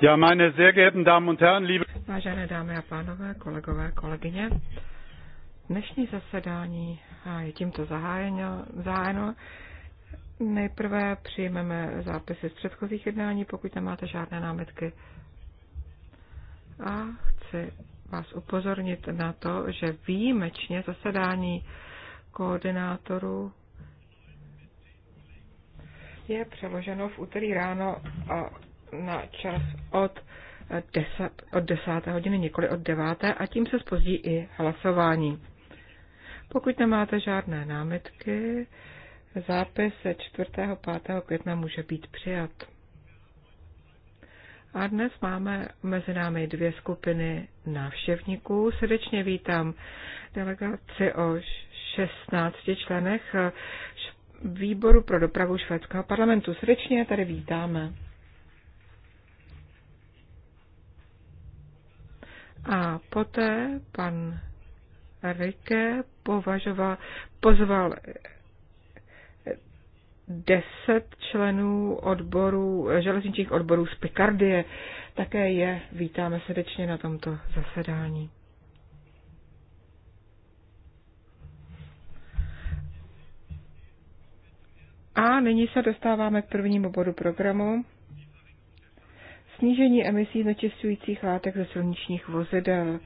Ja, meine sehr geehrten Damen und Herren, liebe Vážené dámy a pánové, kolegové, kolegyně, dnešní zasedání je tímto zahájeno. Nejprve přijmeme zápisy z předchozích jednání, pokud nemáte žádné námitky. A chci vás upozornit na to, že výjimečně zasedání koordinátorů je přeloženo v úterý ráno na čas od 10, eh, od 10. hodiny, nikoli od 9. a tím se spozdí i hlasování. Pokud nemáte žádné námitky, zápis se 4. 5. května může být přijat. A dnes máme mezi námi dvě skupiny návštěvníků. Srdečně vítám delegaci o 16 členech eh, výboru pro dopravu švédského parlamentu. Srdečně tady vítáme. A poté pan Rike považoval, pozval deset členů odboru, železničních odborů z Pikardie. Také je vítáme srdečně na tomto zasedání. A nyní se dostáváme k prvnímu bodu programu snížení emisí znečistujících látek ze silničních vozidel.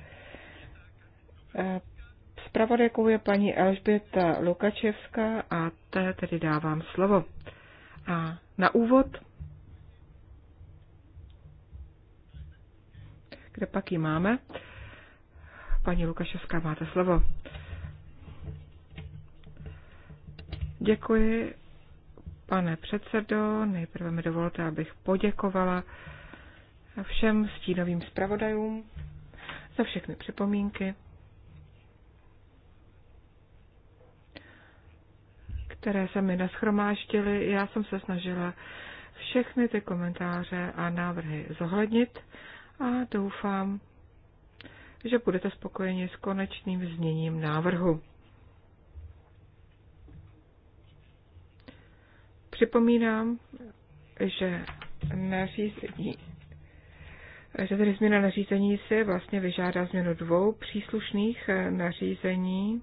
Zpravodajkou e, je paní Elžběta Lukačevská a té tedy dávám slovo. A na úvod, kde pak ji máme, paní Lukačevská, máte slovo. Děkuji, pane předsedo. Nejprve mi dovolte, abych poděkovala všem stínovým zpravodajům za všechny připomínky, které se mi naschromáždily. Já jsem se snažila všechny ty komentáře a návrhy zohlednit a doufám, že budete spokojeni s konečným zněním návrhu. Připomínám, že nařízení že tedy změna nařízení si vlastně vyžádá změnu dvou příslušných eh, nařízení.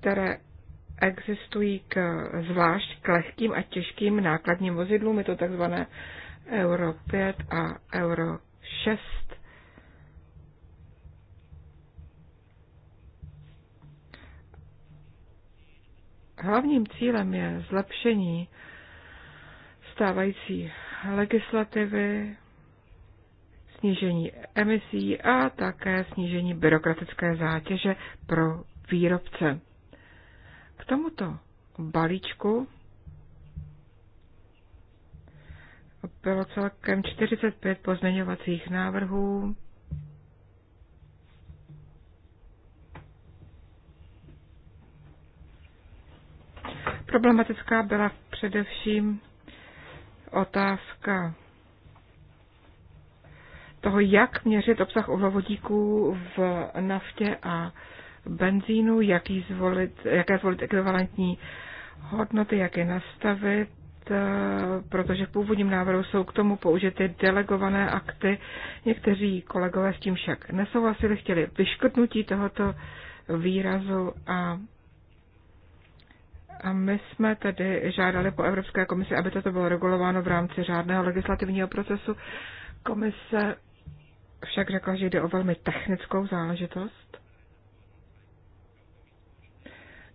které existují k, zvlášť k lehkým a těžkým nákladním vozidlům, je to takzvané Euro 5 a Euro 6. Hlavním cílem je zlepšení stávající legislativy, snížení emisí a také snížení byrokratické zátěže pro výrobce. K tomuto balíčku bylo celkem 45 pozměňovacích návrhů. Problematická byla především otázka toho, jak měřit obsah uhlovodíků v naftě a benzínu, jaký zvolit, jaké zvolit ekvivalentní hodnoty, jak je nastavit, eh, protože v původním návrhu jsou k tomu použity delegované akty. Někteří kolegové s tím však nesouhlasili, chtěli vyškrtnutí tohoto výrazu a a my jsme tedy žádali po Evropské komisi, aby toto bylo regulováno v rámci řádného legislativního procesu. Komise však řekla, že jde o velmi technickou záležitost.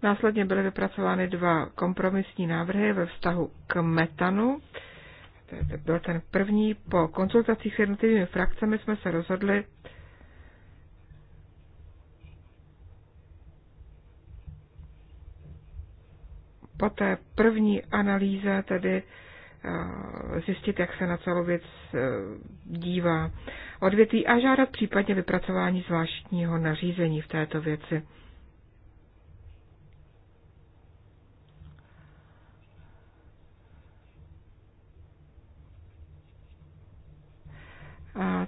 Následně byly vypracovány dva kompromisní návrhy ve vztahu k metanu. To byl ten první. Po konzultacích s jednotlivými frakcemi jsme se rozhodli, po té první analýze tedy eh, zjistit, jak se na celou věc eh, dívá odvětví a žádat případně vypracování zvláštního nařízení v této věci.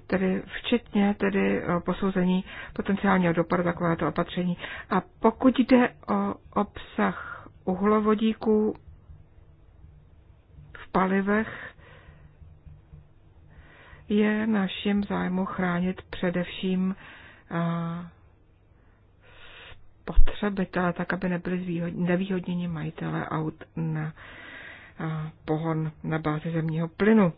tedy včetně tedy eh, posouzení potenciálního dopadu takovéto opatření. A pokud jde o obsah uhlovodíků v palivech je naším zájmu chránit především eh, spotřebitele, tak aby nebyly nevýhodněni majitele aut na eh, pohon na bázi zemního plynu.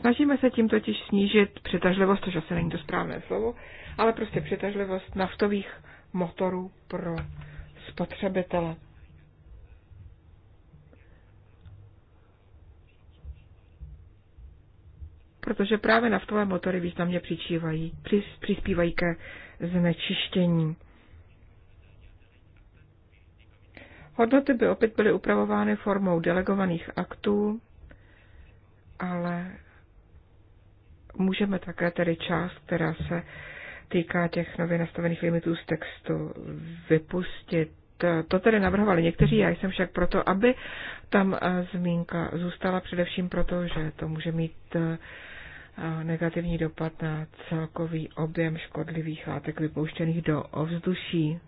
Snažíme se tím totiž snížit přitažlivost, což asi není to správné slovo, ale prostě přitažlivost naftových motorů pro spotřebitele. Protože právě naftové motory významně přičívají, přispívají ke znečištění. Hodnoty by opět byly upravovány formou delegovaných aktů, ale můžeme také tedy část, která se týká těch nově nastavených limitů z textu vypustit. To tedy navrhovali někteří, já jsem však proto, aby tam eh, zmínka zůstala především proto, že to může mít eh, negativní dopad na celkový objem škodlivých látek vypouštěných do ovzduší.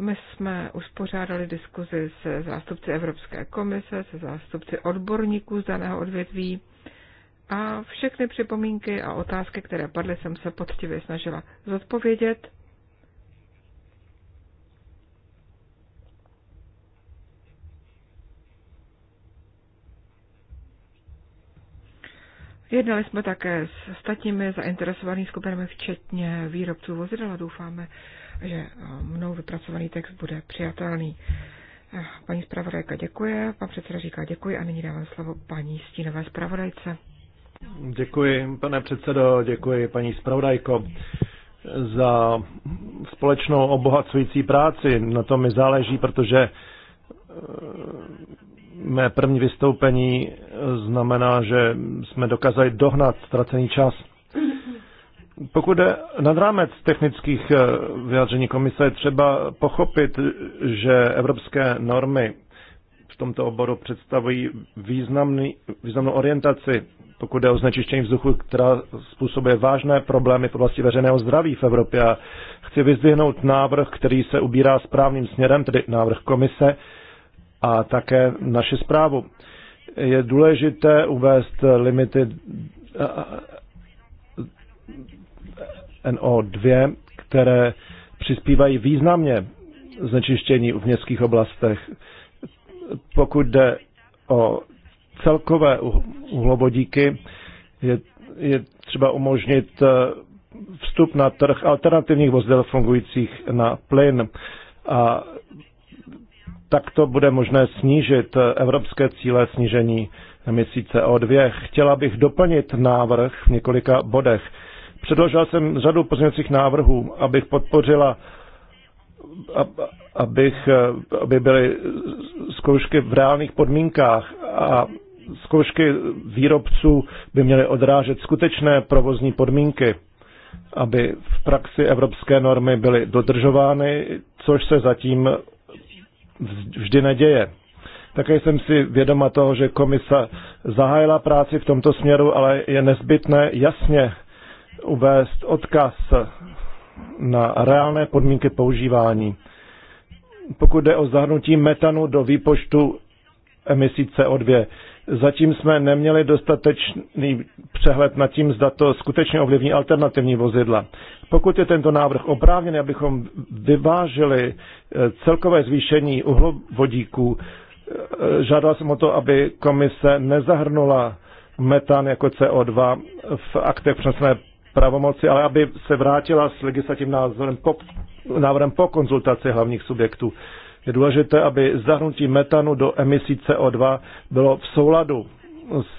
My jsme uspořádali diskuzi se zástupci Evropské komise, se zástupci odborníků z daného odvětví a všechny připomínky a otázky, které padly, jsem se poctivě snažila zodpovědět. Jednali jsme také s ostatními zainteresovanými skupinami, včetně výrobců vozidel a doufáme, že eh, mnou vypracovaný text bude přijatelný. Eh, paní zpravodajka děkuje, pan předseda říká děkuji a nyní dávám slovo paní stínové zpravodajce. Děkuji, pane předsedo, děkuji, paní zpravodajko, za společnou obohacující práci. Na tom mi záleží, protože eh, mé první vystoupení znamená, že jsme dokázali dohnat ztracený čas. Pokud je nad rámec technických eh, vyjádření komise, je třeba pochopit, že evropské normy v tomto oboru představují významný, významnou orientaci pokud jde o znečištění vzduchu, která způsobuje vážné problémy v oblasti veřejného zdraví v Evropě. A chci vyzdvihnout návrh, který se ubírá správným směrem, tedy návrh komise a také naši zprávu. Je důležité uvést limity eh, NO2, které přispívají významně znečištění v městských oblastech. Pokud jde o celkové uhlovodíky je, je třeba umožnit eh, vstup na trh alternativních vozidel fungujících na plyn a tak to bude možné snížit eh, evropské cíle snížení emisí CO2. Chtěla bych doplnit návrh v několika bodech. Předložil jsem řadu pozměňovacích návrhů, abych podpořila, abych, eh, aby byly zkoušky v reálných podmínkách a zkoušky výrobců by měly odrážet skutečné provozní podmínky, aby v praxi evropské normy byly dodržovány, což se zatím vždy neděje. Také jsem si vědoma toho, že komisa zahájila práci v tomto směru, ale je nezbytné jasně uvést odkaz na reálné podmínky používání. Pokud jde o zahrnutí metanu do výpočtu emisí CO2, Zatím jsme neměli dostatečný přehled nad tím, zda to skutečně ovlivní alternativní vozidla. Pokud je tento návrh oprávněný, abychom vyvážili eh, celkové zvýšení uhlovodíků, eh, žádal jsem o to, aby komise nezahrnula metan jako CO2 v aktech přenesené pravomoci, ale aby se vrátila s legislativním názorem po, návrhem po konzultaci hlavních subjektů. Je důležité, aby zahrnutí metanu do emisí CO2 bylo v souladu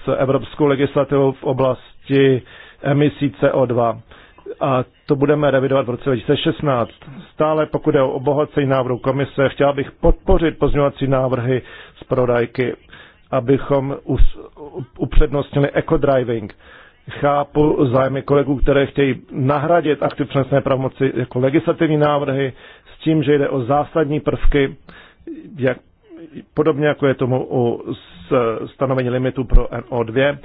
s evropskou legislativou v oblasti emisí CO2. A to budeme revidovat v roce 2016. Stále pokud je o obohacení návrhu komise, chtěl bych podpořit pozměňovací návrhy z prodajky, abychom upřednostnili eco-driving chápu zájmy kolegů, které chtějí nahradit aktiv přenesné pravomoci jako legislativní návrhy, s tím, že jde o zásadní prvky, jak, podobně jako je tomu u stanovení limitu pro NO2.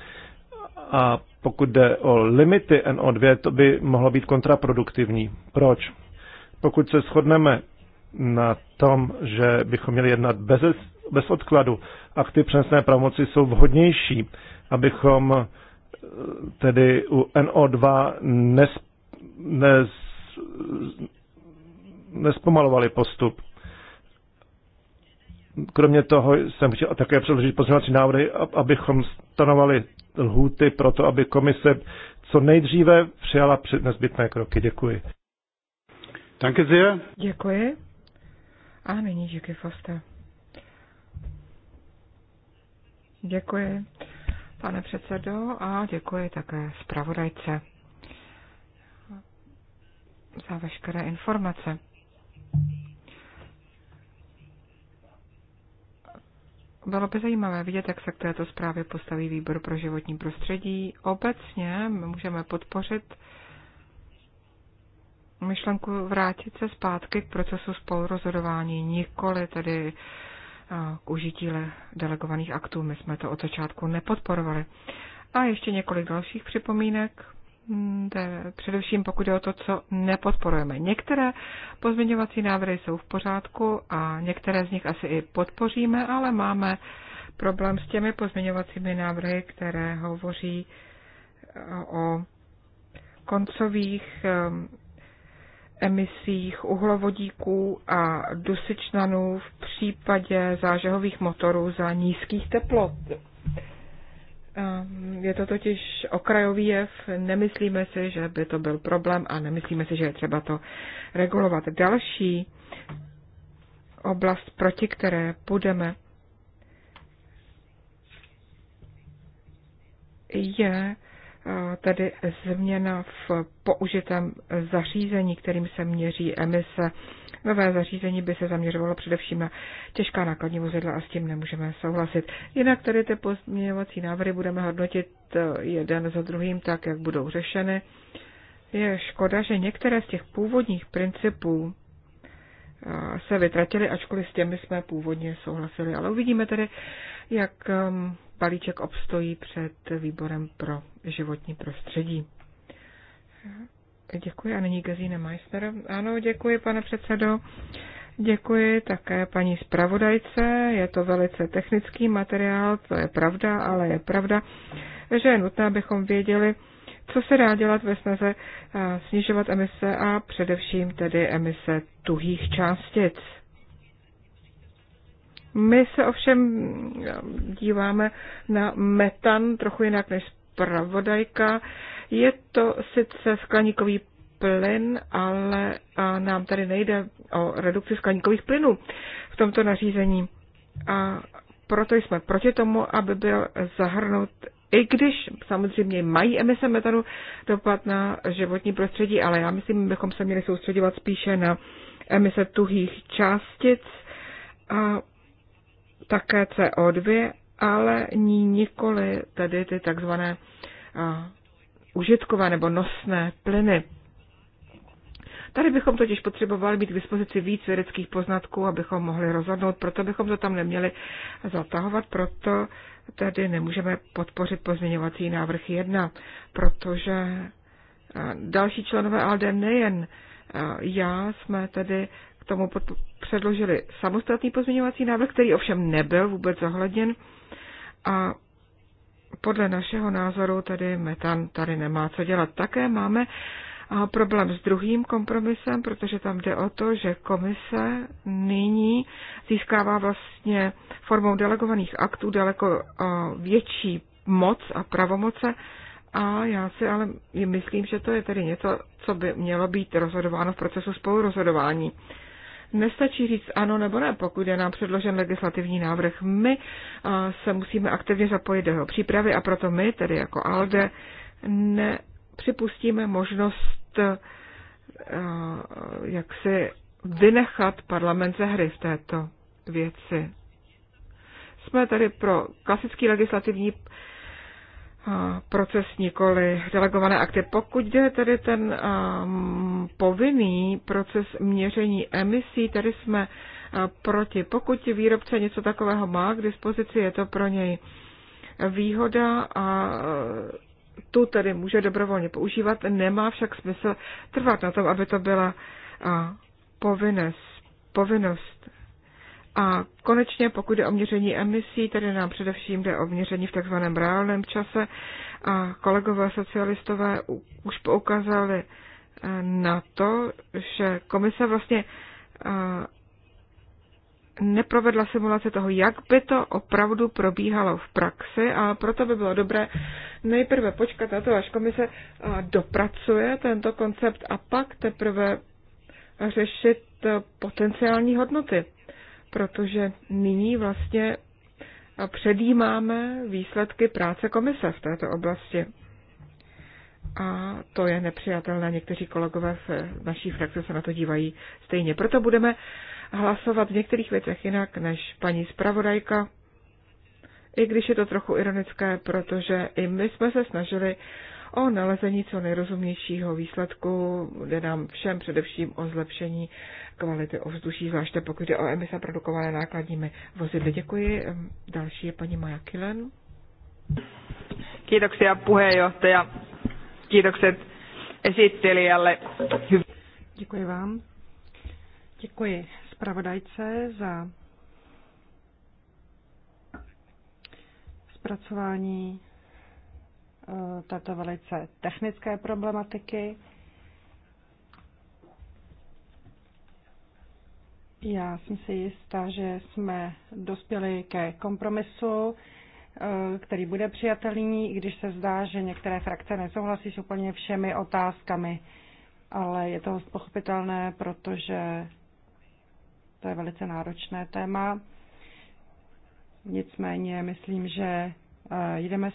A pokud jde o limity NO2, to by mohlo být kontraproduktivní. Proč? Pokud se shodneme na tom, že bychom měli jednat bez, bez odkladu, ty přesné pravomoci jsou vhodnější, abychom eh, tedy u NO2 nes, nes, nespomalovali postup. Kromě toho jsem chtěl také předložit pozměňovací návrhy, abychom stanovali lhůty pro to, aby komise co nejdříve přijala nezbytné kroky. Děkuji. Danke sehr. Děkuji. A nyní díky Foster. Děkuji, pane předsedo, a děkuji také zpravodajce za veškeré informace. Bylo by zajímavé vidět, jak se k této zprávě postaví výbor pro životní prostředí. Obecně můžeme podpořit myšlenku vrátit se zpátky k procesu spolurozhodování, nikoli tedy eh, k užití delegovaných aktů. My jsme to od začátku nepodporovali. A ještě několik dalších připomínek. Mm, především pokud je o to, co nepodporujeme. Některé pozměňovací návrhy jsou v pořádku a některé z nich asi i podpoříme, ale máme problém s těmi pozměňovacími návrhy, které hovoří eh, o koncových eh, emisích uhlovodíků a dusičnanů v případě zážehových motorů za nízkých teplot. Ehm, je to totiž okrajový jev, nemyslíme si, že by to byl problém a nemyslíme si, že je třeba to regulovat. Další oblast, proti které budeme, je eh, tedy změna v použitém zařízení, kterým se měří emise Nové zařízení by se zaměřovalo především na těžká nákladní vozidla a s tím nemůžeme souhlasit. Jinak tady ty pozměňovací návrhy budeme hodnotit eh, jeden za druhým tak, jak budou řešeny. Je škoda, že některé z těch původních principů eh, se vytratily, ačkoliv s těmi jsme původně souhlasili. Ale uvidíme tedy, jak ehm, balíček obstojí před výborem pro životní prostředí. Děkuji a nyní Gazína Meister. Ano, děkuji, pane předsedo. Děkuji také paní zpravodajce. Je to velice technický materiál, to je pravda, ale je pravda, že je nutné, abychom věděli, co se dá dělat ve snaze snižovat emise a především tedy emise tuhých částic. My se ovšem díváme na metan trochu jinak než zpravodajka. Je to sice skleníkový plyn, ale nám tady nejde o redukci skleníkových plynů v tomto nařízení. A proto jsme proti tomu, aby byl zahrnut, i když samozřejmě mají emise metanu dopad na životní prostředí, ale já myslím, bychom se měli soustředovat spíše na emise tuhých částic a také CO2 ale ní nikoli tady ty takzvané užitkové nebo nosné plyny. Tady bychom totiž potřebovali mít k dispozici víc vědeckých poznatků, abychom mohli rozhodnout, proto bychom to tam neměli zatahovat, proto tady nemůžeme podpořit pozměňovací návrh 1, protože další členové ALDE nejen já jsme tedy k tomu předložili samostatný pozměňovací návrh, který ovšem nebyl vůbec zohledněn a podle našeho názoru tedy metan tady nemá co dělat. Také máme problém s druhým kompromisem, protože tam jde o to, že komise nyní získává vlastně formou delegovaných aktů daleko větší moc a pravomoce a já si ale myslím, že to je tedy něco, co by mělo být rozhodováno v procesu spolurozhodování nestačí říct ano nebo ne, pokud je nám předložen legislativní návrh. My eh, se musíme aktivně zapojit do jeho přípravy a proto my, tedy jako ALDE, nepřipustíme možnost eh, jak si vynechat parlament ze hry v této věci. Jsme tady pro klasický legislativní proces, nikoli delegované akty. Pokud jde tedy ten um, povinný proces měření emisí, tady jsme uh, proti. Pokud výrobce něco takového má k dispozici, je to pro něj výhoda a uh, tu tedy může dobrovolně používat. Nemá však smysl trvat na tom, aby to byla uh, povinnost. A konečně, pokud je o měření emisí, tedy nám především jde o měření v takzvaném reálném čase a kolegové socialistové už poukázali eh, na to, že komise vlastně eh, neprovedla simulace toho, jak by to opravdu probíhalo v praxi a proto by bylo dobré nejprve počkat na to, až komise eh, dopracuje tento koncept a pak teprve řešit potenciální hodnoty protože nyní vlastně předjímáme výsledky práce komise v této oblasti. A to je nepřijatelné. Někteří kolegové v naší frakce se na to dívají stejně. Proto budeme hlasovat v některých věcech jinak než paní zpravodajka, i když je to trochu ironické, protože i my jsme se snažili o nalezení co nejrozumějšího výsledku. Jde nám všem především o zlepšení kvality ovzduší, zvláště pokud jde o emise produkované nákladními vozidly. Děkuji. Další je paní Maja Kilen. Kiitoksia puheenjohtaja. Kiitokset esittelijälle. Děkuji vám. Děkuji zpravodajce za zpracování Eh, této velice technické problematiky. Já jsem si jistá, že jsme dospěli ke kompromisu, eh, který bude přijatelný, i když se zdá, že některé frakce nesouhlasí s úplně všemi otázkami. Ale je to pochopitelné, protože to je velice náročné téma. Nicméně myslím, že eh, jdeme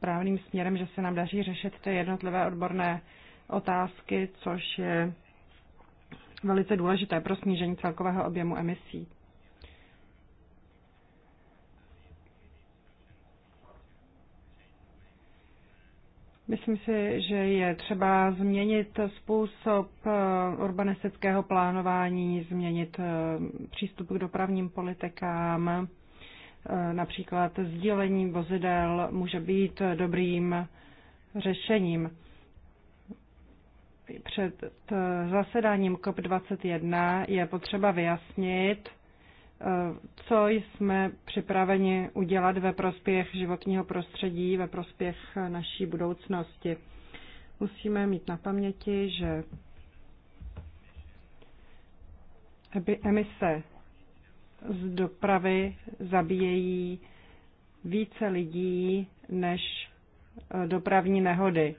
správným směrem, že se nám daří řešit ty jednotlivé odborné otázky, což je velice důležité pro snížení celkového objemu emisí. Myslím si, že je třeba změnit způsob eh, urbanistického plánování, změnit eh, přístup k dopravním politikám, Eh, například sdílení vozidel může být dobrým řešením. Před eh, zasedáním COP21 je potřeba vyjasnit, eh, co jsme připraveni udělat ve prospěch životního prostředí, ve prospěch naší budoucnosti. Musíme mít na paměti, že emise z dopravy zabíjejí více lidí než e, dopravní nehody.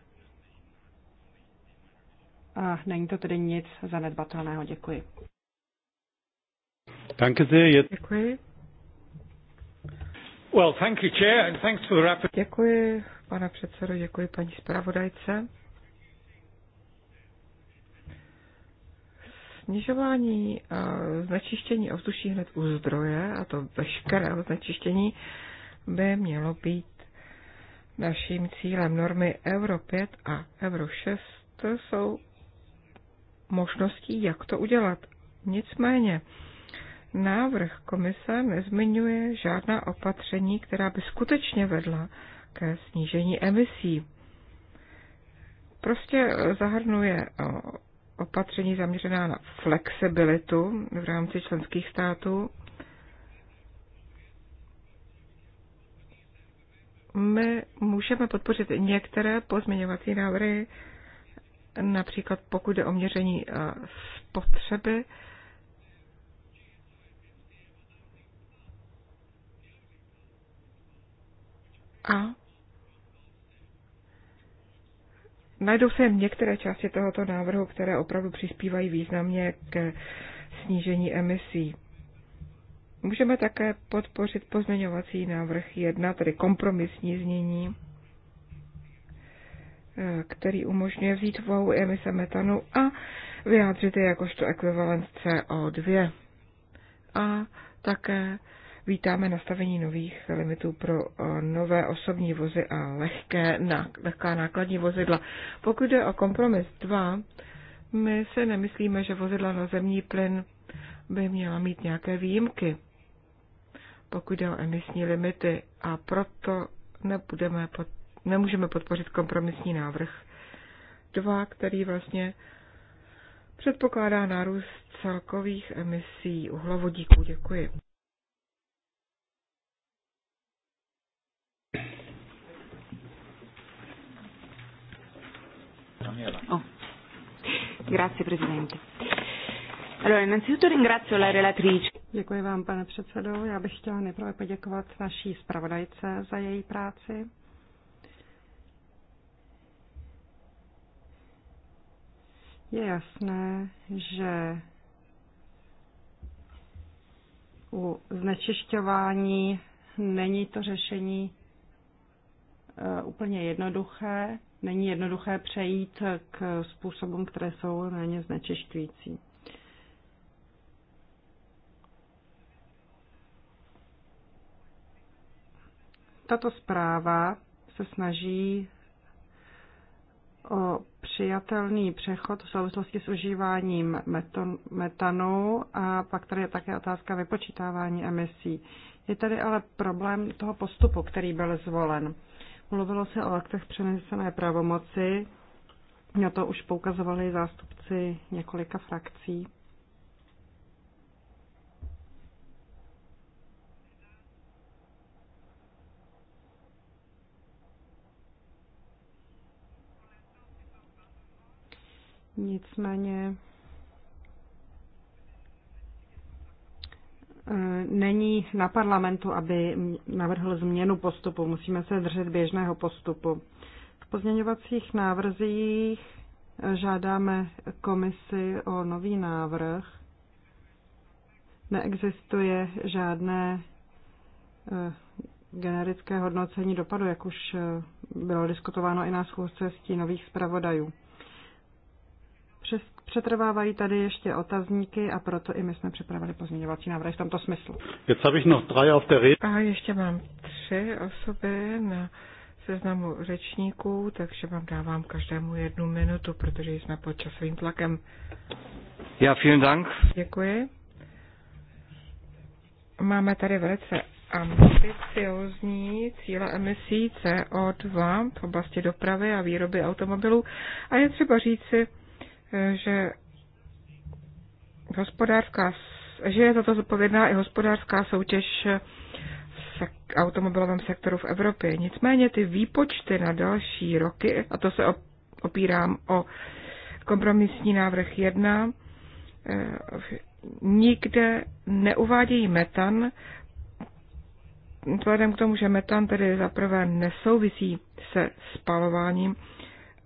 A není to tedy nic zanedbatelného. Děkuji. Děkuji. Well, thank you, Chair, and thanks for the rapid... Děkuji, pane předsedo, děkuji paní zpravodajce. Snižování eh, znečištění ovzduší hned u zdroje, a to veškerého znečištění, by mělo být naším cílem. Normy Euro 5 a Euro 6 jsou možností, jak to udělat. Nicméně, návrh komise nezmiňuje žádná opatření, která by skutečně vedla ke snížení emisí. Prostě zahrnuje eh, opatření zaměřená na flexibilitu v rámci členských států. My můžeme podpořit některé pozměňovací návrhy, například pokud jde o měření eh, spotřeby, a najdou se některé části tohoto návrhu, které opravdu přispívají významně k snížení emisí. Můžeme také podpořit pozměňovací návrh 1, tedy kompromisní znění, eh, který umožňuje vzít v emise metanu a vyjádřit je jakožto ekvivalent CO2. A také Vítáme nastavení nových limitů pro eh, nové osobní vozy a lehké, lehká nákladní vozidla. Pokud jde o kompromis 2, my se nemyslíme, že vozidla na zemní plyn by měla mít nějaké výjimky, pokud jde o emisní limity a proto nebudeme pod, nemůžeme podpořit kompromisní návrh 2, který vlastně předpokládá nárůst celkových emisí uhlovodíků. Děkuji. Grazie, Presidente. Allora, innanzitutto ringrazio la relatrice. Děkuji vám, pane předsedo. Já bych chtěla nejprve poděkovat naší zpravodajce za její práci. Je jasné, že u znečišťování není to řešení eh, úplně jednoduché není jednoduché přejít k způsobům, které jsou méně znečišťující. Tato zpráva se snaží o přijatelný přechod v souvislosti s užíváním metanu a pak tady je také otázka vypočítávání emisí. Je tady ale problém toho postupu, který byl zvolen. Mluvilo se o aktech přenesené pravomoci. Na to už poukazovali zástupci několika frakcí. Nicméně E, není na parlamentu, aby navrhl změnu postupu. Musíme se držet běžného postupu. V pozměňovacích návrzích žádáme komisi o nový návrh. Neexistuje žádné e, generické hodnocení dopadu, jak už e, bylo diskutováno i na schůzce stínových zpravodajů. Přetrvávají tady ještě otazníky a proto i my jsme připravili pozměňovací návrh v tomto smyslu. A ještě mám tři osoby na seznamu řečníků, takže vám dávám každému jednu minutu, protože jsme pod časovým tlakem. Ja, vielen Dank. Děkuji. Máme tady velice ambiciozní cíle emisí CO2 v oblasti dopravy a výroby automobilů a je třeba říci, že hospodářská, že je za to zodpovědná i hospodářská soutěž v automobilovém sektoru v Evropě. Nicméně ty výpočty na další roky, a to se opírám o kompromisní návrh 1, eh, nikde neuvádějí metan, vzhledem k tomu, že metan tedy zaprvé nesouvisí se spalováním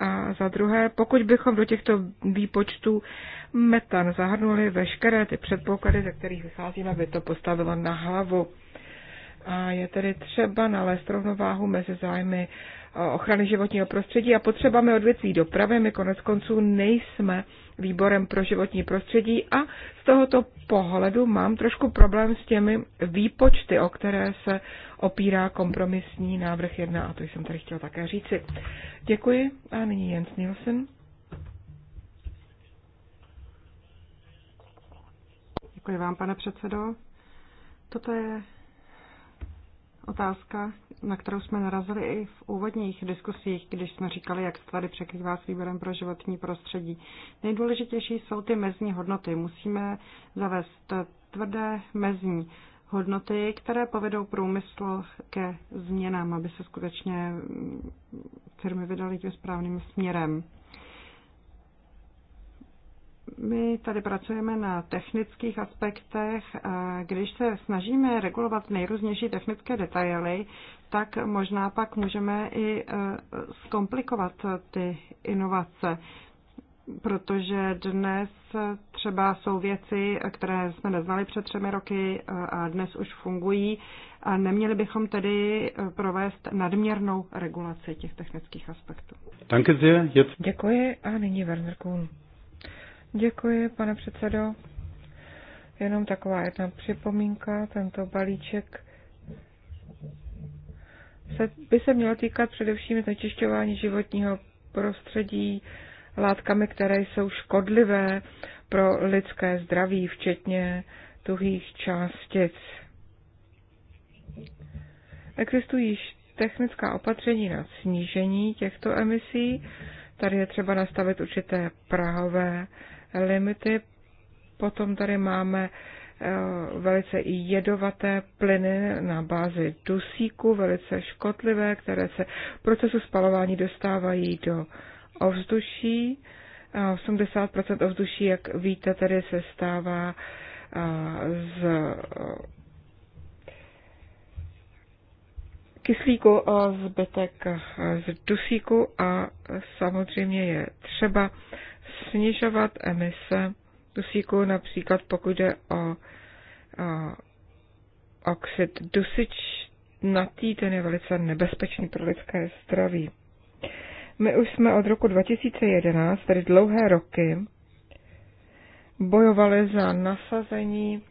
a za druhé, pokud bychom do těchto výpočtů metan zahrnuli veškeré ty předpoklady, ze kterých vycházíme, by to postavilo na hlavu. A je tedy třeba nalézt rovnováhu mezi zájmy eh, ochrany životního prostředí a potřebami odvětví dopravy. My konec konců nejsme uh, výborem pro životní prostředí a z tohoto pohledu mám trošku problém s těmi výpočty, o které se opírá kompromisní návrh 1 a to jsem tady chtěl také říci. Děkuji a nyní Jens Nielsen. Děkuji vám, pane předsedo. Toto je otázka, na kterou jsme narazili i v úvodních diskusích, když jsme říkali, jak se tady překrývá s výběrem pro životní prostředí. Nejdůležitější jsou ty mezní hodnoty. Musíme zavést tvrdé mezní hodnoty, které povedou průmysl ke změnám, aby se skutečně firmy vydaly tím správným směrem. My tady pracujeme na technických aspektech. A když se snažíme regulovat nejrůznější technické detaily, tak možná pak můžeme i e, zkomplikovat ty inovace protože dnes třeba jsou věci, které jsme neznali před třemi roky e, a dnes už fungují a neměli bychom tedy e, provést nadměrnou regulaci těch technických aspektů. Děkuji a nyní Werner Kuhn. Děkuji, pane předsedo. Jenom taková jedna připomínka. Tento balíček se, by se měl týkat především znečišťování životního prostředí látkami, které jsou škodlivé pro lidské zdraví, včetně tuhých částic. Existují technická opatření na snížení těchto emisí. Tady je třeba nastavit určité prahové limity. Potom tady máme eh, velice jedovaté plyny na bázi dusíku, velice škodlivé, které se v procesu spalování dostávají do ovzduší. 80% ovzduší, jak víte, tedy se stává eh, z eh, kyslíku a zbytek z dusíku a samozřejmě je třeba snižovat emise dusíku, například pokud jde o, o oxid dusičnatý, ten je velice nebezpečný pro lidské zdraví. My už jsme od roku 2011, tedy dlouhé roky, bojovali za nasazení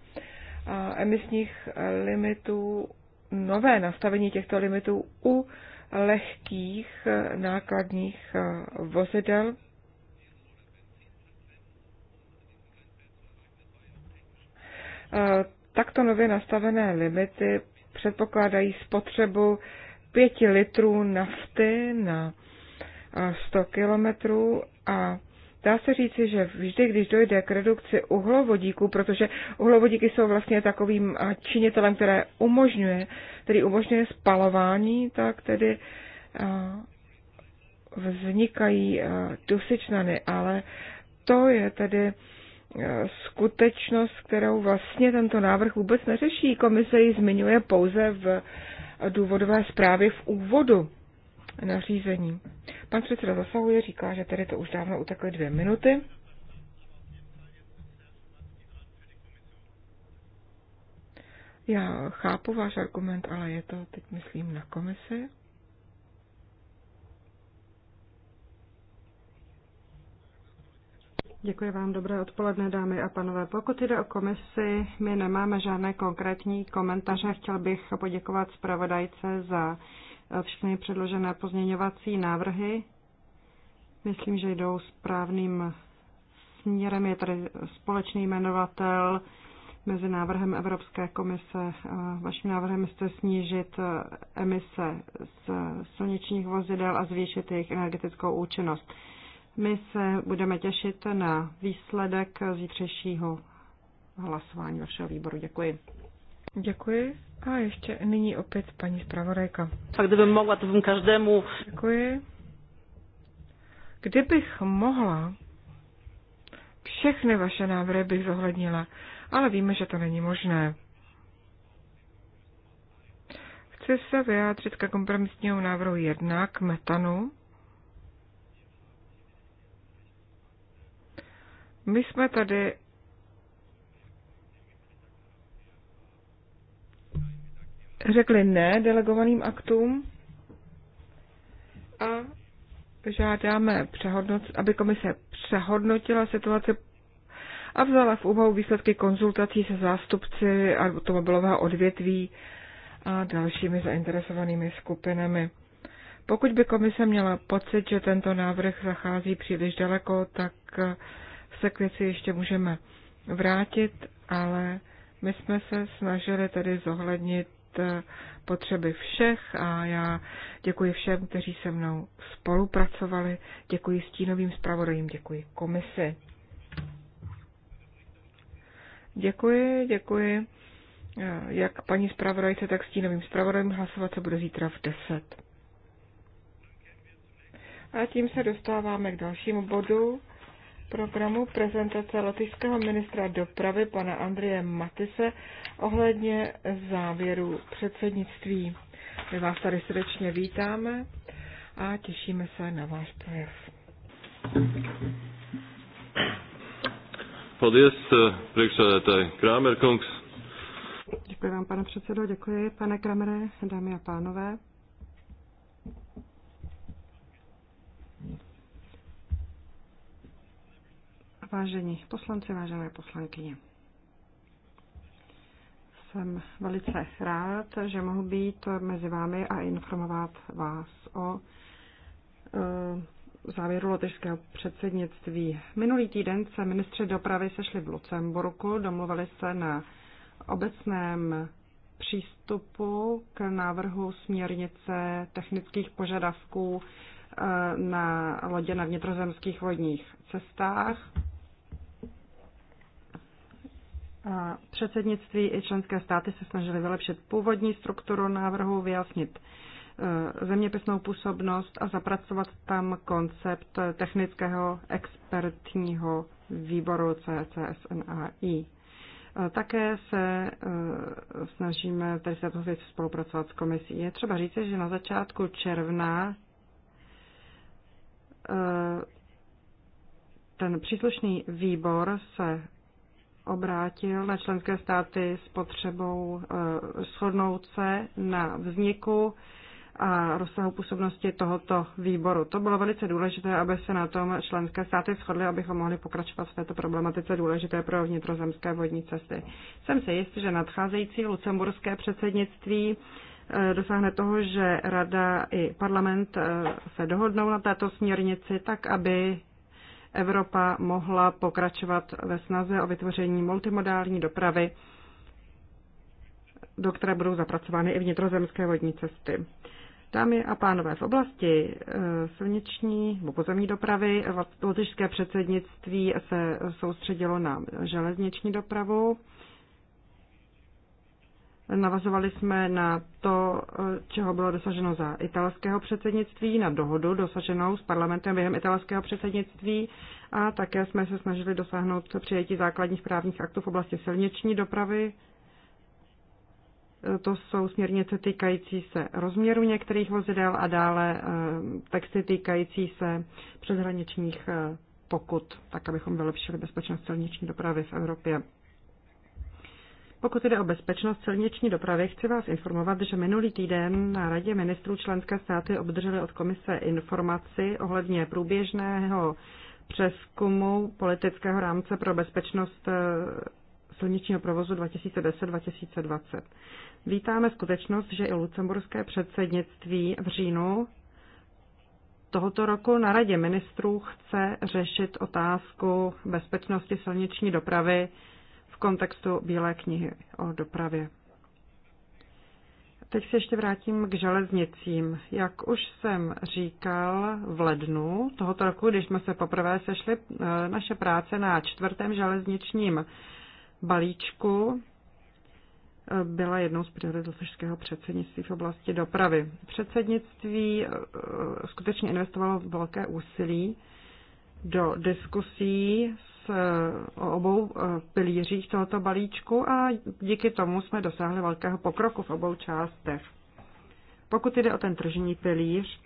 emisních limitů, nové nastavení těchto limitů u lehkých e, nákladních e, vozidel. Eh, takto nově nastavené limity předpokládají spotřebu 5 litrů nafty na 100 eh, kilometrů a Dá se říci, že vždy, když dojde k redukci uhlovodíků, protože uhlovodíky jsou vlastně takovým eh, činitelem, které umožňuje, který umožňuje spalování, tak tedy vznikají dusičnany, ale to je tedy skutečnost, kterou vlastně tento návrh vůbec neřeší. Komise ji zmiňuje pouze v důvodové zprávě v úvodu nařízení. Pan předseda zasahuje, říká, že tady to už dávno utekly dvě minuty. Já chápu váš argument, ale je to teď, myslím, na komisi. Děkuji vám, dobré odpoledne, dámy a panové. Pokud jde o komisi, my nemáme žádné konkrétní komentáře. Chtěl bych poděkovat zpravodajce za eh, všechny předložené pozměňovací návrhy. Myslím, že jdou správným směrem. Je tady společný jmenovatel mezi návrhem Evropské komise a vaším návrhem jste snížit eh, emise z silničních vozidel a zvýšit jejich energetickou účinnost. My se budeme těšit na výsledek zítřejšího hlasování vašeho výboru. Děkuji. Děkuji. A ještě nyní opět paní zpravodajka. A kdybych mohla, to bym každému. Děkuji. Kdybych mohla, všechny vaše návrhy bych zohlednila, ale víme, že to není možné. Chci se vyjádřit ke kompromisnímu návrhu 1 k metanu. My jsme tady řekli ne delegovaným aktům a žádáme, přehodnoc, aby komise přehodnotila situaci a vzala v úvahu výsledky konzultací se zástupci automobilového odvětví a dalšími zainteresovanými skupinami. Pokud by komise měla pocit, že tento návrh zachází příliš daleko, tak se k věci ještě můžeme vrátit, ale my jsme se snažili tedy zohlednit eh, potřeby všech a já děkuji všem, kteří se mnou spolupracovali, děkuji stínovým zpravodajím, děkuji komisi. Děkuji, děkuji eh, jak paní zpravodajce, tak stínovým zpravodajem Hlasovat se bude zítra v 10. A tím se dostáváme k dalšímu bodu programu prezentace lotyšského ministra dopravy pana Andreje Matise ohledně závěru předsednictví. My vás tady srdečně vítáme a těšíme se na váš projev. Eh, děkuji vám, pane předsedo, děkuji, pane Kramere, dámy a pánové. Vážení poslanci, vážené poslankyně. Jsem velice rád, že mohu být mezi vámi a informovat vás o eh, závěru lotyšského předsednictví. Minulý týden se ministři dopravy sešli v Lucemburku, domluvili se na obecném přístupu k návrhu směrnice technických požadavků eh, na lodě na vnitrozemských vodních cestách. Předsednictví i členské státy se snažily vylepšit původní strukturu návrhu, vyjasnit e, zeměpisnou působnost a zapracovat tam koncept technického expertního výboru CCSNAI. E, také se e, snažíme tady se věc spolupracovat s komisí. Je třeba říct, že na začátku června ten příslušný výbor se obrátil na členské státy s potřebou eh, shodnout se na vzniku a rozsahu působnosti tohoto výboru. To bylo velice důležité, aby se na tom členské státy shodly, abychom mohli pokračovat v této problematice důležité pro vnitrozemské vodní cesty. Jsem si jist, že nadcházející lucemburské předsednictví eh, dosáhne toho, že Rada i parlament eh, se dohodnou na této směrnici, tak aby Evropa mohla pokračovat ve snaze o vytvoření multimodální dopravy, do které budou zapracovány i vnitrozemské vodní cesty. Dámy a pánové, v oblasti eh, silniční nebo pozemní dopravy lotyšské předsednictví se soustředilo na železniční dopravu. Navazovali jsme na to, čeho bylo dosaženo za italského předsednictví, na dohodu dosaženou s parlamentem během italského předsednictví a také jsme se snažili dosáhnout přijetí základních právních aktů v oblasti silniční dopravy. To jsou směrnice týkající se rozměru některých vozidel a dále eh, texty týkající se přeshraničních eh, pokut, tak abychom vylepšili bezpečnost silniční dopravy v Evropě. Pokud jde o bezpečnost silniční dopravy, chci vás informovat, že minulý týden na Radě ministrů členské státy obdrželi od komise informaci ohledně průběžného přeskumu politického rámce pro bezpečnost eh, silničního provozu 2010-2020. Vítáme skutečnost, že i lucemburské předsednictví v říjnu tohoto roku na Radě ministrů chce řešit otázku bezpečnosti silniční dopravy kontextu Bílé knihy o dopravě. Teď se ještě vrátím k železnicím. Jak už jsem říkal v lednu tohoto roku, když jsme se poprvé sešli, eh, naše práce na čtvrtém železničním balíčku eh, byla jednou z priorit lotyšského předsednictví v oblasti dopravy. Předsednictví eh, skutečně investovalo velké úsilí do diskusí Eh, o obou eh, pilířích tohoto balíčku a díky tomu jsme dosáhli velkého pokroku v obou částech. Pokud jde o ten tržní pilíř,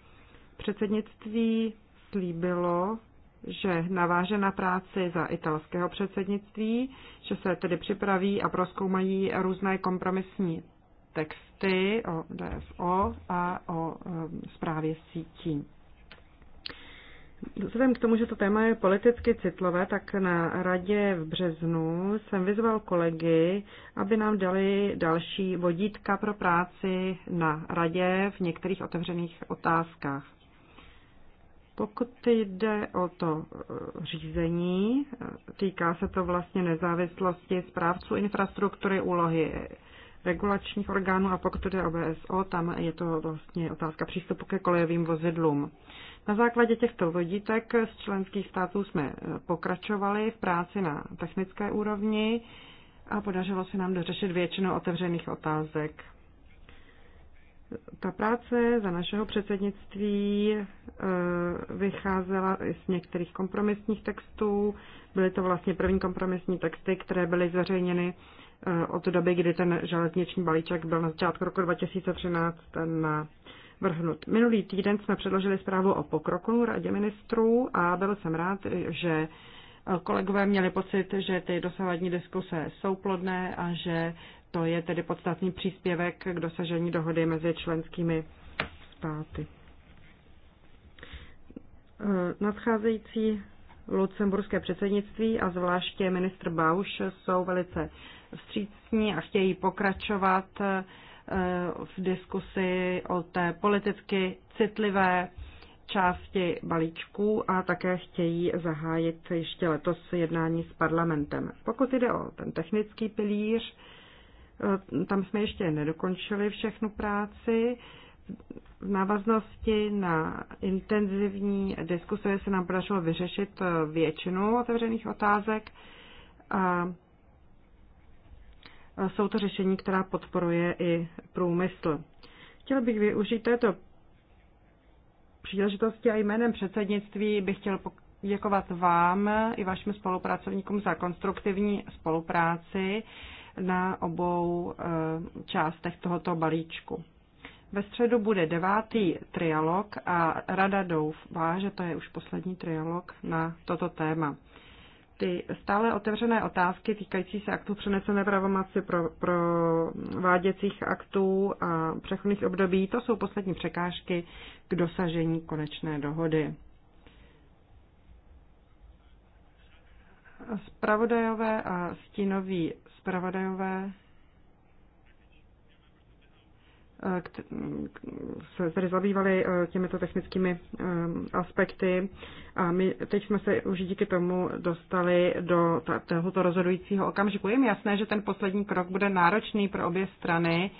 předsednictví slíbilo, že naváže na práci za italského předsednictví, že se tedy připraví a proskoumají různé kompromisní texty o DSO a o zprávě eh, sítí. Vzhledem k tomu, že to téma je politicky citlivé, tak na radě v březnu jsem vyzval kolegy, aby nám dali další vodítka pro práci na radě v některých otevřených otázkách. Pokud jde o to eh, řízení, eh, týká se to vlastně nezávislosti správců infrastruktury, úlohy regulačních orgánů a pokud jde o VSO, tam je to vlastně otázka přístupu ke kolejovým vozidlům. Na základě těchto vodítek z členských států jsme eh, pokračovali v práci na technické úrovni a podařilo se nám dořešit většinu otevřených otázek. Ta práce za našeho předsednictví eh, vycházela z některých kompromisních textů. Byly to vlastně první kompromisní texty, které byly zveřejněny Eh, od doby, kdy ten železniční balíček byl na začátku roku 2013 na eh, vrhnut. Minulý týden jsme předložili zprávu o pokroku radě ministrů a byl jsem rád, že eh, kolegové měli pocit, že ty dosavadní diskuse jsou plodné a že to je tedy podstatný příspěvek k dosažení dohody mezi členskými státy. Nadcházející lucemburské předsednictví a zvláště ministr Bauš jsou velice vstřícní a chtějí pokračovat eh, v diskusi o té politicky citlivé části balíčků a také chtějí zahájit ještě letos jednání s parlamentem. Pokud jde o ten technický pilíř, eh, tam jsme ještě nedokončili všechnu práci. V návaznosti na intenzivní diskuse se nám podařilo vyřešit eh, většinu otevřených otázek a jsou to řešení, která podporuje i průmysl. Chtěl bych využít této příležitosti a jménem předsednictví bych chtěl poděkovat vám i vašim spolupracovníkům za konstruktivní spolupráci na obou eh, částech tohoto balíčku. Ve středu bude devátý trialog a rada doufá, že to je už poslední trialog na toto téma ty stále otevřené otázky týkající se aktů přenesené pravomoci pro, pro váděcích aktů a přechodných období, to jsou poslední překážky k dosažení konečné dohody. Spravodajové a stínoví spravodajové Eh, mm, se tady zabývali eh, těmito technickými eh, aspekty a my teď jsme se už díky tomu dostali do tohoto rozhodujícího okamžiku. Je mi jasné, že ten poslední krok bude náročný pro obě strany,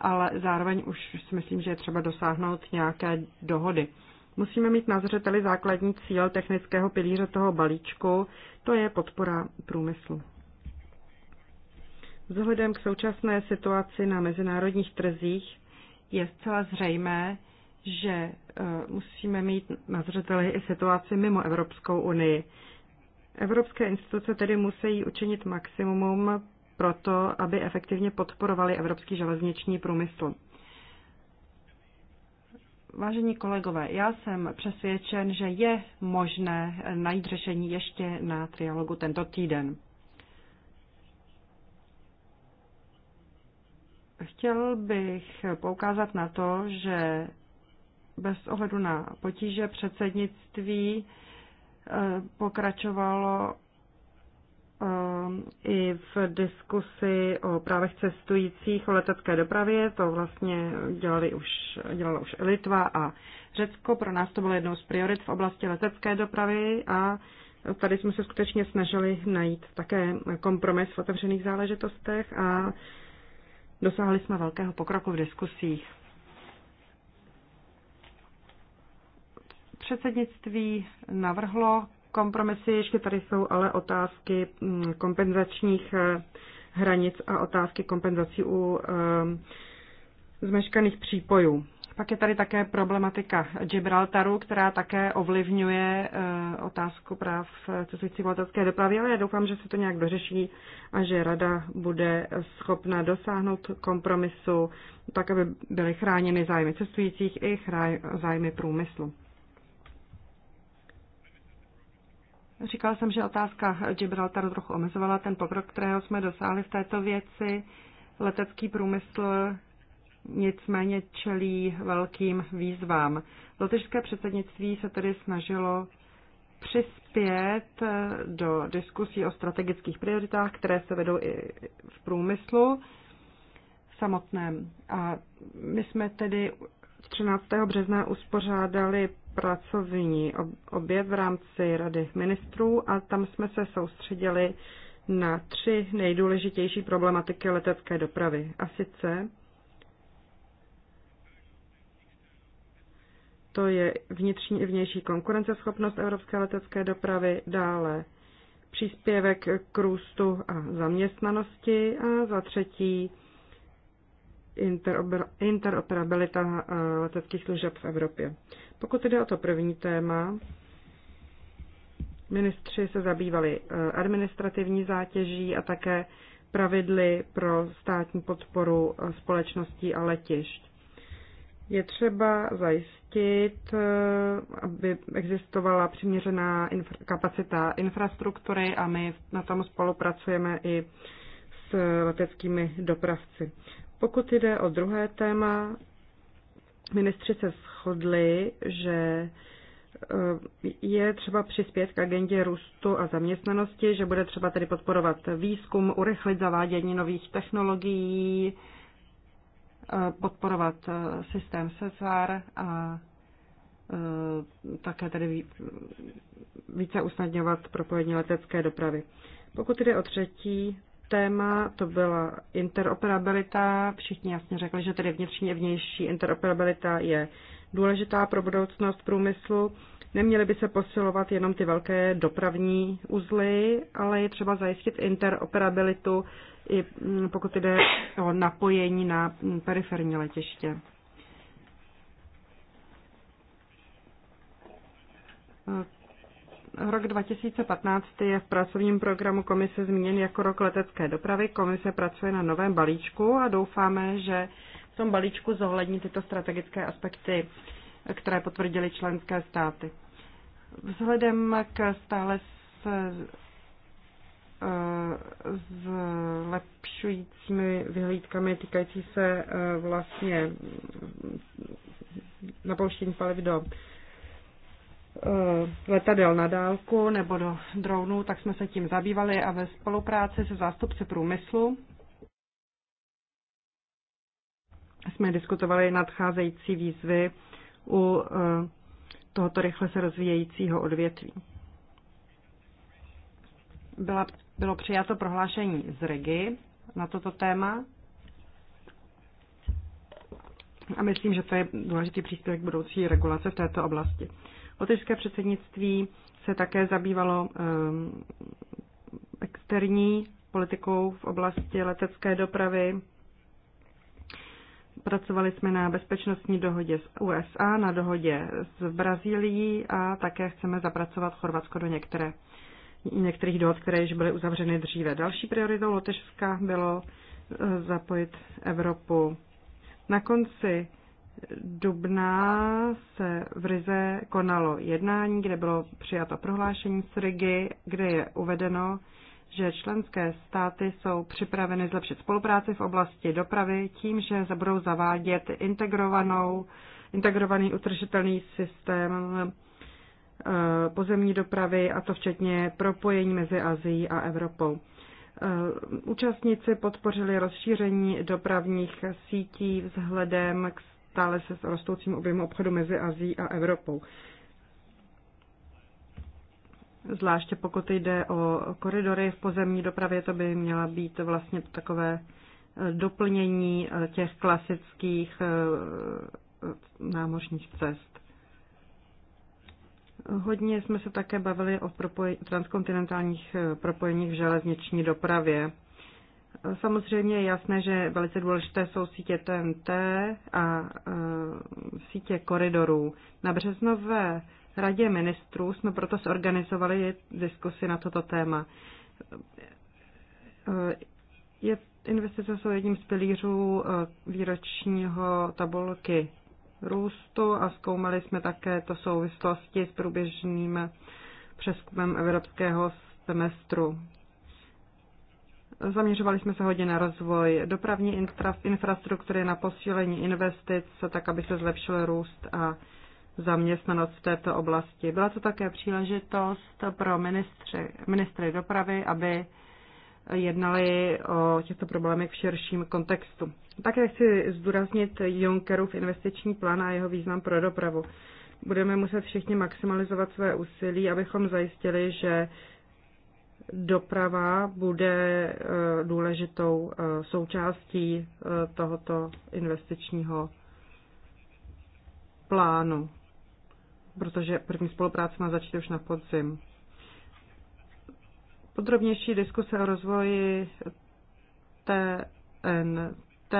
ale zároveň už si myslím, že je třeba dosáhnout nějaké dohody. Musíme mít na zřeteli základní cíl technického pilíře toho balíčku, to je podpora průmyslu. Vzhledem k současné situaci na mezinárodních trzích je zcela zřejmé, že e, musíme mít na zřeteli i situaci mimo Evropskou unii. Evropské instituce tedy musí učinit maximum pro to, aby efektivně podporovali evropský železniční průmysl. Vážení kolegové, já jsem přesvědčen, že je možné najít řešení ještě na trialogu tento týden. Chtěl bych poukázat na to, že bez ohledu na potíže předsednictví eh, pokračovalo eh, i v diskusi o právech cestujících o letecké dopravě. To vlastně dělali už, dělala už Litva a Řecko. Pro nás to bylo jednou z priorit v oblasti letecké dopravy a tady jsme se skutečně snažili najít také kompromis v otevřených záležitostech a Dosáhli jsme velkého pokroku v diskusích. Předsednictví navrhlo kompromisy, ještě tady jsou ale otázky mm, kompenzačních eh, hranic a otázky kompenzací u eh, zmeškaných přípojů. Pak je tady také problematika Gibraltaru, která také ovlivňuje eh, otázku práv eh, cestující v letecké dopravě, ale já doufám, že se to nějak dořeší a že Rada bude schopna dosáhnout kompromisu, tak aby byly chráněny zájmy cestujících i zájmy průmyslu. Říkala jsem, že otázka Gibraltaru trochu omezovala ten pokrok, kterého jsme dosáhli v této věci. Letecký průmysl nicméně čelí velkým výzvám. Lotyšské předsednictví se tedy snažilo přispět eh, do diskusí o strategických prioritách, které se vedou i v průmyslu samotném. A my jsme tedy 13. března uspořádali pracovní oběd v rámci Rady ministrů a tam jsme se soustředili na tři nejdůležitější problematiky letecké dopravy. A sice to je vnitřní i vnější konkurenceschopnost evropské letecké dopravy, dále příspěvek k růstu a zaměstnanosti a za třetí interoperabilita eh, leteckých služeb v Evropě. Pokud jde o to první téma, ministři se zabývali eh, administrativní zátěží a také pravidly pro státní podporu eh, společností a letišť je třeba zajistit, eh, aby existovala přiměřená infra- kapacita infrastruktury a my na tom spolupracujeme i s leteckými dopravci. Pokud jde o druhé téma, ministři se shodli, že eh, je třeba přispět k agendě růstu a zaměstnanosti, že bude třeba tedy podporovat výzkum, urychlit zavádění nových technologií, podporovat eh, systém SESAR a eh, také tedy více usnadňovat propojení letecké dopravy. Pokud jde o třetí téma, to byla interoperabilita. Všichni jasně řekli, že tedy vnitřní a vnější interoperabilita je důležitá pro budoucnost průmyslu. Neměly by se posilovat jenom ty velké dopravní uzly, ale je třeba zajistit interoperabilitu, i mm, pokud jde o napojení na mm, periferní letiště. Eh, rok 2015 je v pracovním programu komise zmíněn jako rok letecké dopravy. Komise pracuje na novém balíčku a doufáme, že v tom balíčku zohlední tyto strategické aspekty, které potvrdily členské státy. Vzhledem k stále se eh, lepšujícími vyhlídkami týkající se eh, vlastně napouštění paliv do eh, letadel na dálku nebo do dronů, tak jsme se tím zabývali a ve spolupráci se zástupci průmyslu jsme diskutovali nadcházející výzvy u tohoto rychle se rozvíjejícího odvětví. Byla, bylo přijato prohlášení z Regi na toto téma a myslím, že to je důležitý příspěvek budoucí regulace v této oblasti. Lotyšské předsednictví se také zabývalo ehm, externí politikou v oblasti letecké dopravy Pracovali jsme na bezpečnostní dohodě s USA, na dohodě s Brazílií a také chceme zapracovat Chorvatsko do některé, některých dohod, které již byly uzavřeny dříve. Další prioritou Lotyšska bylo eh, zapojit Evropu. Na konci dubna se v Rize konalo jednání, kde bylo přijato prohlášení z Rigi, kde je uvedeno, že členské státy jsou připraveny zlepšit spolupráci v oblasti dopravy tím, že budou zavádět integrovanou, integrovaný utržitelný systém eh, pozemní dopravy, a to včetně propojení mezi Azií a Evropou. Eh, účastníci podpořili rozšíření dopravních sítí vzhledem k stále se rostoucím objemu obchodu mezi Azií a Evropou. Zvláště pokud jde o koridory v pozemní dopravě, to by měla být vlastně takové eh, doplnění eh, těch klasických eh, námořních cest. Hodně jsme se také bavili o propoje- transkontinentálních propojeních v železniční dopravě. Samozřejmě je jasné, že velice důležité jsou sítě TNT a e, sítě koridorů. Na březnové radě ministrů jsme proto zorganizovali diskusy na toto téma. Eh, je, investice jsou jedním z pilířů eh, výročního tabulky růstu a zkoumali jsme také to souvislosti s průběžným přeskumem evropského semestru. Zaměřovali jsme se hodně na rozvoj dopravní infrastruktury, na posílení investic, tak aby se zlepšil růst a zaměstnanost v této oblasti. Byla to také příležitost pro ministři, ministry dopravy, aby jednali o těchto problémech v širším kontextu. Také chci zdůraznit Junckerův investiční plán a jeho význam pro dopravu. Budeme muset všichni maximalizovat své úsilí, abychom zajistili, že doprava bude eh, důležitou eh, součástí eh, tohoto investičního plánu protože první spolupráce má začít už na podzim. Podrobnější diskuse o rozvoji TNT,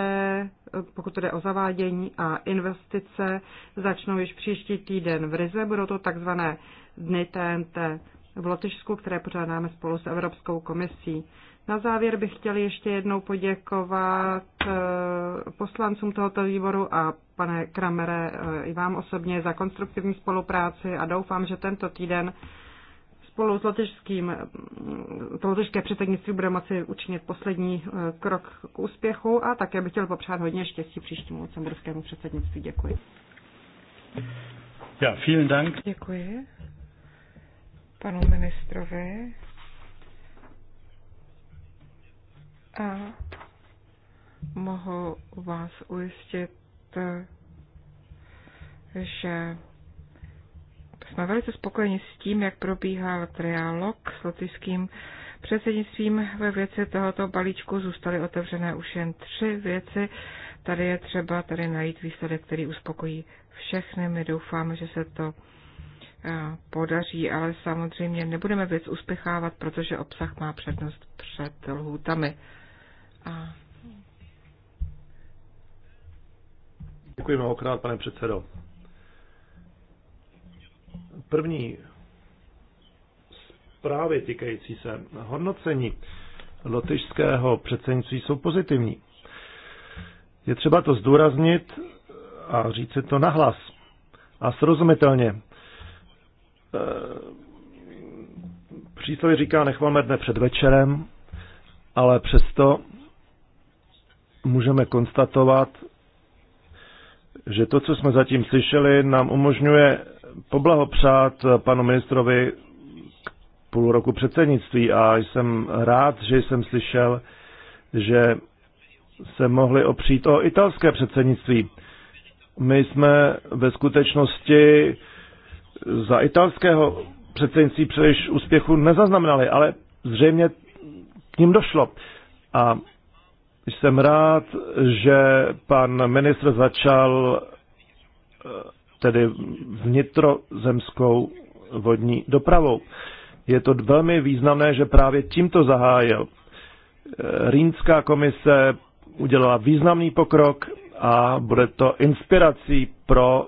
pokud jde o zavádění a investice, začnou již příští týden v Rize. Budou to takzvané dny TNT v Lotyšsku, které pořádáme spolu s Evropskou komisí. Na závěr bych chtěl ještě jednou poděkovat eh, poslancům tohoto výboru a pane Kramere eh, i vám osobně za konstruktivní spolupráci a doufám, že tento týden spolu s lotežským, mm, to lotežské předsednictví bude moci učinit poslední eh, krok k úspěchu a také bych chtěl popřát hodně štěstí příštímu lucemburskému předsednictví. Děkuji. Ja, vielen Dank. Děkuji panu ministrovi. A mohu vás ujistit, že jsme velice spokojeni s tím, jak probíhal trialog s lotyšským předsednictvím ve věci tohoto balíčku. Zůstaly otevřené už jen tři věci. Tady je třeba tady najít výsledek, který uspokojí všechny. My doufáme, že se to eh, podaří, ale samozřejmě nebudeme věc uspěchávat, protože obsah má přednost před lhůtami. A... Děkuji mnohokrát, pane předsedo. První zprávy týkající se hodnocení lotyšského předsednictví jsou pozitivní. Je třeba to zdůraznit a říct si to nahlas a srozumitelně. Přísloví říká, nechvalme dne před večerem, ale přesto můžeme konstatovat, že to, co jsme zatím slyšeli, nám umožňuje poblahopřát panu ministrovi k půl roku předsednictví a jsem rád, že jsem slyšel, že se mohli opřít o italské předsednictví. My jsme ve skutečnosti za italského předsednictví příliš úspěchu nezaznamenali, ale zřejmě k ním došlo. A jsem rád, že pan ministr začal eh, tedy vnitrozemskou vodní dopravou. Je to velmi významné, že právě tímto zahájil. Eh, Rýnská komise udělala významný pokrok a bude to inspirací pro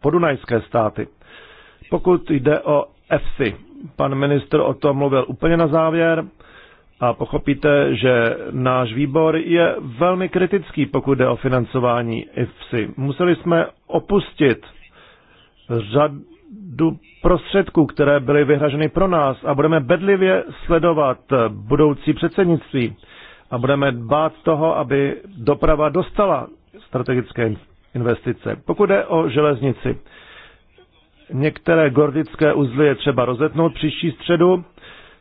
podunajské státy. Pokud jde o EFSI, pan ministr o tom mluvil úplně na závěr a pochopíte, že náš výbor je velmi kritický, pokud jde o financování IFSI. Museli jsme opustit řadu prostředků, které byly vyhraženy pro nás a budeme bedlivě sledovat budoucí předsednictví a budeme dbát toho, aby doprava dostala strategické investice. Pokud jde o železnici, některé gordické uzly je třeba rozetnout příští středu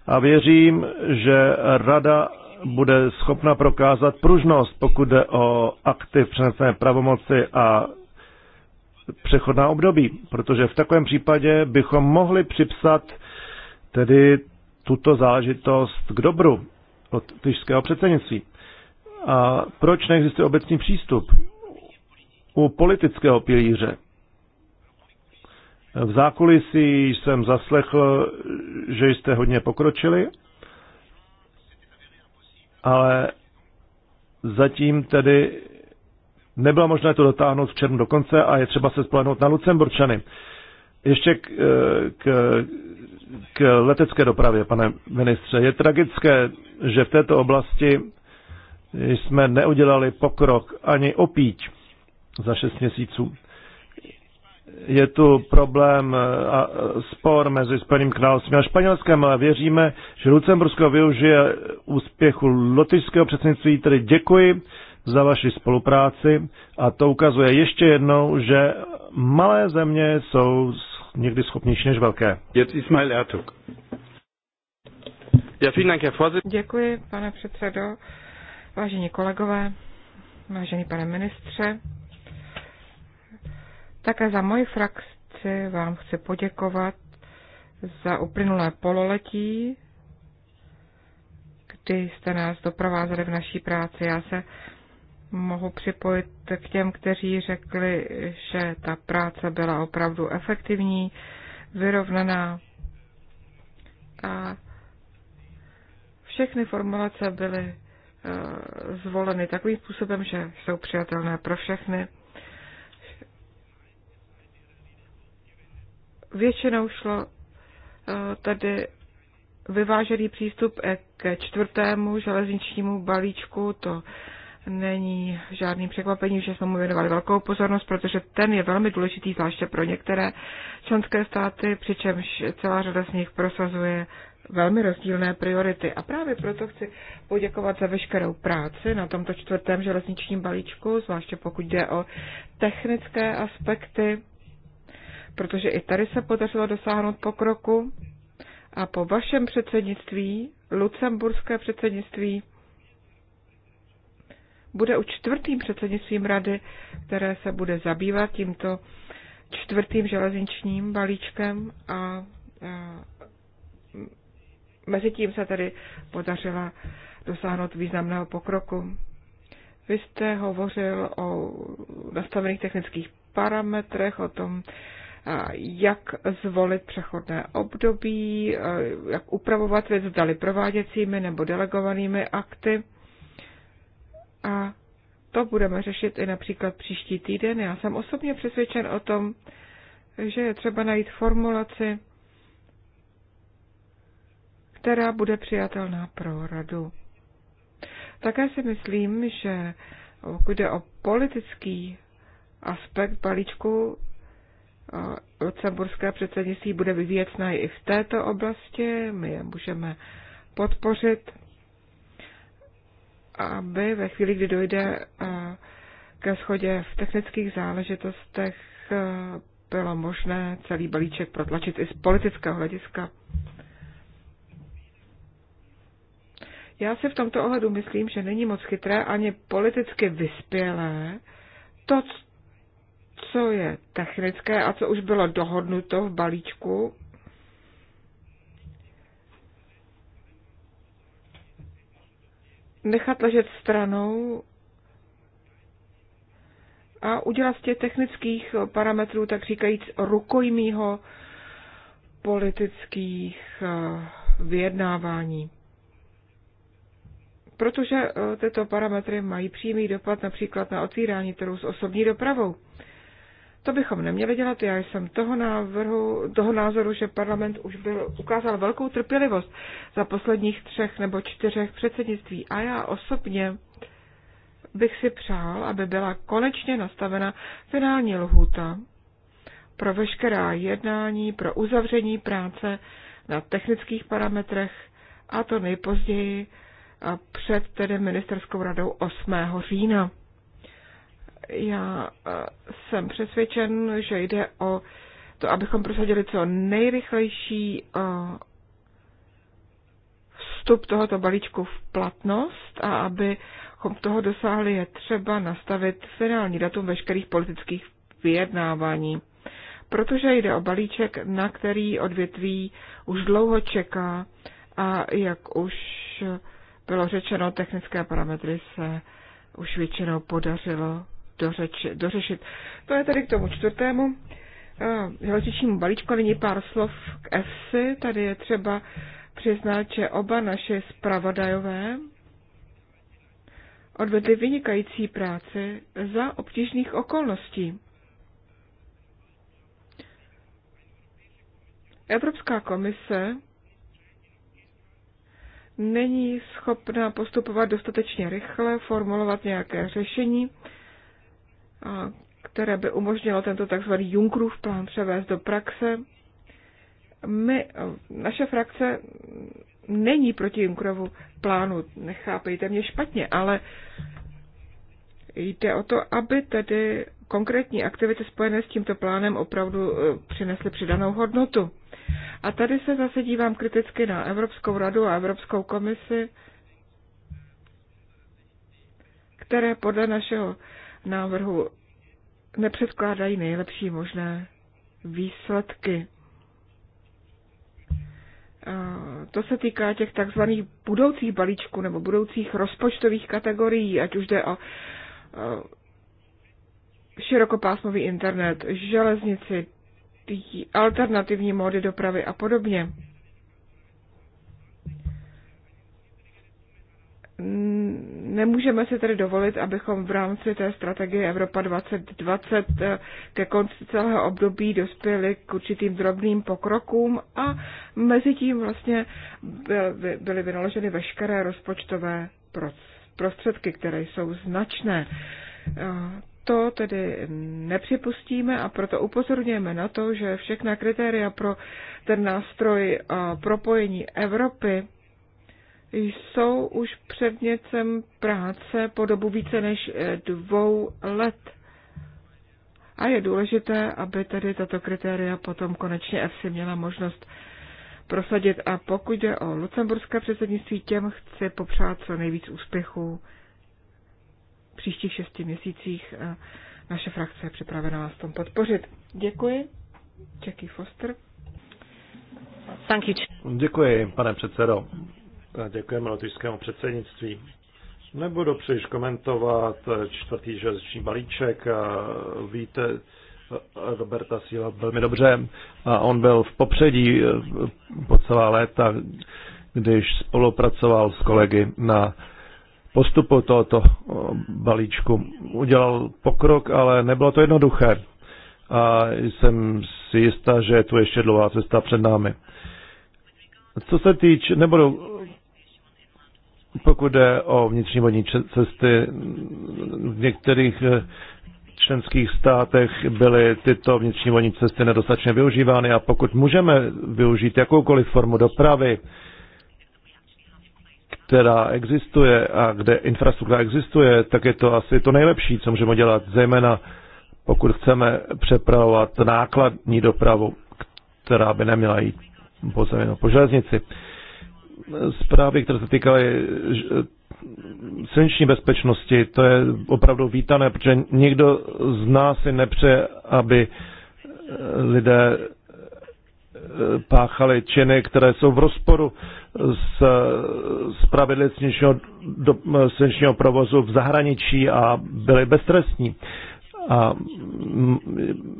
a věřím, že Rada bude schopna prokázat pružnost, pokud jde o akty v přenesené pravomoci a přechodná období, protože v takovém případě bychom mohli připsat tedy tuto záležitost k dobru od tyžského předsednictví. A proč neexistuje obecný přístup? U politického pilíře v zákulisí jsem zaslechl, že jste hodně pokročili, ale zatím tedy nebylo možné to dotáhnout v červnu do konce a je třeba se spolehnout na Lucemburčany. Ještě k, eh, k, k letecké dopravě, pane ministře. Je tragické, že v této oblasti jsme neudělali pokrok ani opíť za šest měsíců je tu problém eh, a eh, spor mezi Spojeným královstvím a Španělskem, ale věříme, že Lucembursko využije úspěchu lotyšského předsednictví, tedy děkuji za vaši spolupráci a to ukazuje ještě jednou, že malé země jsou někdy schopnější než velké. Děkuji, pane předsedo. Vážení kolegové, vážený pane ministře, také za moji frakci vám chci poděkovat za uplynulé pololetí, kdy jste nás doprovázeli v naší práci. Já se mohu připojit k těm, kteří řekli, že ta práce byla opravdu efektivní, vyrovnaná a všechny formulace byly eh, zvoleny takovým způsobem, že jsou přijatelné pro všechny. Většinou šlo eh, tady vyvážený přístup eh, ke čtvrtému železničnímu balíčku. To není žádným překvapením, že jsme mu věnovali velkou pozornost, protože ten je velmi důležitý, zvláště pro některé členské státy, přičemž celá řada z nich prosazuje velmi rozdílné priority. A právě proto chci poděkovat za veškerou práci na tomto čtvrtém železničním balíčku, zvláště pokud jde o technické aspekty protože i tady se podařilo dosáhnout pokroku a po vašem předsednictví, lucemburské předsednictví, bude už čtvrtým předsednictvím rady, které se bude zabývat tímto čtvrtým železničním balíčkem a, a mezi tím se tady podařila dosáhnout významného pokroku. Vy jste hovořil o nastavených technických parametrech, o tom, jak zvolit přechodné období, jak upravovat věc, dali prováděcími nebo delegovanými akty. A to budeme řešit i například příští týden. Já jsem osobně přesvědčen o tom, že je třeba najít formulaci, která bude přijatelná pro radu. Také si myslím, že pokud jde o politický aspekt balíčku, lucemburské předsednictví bude vyvíjet snahy i v této oblasti. My je můžeme podpořit, aby ve chvíli, kdy dojde ke schodě v technických záležitostech, bylo možné celý balíček protlačit i z politického hlediska. Já si v tomto ohledu myslím, že není moc chytré ani politicky vyspělé to, co je technické a co už bylo dohodnuto v balíčku. Nechat ležet stranou a udělat z těch technických parametrů, tak říkajíc, rukojmího politických eh, vyjednávání. Protože eh, tyto parametry mají přímý dopad například na otvírání trhu s osobní dopravou. To bychom neměli dělat. Já jsem toho, návrhu, toho názoru, že parlament už byl, ukázal velkou trpělivost za posledních třech nebo čtyřech předsednictví. A já osobně bych si přál, aby byla konečně nastavena finální lhůta pro veškerá jednání, pro uzavření práce na technických parametrech a to nejpozději před tedy ministerskou radou 8. října já eh, jsem přesvědčen, že jde o to, abychom prosadili co nejrychlejší eh, vstup tohoto balíčku v platnost a abychom toho dosáhli je třeba nastavit finální datum veškerých politických vyjednávání. Protože jde o balíček, na který odvětví už dlouho čeká a jak už bylo řečeno, technické parametry se už většinou podařilo dořeč, dořešit. To je tedy k tomu čtvrtému eh, železničnímu balíčku. Nyní pár slov k EFSI. Tady je třeba přiznat, že oba naše zpravodajové odvedli vynikající práci za obtížných okolností. Evropská komise není schopná postupovat dostatečně rychle, formulovat nějaké řešení, které by umožnilo tento tzv. Junkrův plán převést do praxe. My, naše frakce není proti Junkrovu plánu, nechápejte mě špatně, ale jde o to, aby tedy konkrétní aktivity spojené s tímto plánem opravdu eh, přinesly přidanou hodnotu. A tady se zase dívám kriticky na Evropskou radu a Evropskou komisi, které podle našeho návrhu nepředkládají nejlepší možné výsledky. To se týká těch takzvaných budoucích balíčků nebo budoucích rozpočtových kategorií, ať už jde o širokopásmový internet, železnici, alternativní módy dopravy a podobně. Nemůžeme si tedy dovolit, abychom v rámci té strategie Evropa 2020 eh, ke konci celého období dospěli k určitým drobným pokrokům a mezi tím vlastně byly vynaloženy veškeré rozpočtové prostředky, které jsou značné. Eh, to tedy nepřipustíme a proto upozorňujeme na to, že všechna kritéria pro ten nástroj eh, propojení Evropy jsou už předmětem práce po dobu více než eh, dvou let. A je důležité, aby tedy tato kritéria potom konečně EFSI měla možnost prosadit. A pokud jde o lucemburské předsednictví, těm chci popřát co nejvíc úspěchů v příštích šesti měsících. Eh, naše frakce je připravena vás tom podpořit. Děkuji. Jackie Foster. Thank you. Děkuji, pane předsedo. Děkujeme lotyšskému předsednictví. Nebudu příliš komentovat čtvrtý železniční balíček. Víte, Roberta Síla velmi dobře. A on byl v popředí eh, po celá léta, když spolupracoval s kolegy na postupu tohoto eh, balíčku. Udělal pokrok, ale nebylo to jednoduché. A jsem si jistá, že je tu ještě dlouhá cesta před námi. Co se týče, nebudu pokud jde o vnitřní vodní cesty, v některých eh, členských státech byly tyto vnitřní vodní cesty nedostatečně využívány a pokud můžeme využít jakoukoliv formu dopravy, která existuje a kde infrastruktura existuje, tak je to asi to nejlepší, co můžeme dělat, zejména pokud chceme přepravovat nákladní dopravu, která by neměla jít po zemi, no, po železnici zprávy, které se týkaly eh, silniční bezpečnosti, to je opravdu vítané, protože nikdo z nás si nepřeje, aby eh, lidé eh, páchali činy, které jsou v rozporu s, s pravidly silničního, provozu v zahraničí a byly beztrestní. A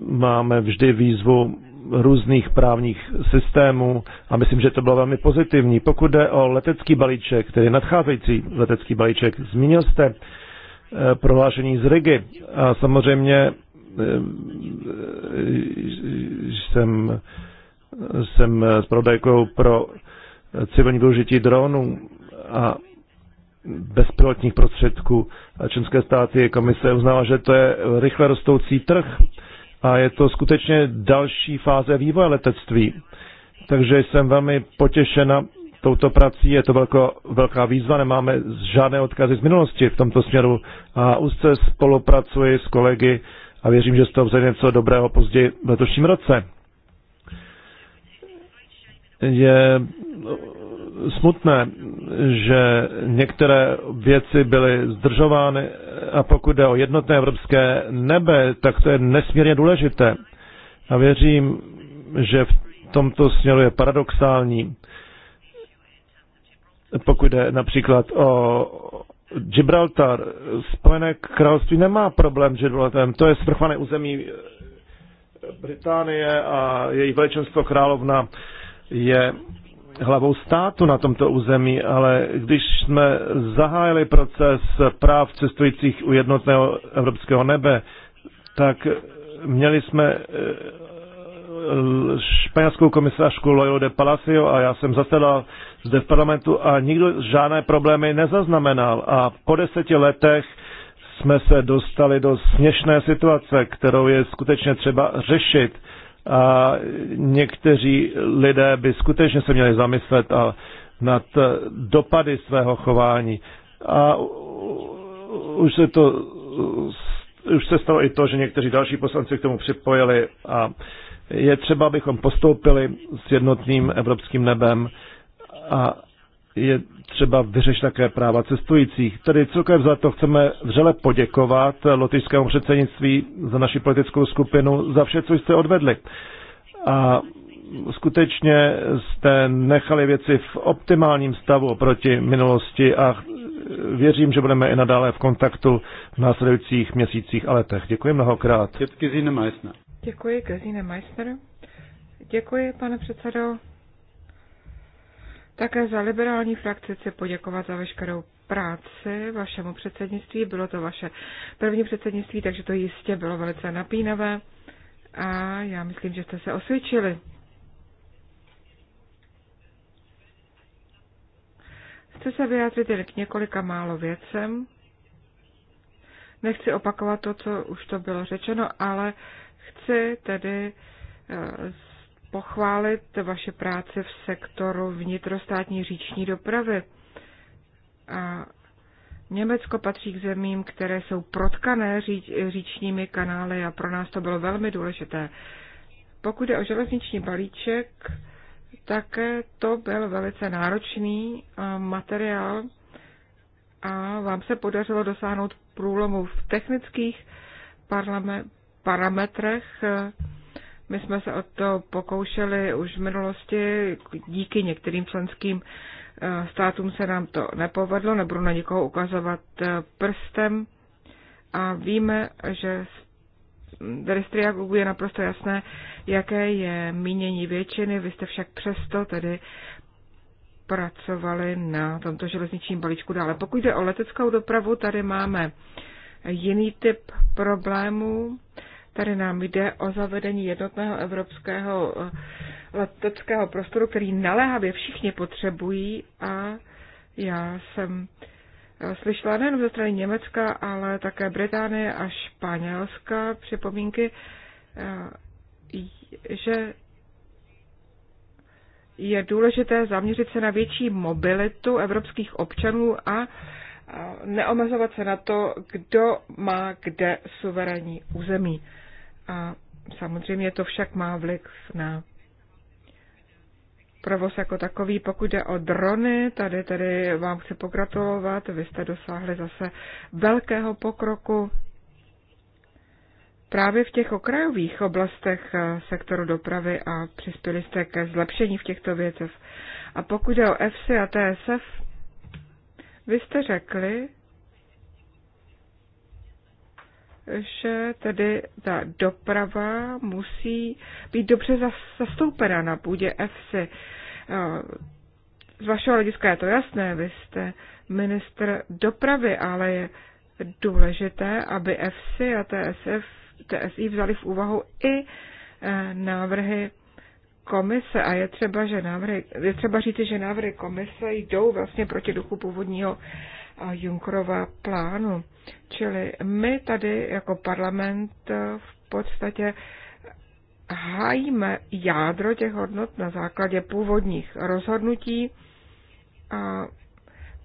máme vždy výzvu různých právních systémů a myslím, že to bylo velmi pozitivní. Pokud jde o letecký balíček, tedy nadcházející letecký balíček, zmínil jste eh, prohlášení z Rigy a samozřejmě eh, jsem, jsem prodajkou pro civilní využití dronů a bezpilotních prostředků a členské státy komise uznává, že to je rychle rostoucí trh a je to skutečně další fáze vývoje letectví. Takže jsem velmi potěšena touto prací, je to velko, velká výzva, nemáme žádné odkazy z minulosti v tomto směru a úzce spolupracuji s kolegy a věřím, že z toho vzejde něco dobrého později v letošním roce. Je smutné, že některé věci byly zdržovány a pokud jde o jednotné evropské nebe, tak to je nesmírně důležité. A věřím, že v tomto směru je paradoxální, pokud jde například o Gibraltar, Spojené království nemá problém s Gibraltarem, to je svrchované území Británie a její veličenstvo královna je hlavou státu na tomto území, ale když jsme zahájili proces práv cestujících u jednotného evropského nebe, tak měli jsme eh, španělskou komisařku Loyola de Palacio a já jsem zasedal zde v parlamentu a nikdo žádné problémy nezaznamenal. A po deseti letech jsme se dostali do směšné situace, kterou je skutečně třeba řešit a někteří lidé by skutečně se měli zamyslet a nad dopady svého chování. A už se to už se stalo i to, že někteří další poslanci k tomu připojili a je třeba, abychom postoupili s jednotným evropským nebem a je třeba vyřešit také práva cestujících. Tedy celkem za to chceme vřele poděkovat lotyšskému předsednictví za naši politickou skupinu, za vše, co jste odvedli. A skutečně jste nechali věci v optimálním stavu oproti minulosti a věřím, že budeme i nadále v kontaktu v následujících měsících a letech. Děkuji mnohokrát. Děkuji, Gesine Meissner. Děkuji, pane předsedo. Také za liberální frakci chci poděkovat za veškerou práci vašemu předsednictví. Bylo to vaše první předsednictví, takže to jistě bylo velice napínavé a já myslím, že jste se osvědčili. Chci se vyjádřit jen k několika málo věcem. Nechci opakovat to, co už to bylo řečeno, ale chci tedy eh, pochválit vaše práce v sektoru vnitrostátní říční dopravy. A Německo patří k zemím, které jsou protkané říč, říčními kanály a pro nás to bylo velmi důležité. Pokud je o železniční balíček, také to byl velice náročný eh, materiál a vám se podařilo dosáhnout průlomu v technických parametrech eh, my jsme se o to pokoušeli už v minulosti, díky některým členským eh, státům se nám to nepovedlo, nebudu na nikoho ukazovat eh, prstem a víme, že tady z triágu je naprosto jasné, jaké je mínění většiny, vy jste však přesto tedy pracovali na tomto železničním balíčku dále. Pokud jde o leteckou dopravu, tady máme jiný typ problémů. Tady nám jde o zavedení jednotného evropského eh, leteckého prostoru, který naléhavě všichni potřebují a já jsem eh, slyšela nejen ze strany Německa, ale také Británie a Španělska připomínky, eh, že je důležité zaměřit se na větší mobilitu evropských občanů a neomezovat se na to, kdo má kde suverénní území. A samozřejmě to však má vliv na provoz jako takový. Pokud jde o drony, tady tady vám chci pogratulovat, vy jste dosáhli zase velkého pokroku právě v těch okrajových oblastech eh, sektoru dopravy a přispěli jste ke zlepšení v těchto věcech. A pokud jde o EFSI a TSF, vy jste řekli, že tedy ta doprava musí být dobře zastoupena na půdě EFSI. Eh, z vašeho hlediska je to jasné, vy jste ministr dopravy, ale je důležité, aby EFSI a TSF, TSI vzali v úvahu i eh, návrhy komise a je třeba, že návrhy, je třeba říci, že návrhy komise jdou vlastně proti duchu původního a Junkrova plánu. Čili my tady jako parlament v podstatě hájíme jádro těch hodnot na základě původních rozhodnutí a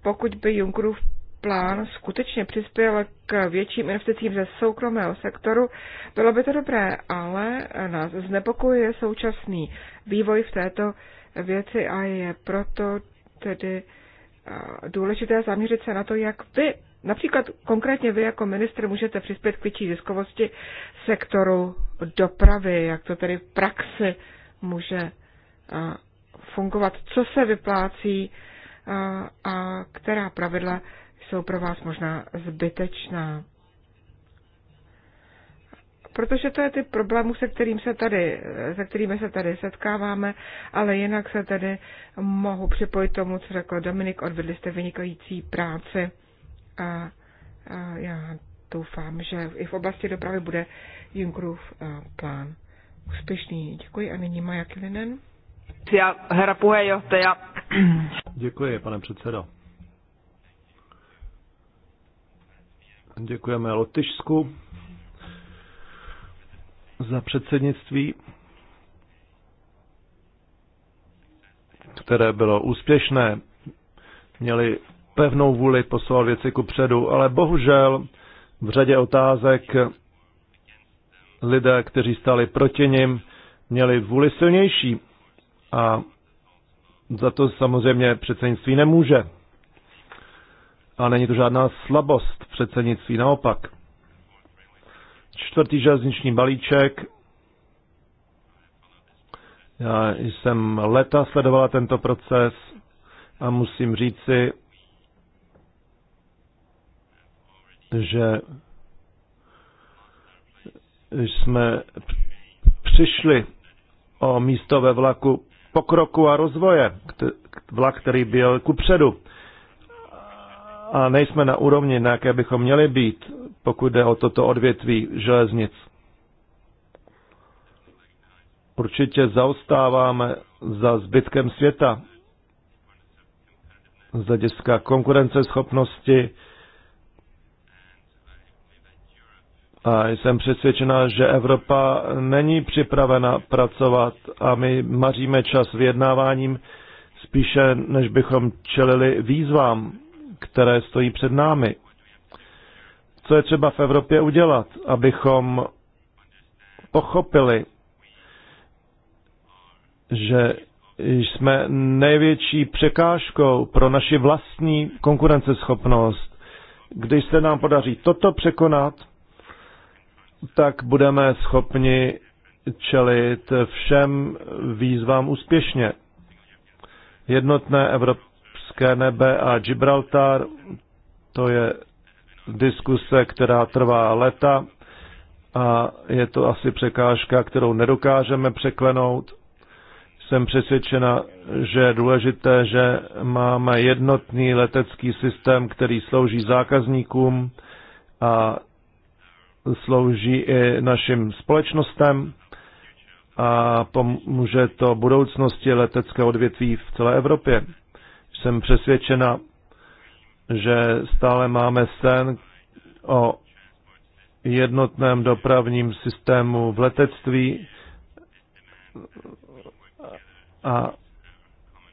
pokud by Junkerův plán skutečně přispěl k větším investicím ze soukromého sektoru, bylo by to dobré, ale nás znepokojuje současný vývoj v této věci a je proto tedy uh, Eh, důležité zaměřit se na to, jak vy, například konkrétně vy jako ministr, můžete přispět k větší ziskovosti sektoru dopravy, jak to tedy v praxi může eh, fungovat, co se vyplácí eh, a která pravidla jsou pro vás možná zbytečná protože to je ty problémy se, kterým se tady, se kterými se tady setkáváme, ale jinak se tady mohu připojit tomu, co řekl Dominik, odvedli jste vynikající práci a, a já doufám, že i v oblasti dopravy bude Junckerův plán úspěšný. Děkuji a nyní Maja Kilinen. Já, herra puheenjohtaja. Děkuji, pane předsedo. Děkujeme Lotyšsku za předsednictví, které bylo úspěšné. Měli pevnou vůli posouvat věci ku předu, ale bohužel v řadě otázek lidé, kteří stáli proti nim, měli vůli silnější a za to samozřejmě předsednictví nemůže. A není to žádná slabost předsednictví, naopak čtvrtý železniční balíček. Já jsem leta sledovala tento proces a musím říci, že jsme přišli o místo ve vlaku pokroku a rozvoje, vlak, který byl ku předu. A nejsme na úrovni, na jaké bychom měli být pokud jde o toto odvětví železnic. Určitě zaostáváme za zbytkem světa z hlediska konkurenceschopnosti a jsem přesvědčena, že Evropa není připravena pracovat a my maříme čas vyjednáváním spíše, než bychom čelili výzvám, které stojí před námi co je třeba v Evropě udělat, abychom pochopili, že jsme největší překážkou pro naši vlastní konkurenceschopnost. Když se nám podaří toto překonat, tak budeme schopni čelit všem výzvám úspěšně. Jednotné evropské nebe a Gibraltar, to je diskuse, která trvá leta a je to asi překážka, kterou nedokážeme překlenout. Jsem přesvědčena, že je důležité, že máme jednotný letecký systém, který slouží zákazníkům a slouží i našim společnostem a pomůže to budoucnosti leteckého odvětví v celé Evropě. Jsem přesvědčena, že stále máme sen o jednotném dopravním systému v letectví a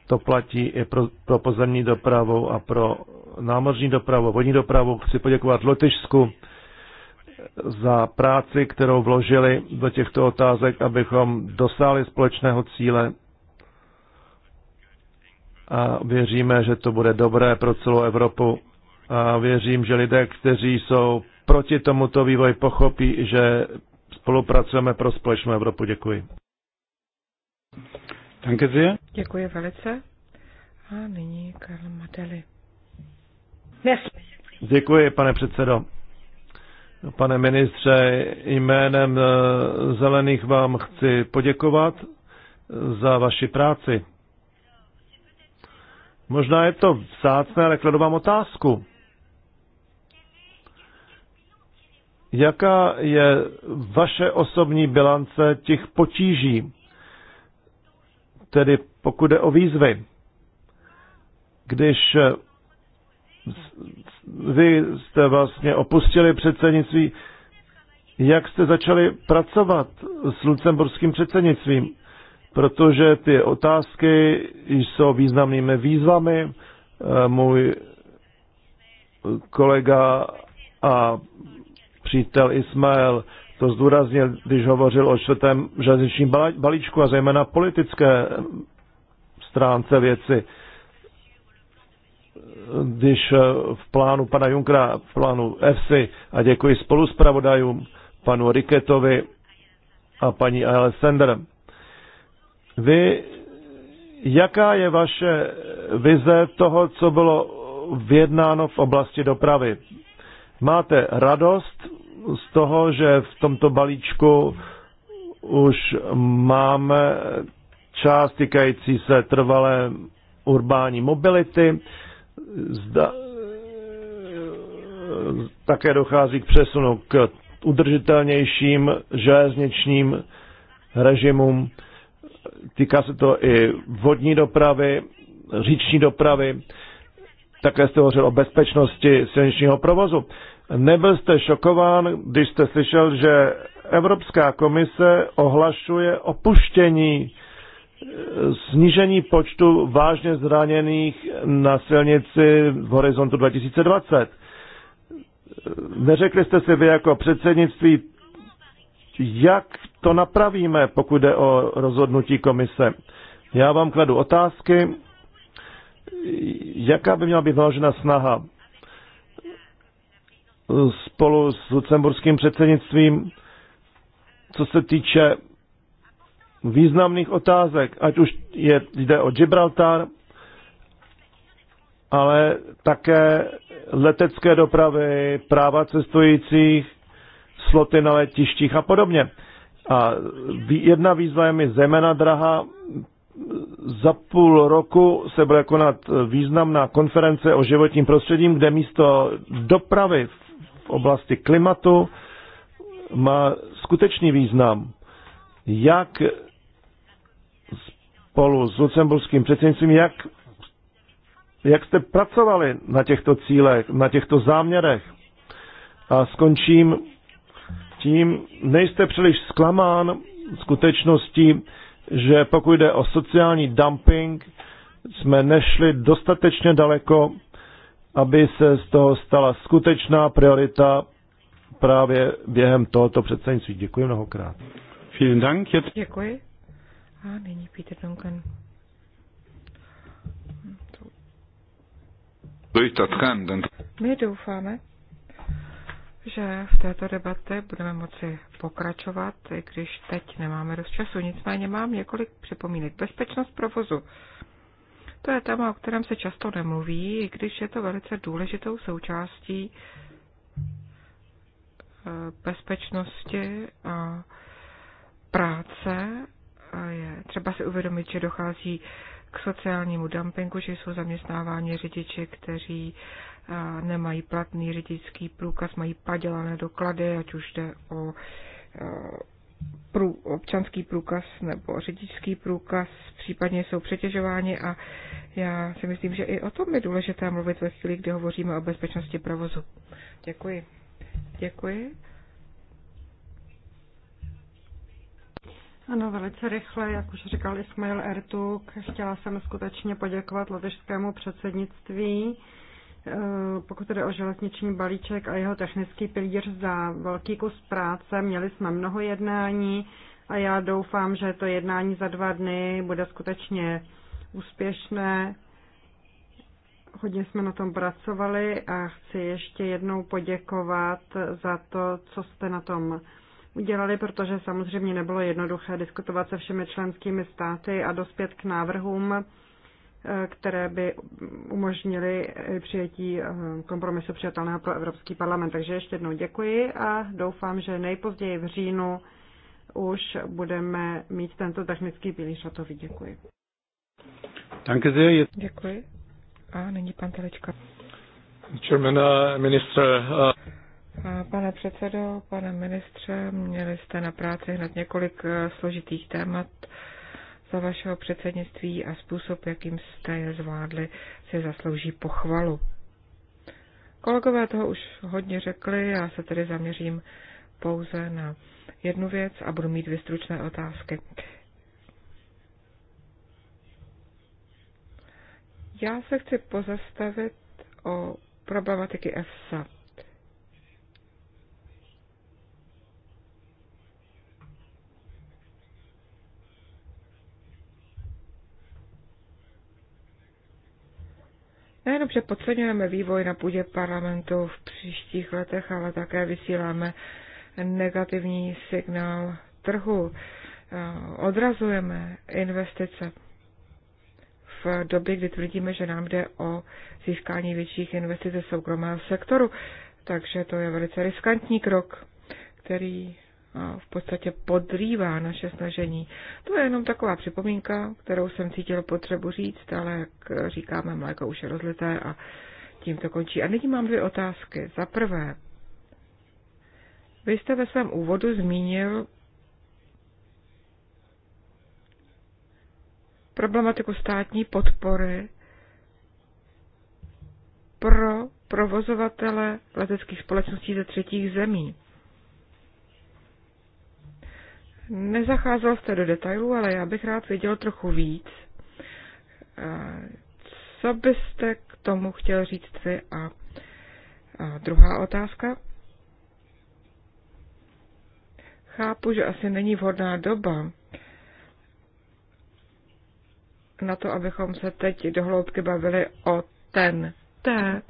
to platí i pro, pro pozemní dopravu a pro námořní dopravu, vodní dopravu. Chci poděkovat Lotyšsku za práci, kterou vložili do těchto otázek, abychom dosáhli společného cíle a věříme, že to bude dobré pro celou Evropu. A věřím, že lidé, kteří jsou proti tomuto vývoji, pochopí, že spolupracujeme pro společnou Evropu. Děkuji. Děkuji velice. A nyní Karl Madeli. Děkuji, pane předsedo. Pane ministře, jménem eh, Zelených vám chci poděkovat za vaši práci. Možná je to vzácné, ale kladu vám otázku. Jaká je vaše osobní bilance těch potíží, tedy pokud jde o výzvy? Když eh, vy jste vlastně opustili předsednictví, jak jste začali pracovat s lucemburským předsednictvím? protože ty otázky jsou významnými výzvami. Eh, můj kolega a přítel Ismail to zdůraznil, když hovořil o čtvrtém železničním balíčku a zejména politické stránce věci. Když eh, v plánu pana Junkra, v plánu EFSI a děkuji spolu spoluspravodajům, panu Riketovi a paní Alessander, vy, jaká je vaše vize toho, co bylo vyjednáno v oblasti dopravy? Máte radost z toho, že v tomto balíčku už máme část týkající se trvalé urbání mobility. Zda, také dochází k přesunu k udržitelnějším železničním režimům týká se to i vodní dopravy, říční dopravy, také jste hovořil o bezpečnosti silničního provozu. Nebyl jste šokován, když jste slyšel, že Evropská komise ohlašuje opuštění e, snížení počtu vážně zraněných na silnici v horizontu 2020. E, neřekli jste si vy jako předsednictví, jak to napravíme, pokud jde o rozhodnutí komise. Já vám kladu otázky, jaká by měla být vložena snaha spolu s lucemburským předsednictvím, co se týče významných otázek, ať už je, jde o Gibraltar, ale také letecké dopravy, práva cestujících, sloty na letištích a podobně. A jedna výzva je mi zemena drahá. Za půl roku se bude konat významná konference o životním prostředím, kde místo dopravy v oblasti klimatu má skutečný význam. Jak spolu s lucemburským předsednictvím, jak, jak jste pracovali na těchto cílech, na těchto záměrech. A skončím tím nejste příliš zklamán skutečností, že pokud jde o sociální dumping, jsme nešli dostatečně daleko, aby se z toho stala skutečná priorita právě během tohoto předsednictví. Děkuji mnohokrát. Vielen Dank. Jetzt... Děkuji. A nyní Peter Duncan. My doufáme, že v této debatě budeme moci pokračovat, i když teď nemáme dost času. Nicméně mám několik připomínek. Bezpečnost provozu. To je téma, o kterém se často nemluví, i když je to velice důležitou součástí eh, bezpečnosti a práce. Je třeba si uvědomit, že dochází k sociálnímu dumpingu, že jsou zaměstnávání řidiči, kteří nemají platný řidičský průkaz, mají padělané doklady, ať už jde o eh, prů, občanský průkaz nebo řidičský průkaz, případně jsou přetěžováni a já si myslím, že i o tom je důležité mluvit ve chvíli, kdy hovoříme o bezpečnosti provozu. Děkuji. Děkuji. Ano, velice rychle, jak už říkal Ismail Ertuk, chtěla jsem skutečně poděkovat lotyšskému předsednictví Eh, pokud jde o železniční balíček a jeho technický pilíř za velký kus práce. Měli jsme mnoho jednání a já doufám, že to jednání za dva dny bude skutečně úspěšné. Hodně jsme na tom pracovali a chci ještě jednou poděkovat za to, co jste na tom udělali, protože samozřejmě nebylo jednoduché diskutovat se všemi členskými státy a dospět k návrhům, Eh, které by umožnily přijetí eh, kompromisu přijatelného pro Evropský parlament. Takže ještě jednou děkuji a doufám, že nejpozději v říjnu už budeme mít tento technický pilíř hotový. Děkuji. Děkuji. A nyní pan Telečka. Chairman, uh, minister, uh- Pane předsedo, pane ministře, měli jste na práci hned několik eh, složitých témat, za vašeho předsednictví a způsob, jakým jste je zvládli, si zaslouží pochvalu. Kolegové toho už hodně řekli, já se tedy zaměřím pouze na jednu věc a budu mít vystručné otázky. Já se chci pozastavit o problematiky EFSA. Nejenom, že podceňujeme vývoj na půdě parlamentu v příštích letech, ale také vysíláme negativní signál trhu. Odrazujeme investice v době, kdy tvrdíme, že nám jde o získání větších investic ze soukromého sektoru. Takže to je velice riskantní krok, který v podstatě podrývá naše snažení. To je jenom taková připomínka, kterou jsem cítil potřebu říct, ale jak říkáme, mléko už je rozlité a tím to končí. A nyní mám dvě otázky. Za prvé, vy jste ve svém úvodu zmínil problematiku státní podpory pro provozovatele leteckých společností ze třetích zemí. Nezacházel jste do detailů, ale já bych rád věděl trochu víc. Eh, co byste k tomu chtěl říct vy? A, druhá otázka. Chápu, že asi není vhodná doba na to, abychom se teď dohloubky bavili o ten T,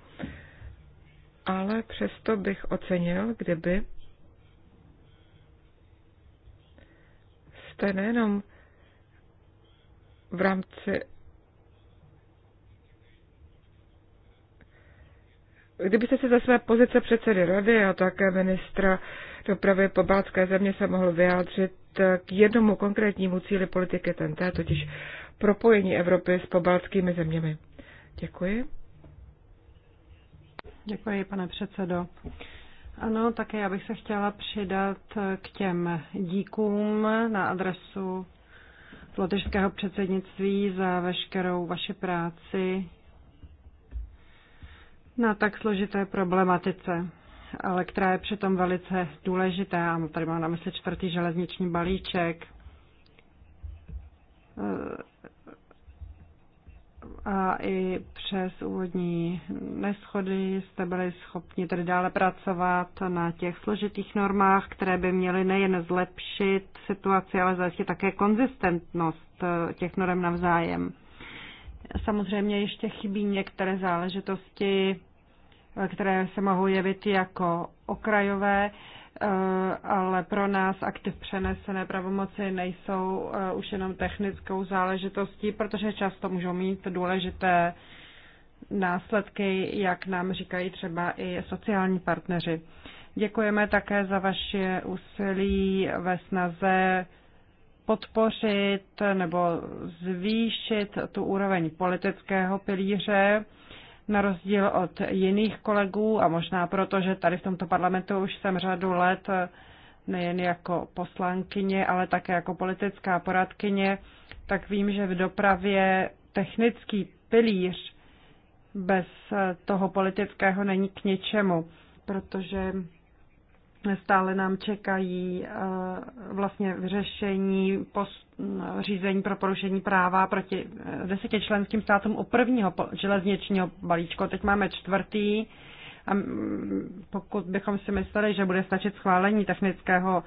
ale přesto bych ocenil, kdyby jste nejenom v rámci Kdybyste se za své pozice předsedy rady a také ministra dopravy pobácké země se mohl vyjádřit k jednomu konkrétnímu cíli politiky TNT, totiž propojení Evropy s pobaltskými zeměmi. Děkuji. Děkuji, pane předsedo. Ano, také já bych se chtěla přidat k těm díkům na adresu lotyšského předsednictví za veškerou vaši práci na tak složité problematice, ale která je přitom velice důležitá. Tady mám na mysli čtvrtý železniční balíček, a i přes úvodní neschody jste byli schopni tedy dále pracovat na těch složitých normách, které by měly nejen zlepšit situaci, ale zajistit také konzistentnost eh, těch norm navzájem. Samozřejmě ještě chybí některé záležitosti, eh, které se mohou jevit jako okrajové, Eh, ale pro nás akty přenesené pravomoci nejsou eh, už jenom technickou záležitostí, protože často můžou mít důležité následky, jak nám říkají třeba i sociální partneři. Děkujeme také za vaše úsilí ve snaze podpořit nebo zvýšit tu úroveň politického pilíře na rozdíl od jiných kolegů a možná proto, že tady v tomto parlamentu už jsem řadu let nejen jako poslankyně, ale také jako politická poradkyně, tak vím, že v dopravě technický pilíř bez toho politického není k ničemu, protože Stále nám čekají eh, vlastně vyřešení řízení pro porušení práva proti eh, deseti členským státům u prvního železničního balíčku. Teď máme čtvrtý. A mm, pokud bychom si mysleli, že bude stačit schválení technického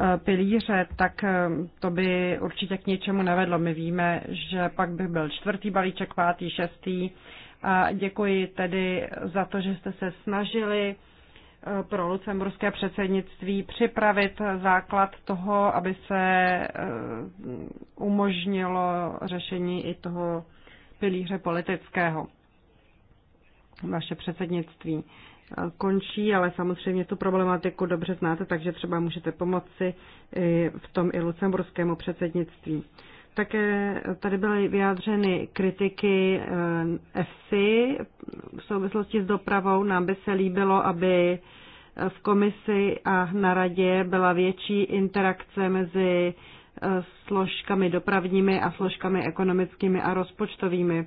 eh, pilíře, tak to by určitě k něčemu nevedlo. My víme, že pak by byl čtvrtý balíček, pátý, šestý. A děkuji tedy za to, že jste se snažili pro lucemburské předsednictví připravit základ toho, aby se eh, umožnilo řešení i toho pilíře politického. Vaše předsednictví eh, končí, ale samozřejmě tu problematiku dobře znáte, takže třeba můžete pomoci v tom i lucemburskému předsednictví. Také tady byly vyjádřeny kritiky EFSI eh, v souvislosti s dopravou. Nám by se líbilo, aby v komisi a na radě byla větší interakce mezi eh, složkami dopravními a složkami ekonomickými a rozpočtovými.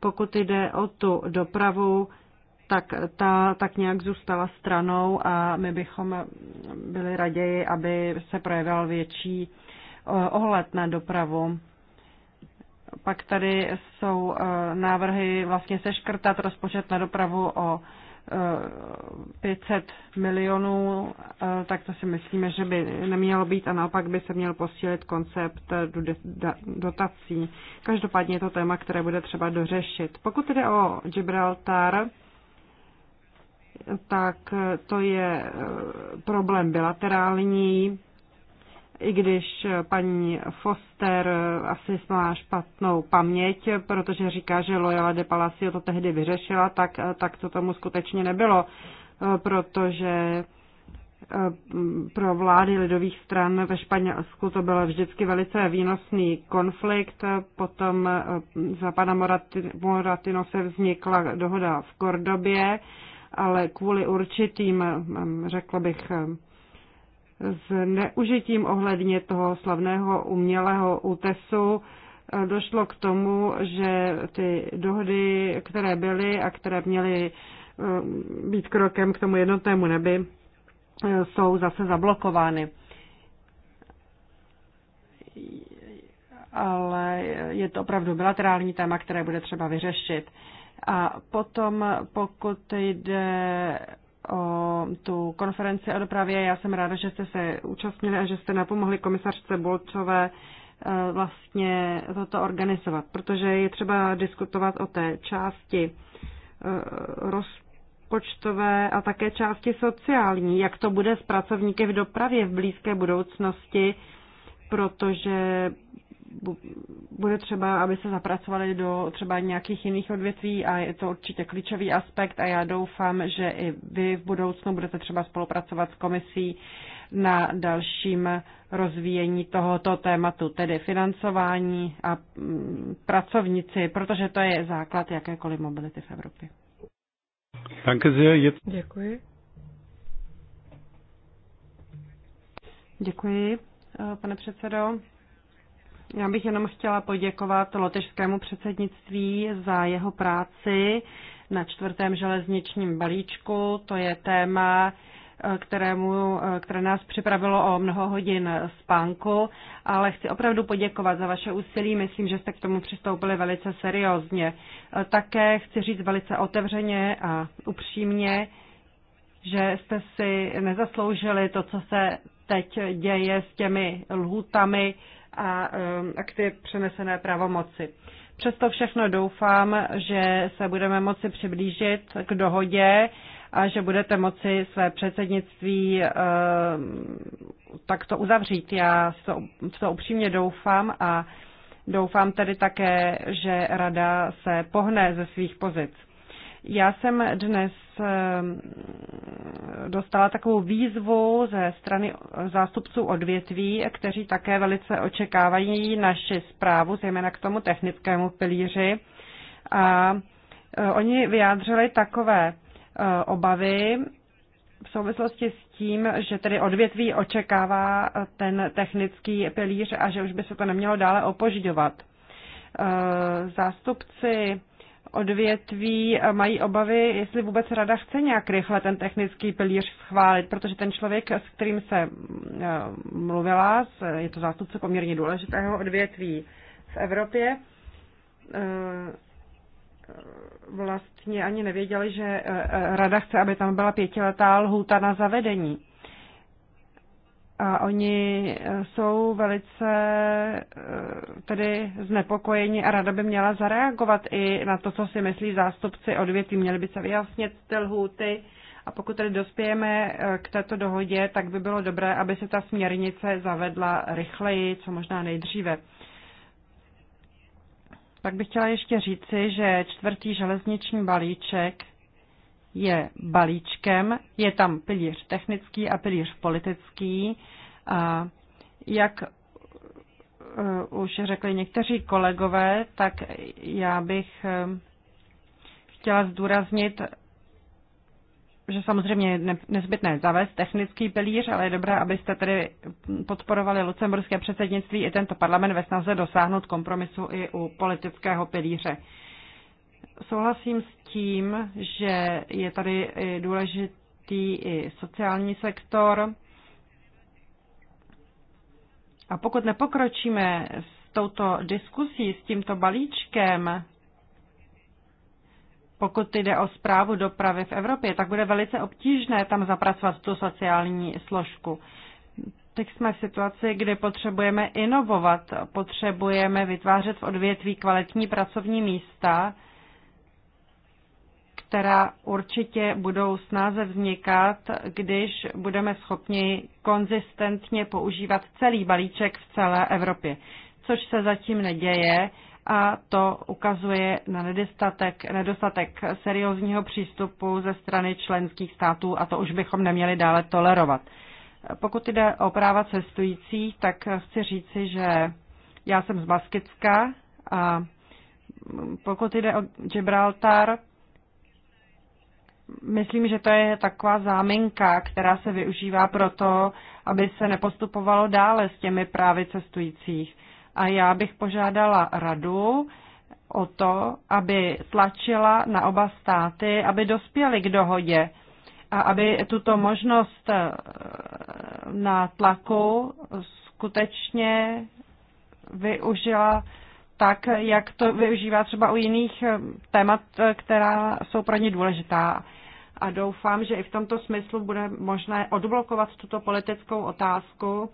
Pokud jde o tu dopravu, tak ta tak nějak zůstala stranou a my bychom byli raději, aby se projevil větší eh, ohled na dopravu. Pak tady jsou eh, návrhy vlastně seškrtat rozpočet na dopravu o 500 eh, milionů, eh, tak to si myslíme, že by nemělo být a naopak by se měl posílit koncept dotací. Každopádně je to téma, které bude třeba dořešit. Pokud jde o Gibraltar, tak to je problém bilaterální i když paní Foster asi má špatnou paměť, protože říká, že Loyola de Palacio to tehdy vyřešila, tak, tak to tomu skutečně nebylo, protože eh, pro vlády lidových stran ve Španělsku to byl vždycky velice výnosný konflikt. Potom eh, za pana Moratino se vznikla dohoda v Kordobě, ale kvůli určitým, eh, řekla bych, s neužitím ohledně toho slavného umělého útesu e, došlo k tomu, že ty dohody, které byly a které měly e, být krokem k tomu jednotnému nebi, e, jsou zase zablokovány. Ale je to opravdu bilaterální téma, které bude třeba vyřešit. A potom, pokud jde o tu konferenci o dopravě. Já jsem ráda, že jste se účastnili a že jste napomohli komisařce Bolcové eh, vlastně toto organizovat, protože je třeba diskutovat o té části eh, rozpočtové a také části sociální, jak to bude s pracovníky v dopravě v blízké budoucnosti, protože bude třeba, aby se zapracovali do třeba nějakých jiných odvětví a je to určitě klíčový aspekt a já doufám, že i vy v budoucnu budete třeba spolupracovat s komisí na dalším rozvíjení tohoto tématu, tedy financování a mm, pracovníci, protože to je základ jakékoliv mobility v Evropě. Děkuji. Děkuji, eh, pane předsedo. Já bych jenom chtěla poděkovat lotežskému předsednictví za jeho práci na čtvrtém železničním balíčku. To je téma, eh, kterému, eh, které nás připravilo o mnoho hodin spánku, ale chci opravdu poděkovat za vaše úsilí. Myslím, že jste k tomu přistoupili velice seriózně. Eh, také chci říct velice otevřeně a upřímně, že jste si nezasloužili to, co se teď děje s těmi lhůtami a um, akty přenesené pravomoci. Přesto všechno doufám, že se budeme moci přiblížit k dohodě a že budete moci své předsednictví um, takto uzavřít. Já v to upřímně doufám a doufám tedy také, že Rada se pohne ze svých pozic. Já jsem dnes ehm, dostala takovou výzvu ze strany zástupců odvětví, kteří také velice očekávají naši zprávu, zejména k tomu technickému pilíři. A e, oni vyjádřili takové e, obavy v souvislosti s tím, že tedy odvětví očekává e, ten technický pilíř a že už by se to nemělo dále opožďovat. Zástupci odvětví eh, mají obavy, jestli vůbec rada chce nějak rychle ten technický pilíř schválit, protože ten člověk, s kterým se mm, eh, mluvila, je to zástupce poměrně důležitého odvětví v Evropě, eh, vlastně ani nevěděli, že rada chce, aby tam byla pětiletá lhůta na zavedení. A oni eh, jsou velice eh, tedy znepokojeni a rada by měla zareagovat i na to, co si myslí zástupci odvětví. Měly by se vyjasnit ty lhůty a pokud tedy dospějeme eh, k této dohodě, tak by bylo dobré, aby se ta směrnice zavedla rychleji, co možná nejdříve. Pak bych chtěla ještě říci, že čtvrtý železniční balíček je balíčkem, je tam pilíř technický a pilíř politický. A jak e, už řekli někteří kolegové, tak já bych e, chtěla zdůraznit, že samozřejmě je nezbytné zavést technický pilíř, ale je dobré, abyste tedy podporovali lucemburské předsednictví i tento parlament ve snaze dosáhnout kompromisu i u politického pilíře. Souhlasím s tím, že je tady důležitý i sociální sektor. A pokud nepokročíme s touto diskusí, s tímto balíčkem, pokud jde o zprávu dopravy v Evropě, tak bude velice obtížné tam zapracovat tu sociální složku. Teď jsme v situaci, kdy potřebujeme inovovat, potřebujeme vytvářet v odvětví kvalitní pracovní místa, která určitě budou snáze vznikat, když budeme schopni konzistentně používat celý balíček v celé Evropě, což se zatím neděje a to ukazuje na nedostatek, nedostatek seriózního přístupu ze strany členských států a to už bychom neměli dále tolerovat. Pokud jde o práva cestujících, tak chci říci, že já jsem z Baskicka a pokud jde o Gibraltar, myslím, že to je taková záminka, která se využívá proto, aby se nepostupovalo dále s těmi právy cestujících. A já bych požádala radu o to, aby tlačila na oba státy, aby dospěli k dohodě a aby tuto možnost eh, na tlaku skutečně využila tak, jak to využívá třeba u jiných eh, témat, eh, která jsou pro ně důležitá. A doufám, že i v tomto smyslu bude možné odblokovat tuto politickou otázku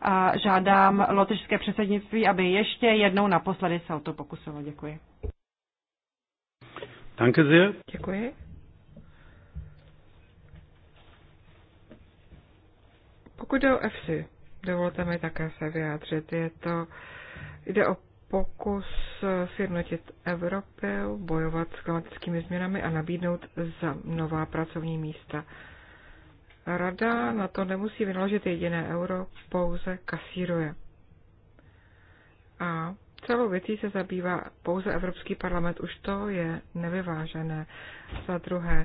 a žádám lotyšské předsednictví, aby ještě jednou naposledy se o to pokusilo. Děkuji. Danke sehr. Děkuji. Pokud jde o EFSI, dovolte mi také se vyjádřit. Je to, jde o pokus eh, sjednotit Evropy bojovat s klimatickými změnami a nabídnout za nová pracovní místa. Rada na to nemusí vynaložit jediné euro, pouze kasíruje. A Celou věcí se zabývá pouze Evropský parlament, už to je nevyvážené. Za druhé,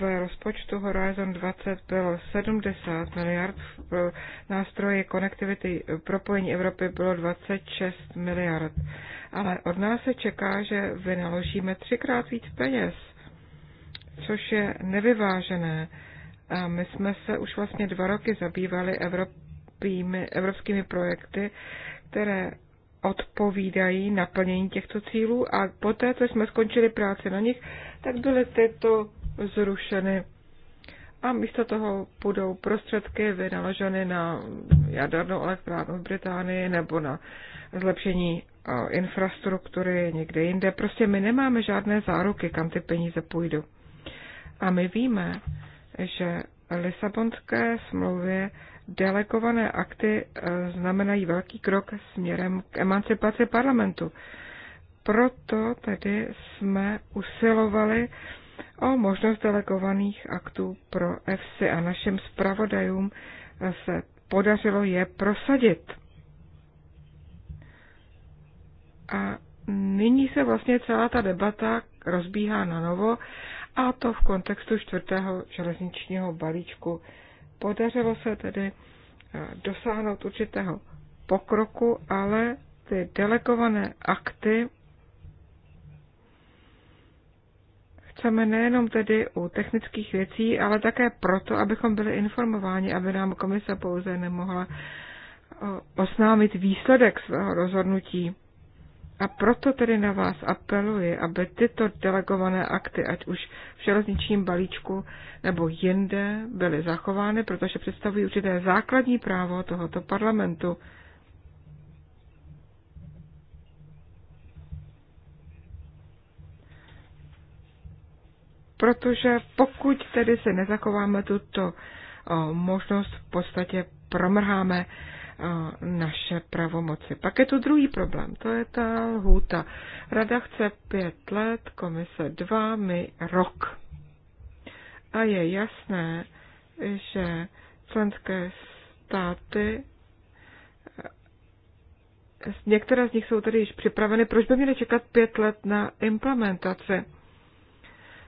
v rozpočtu Horizon 20 bylo 70 miliard, v nástroji konektivity propojení Evropy bylo 26 miliard. Ale od nás se čeká, že vynaložíme třikrát víc peněz, což je nevyvážené. A my jsme se už vlastně dva roky zabývali evropskými projekty, které odpovídají naplnění těchto cílů a poté, co jsme skončili práci na nich, tak byly tyto zrušeny a místo toho budou prostředky vynaloženy na jadernou elektrárnu v Británii nebo na zlepšení eh, infrastruktury někde jinde. Prostě my nemáme žádné záruky, kam ty peníze půjdou. A my víme, že Lisabonské smlouvě Delegované akty eh, znamenají velký krok směrem k emancipaci parlamentu. Proto tedy jsme usilovali o možnost delegovaných aktů pro EFSI a našim zpravodajům eh, se podařilo je prosadit. A nyní se vlastně celá ta debata rozbíhá na novo a to v kontextu čtvrtého železničního balíčku Podařilo se tedy eh, dosáhnout určitého pokroku, ale ty delegované akty chceme nejenom tedy u technických věcí, ale také proto, abychom byli informováni, aby nám komise pouze nemohla eh, oznámit výsledek svého rozhodnutí. A proto tedy na vás apeluji, aby tyto delegované akty, ať už v železničním balíčku nebo jinde, byly zachovány, protože představují určité základní právo tohoto parlamentu. Protože pokud tedy se nezachováme tuto možnost, v podstatě promrháme naše pravomoci. Pak je tu druhý problém, to je ta lhůta. Rada chce pět let, komise dva, my rok. A je jasné, že členské státy, některé z nich jsou tedy již připraveny, proč by měly čekat pět let na implementaci?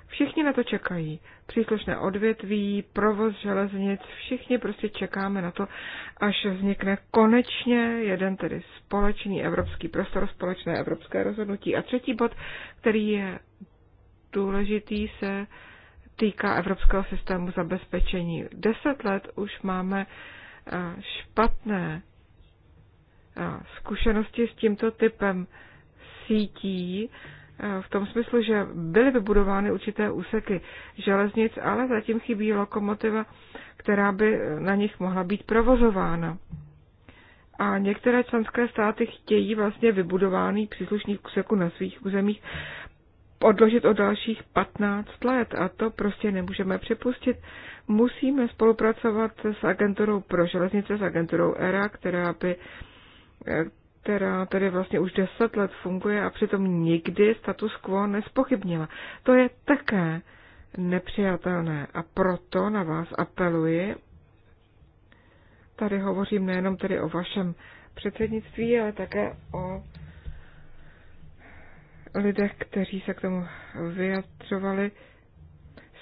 Všichni na to čekají. Příslušné odvětví, provoz železnic, všichni prostě čekáme na to, až vznikne konečně jeden tedy společný evropský prostor, společné evropské rozhodnutí. A třetí bod, který je důležitý, se týká evropského systému zabezpečení. Deset let už máme eh, špatné eh, zkušenosti s tímto typem sítí Eh, v tom smyslu, že byly vybudovány určité úseky železnic, ale zatím chybí lokomotiva, která by na nich mohla být provozována. A některé členské státy chtějí vlastně vybudovaný příslušný úseku na svých územích odložit o dalších 15 let a to prostě nemůžeme připustit. Musíme spolupracovat s agenturou pro železnice, s agenturou ERA, která by eh, která tady vlastně už deset let funguje a přitom nikdy status quo nespochybnila. To je také nepřijatelné a proto na vás apeluji. Tady hovořím nejenom tedy o vašem předsednictví, ale také o lidech, kteří se k tomu vyjadřovali.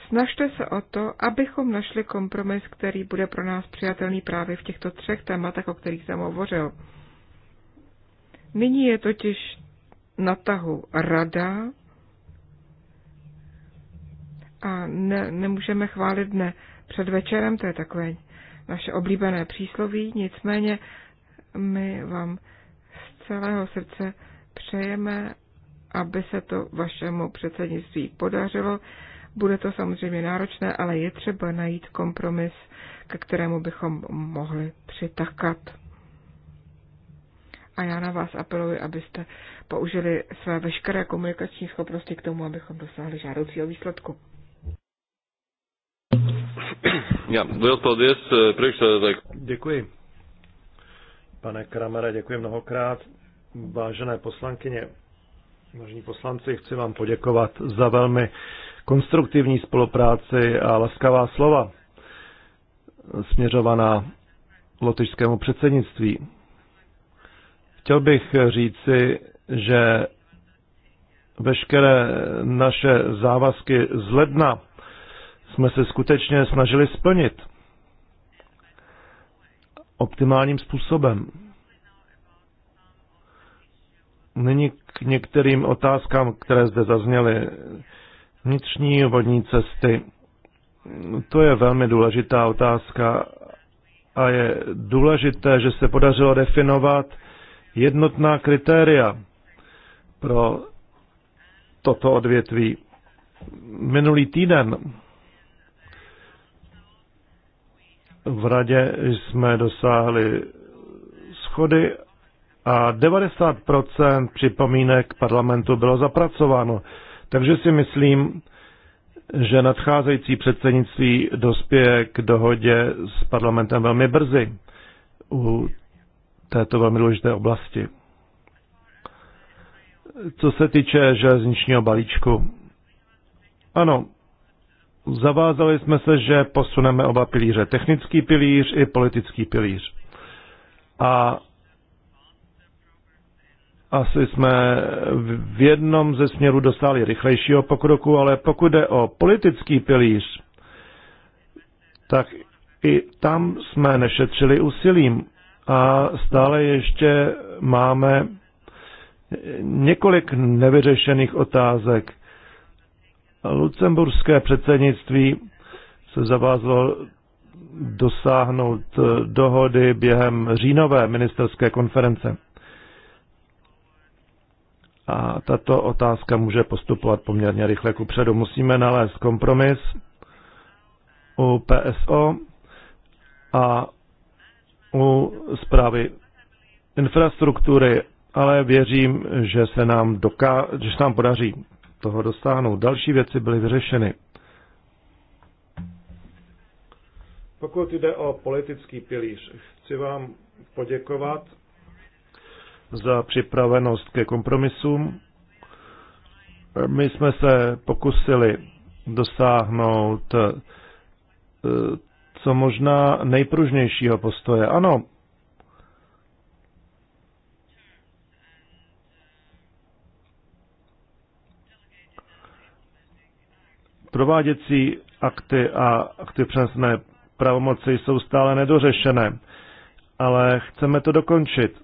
Snažte se o to, abychom našli kompromis, který bude pro nás přijatelný právě v těchto třech tématech, o kterých jsem hovořil. Nyní je totiž na tahu rada a ne, nemůžeme chválit dne před večerem, to je takové naše oblíbené přísloví, nicméně my vám z celého srdce přejeme, aby se to vašemu předsednictví podařilo. Bude to samozřejmě náročné, ale je třeba najít kompromis, ke kterému bychom mohli přitakat a já na vás apeluji, abyste použili své veškeré komunikační schopnosti k tomu, abychom dosáhli žádoucího výsledku. Já, paldies, eh, Děkuji. Pane Kramere, děkuji mnohokrát. Vážené poslankyně, vážení poslanci, chci vám poděkovat za velmi konstruktivní spolupráci a laskavá slova směřovaná lotyšskému předsednictví. Chtěl bych říci, že veškeré naše závazky z ledna jsme se skutečně snažili splnit optimálním způsobem. Nyní k některým otázkám, které zde zazněly. Vnitřní vodní cesty. To je velmi důležitá otázka a je důležité, že se podařilo definovat jednotná kritéria pro toto odvětví. Minulý týden v radě jsme dosáhli schody a 90% připomínek parlamentu bylo zapracováno. Takže si myslím, že nadcházející předsednictví dospěje k dohodě s parlamentem velmi brzy u této velmi důležité oblasti. Co se týče železničního balíčku, ano, zavázali jsme se, že posuneme oba pilíře, technický pilíř i politický pilíř. A asi jsme v jednom ze směrů dostali rychlejšího pokroku, ale pokud jde o politický pilíř, tak i tam jsme nešetřili úsilím a stále ještě máme několik nevyřešených otázek. Lucemburské předsednictví se zavázalo dosáhnout eh, dohody během říjnové ministerské konference. A tato otázka může postupovat poměrně rychle ku předu. Musíme nalézt kompromis u PSO a u zprávy infrastruktury, ale věřím, že se nám, doká- že se nám podaří toho dosáhnout. Další věci byly vyřešeny. Pokud jde o politický pilíř, chci vám poděkovat za připravenost ke kompromisům. My jsme se pokusili dosáhnout eh, co možná nejpružnějšího postoje. Ano, prováděcí akty a akty přesné pravomoci jsou stále nedořešené, ale chceme to dokončit.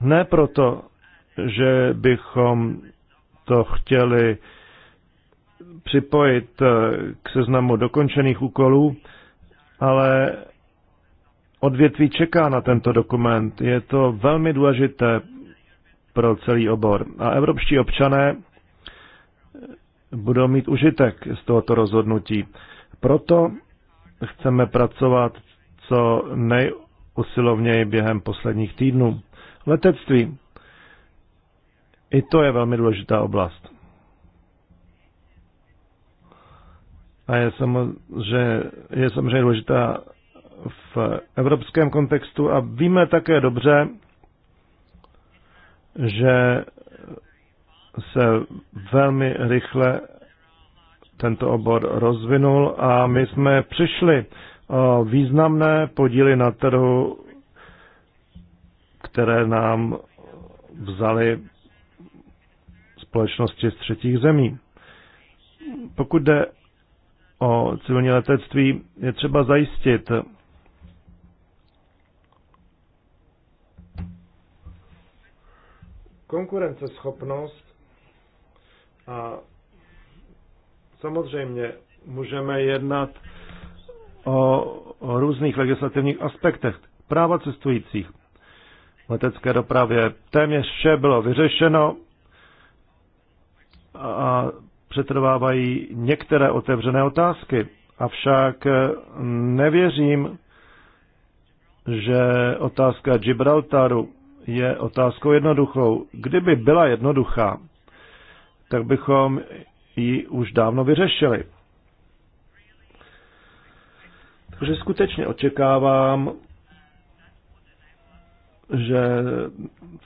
Ne proto, že bychom to chtěli připojit eh, k seznamu dokončených úkolů, ale odvětví čeká na tento dokument. Je to velmi důležité pro celý obor. A evropští občané eh, budou mít užitek z tohoto rozhodnutí. Proto chceme pracovat co nejusilovněji během posledních týdnů. Letectví. I to je velmi důležitá oblast. a je samozřejmě, je samozřejmě důležitá v evropském kontextu a víme také dobře, že se velmi rychle tento obor rozvinul a my jsme přišli o významné podíly na trhu, které nám vzali společnosti z třetích zemí. Pokud jde o civilní letectví je třeba zajistit. Konkurenceschopnost a samozřejmě můžeme jednat o, o různých legislativních aspektech práva cestujících. V letecké dopravě téměř vše bylo vyřešeno a přetrvávají některé otevřené otázky, avšak eh, nevěřím, že otázka Gibraltaru je otázkou jednoduchou. Kdyby byla jednoduchá, tak bychom ji už dávno vyřešili. Takže skutečně očekávám, že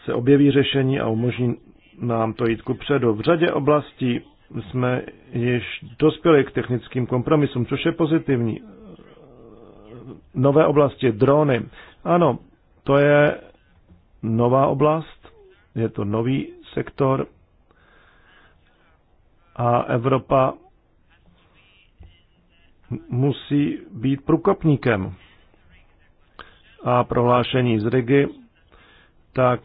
se objeví řešení a umožní nám to jít ku předu. V řadě oblastí jsme již dospěli k technickým kompromisům, což je pozitivní. Nové oblasti, drony. Ano, to je nová oblast, je to nový sektor a Evropa musí být průkopníkem. A prohlášení z Rigi tak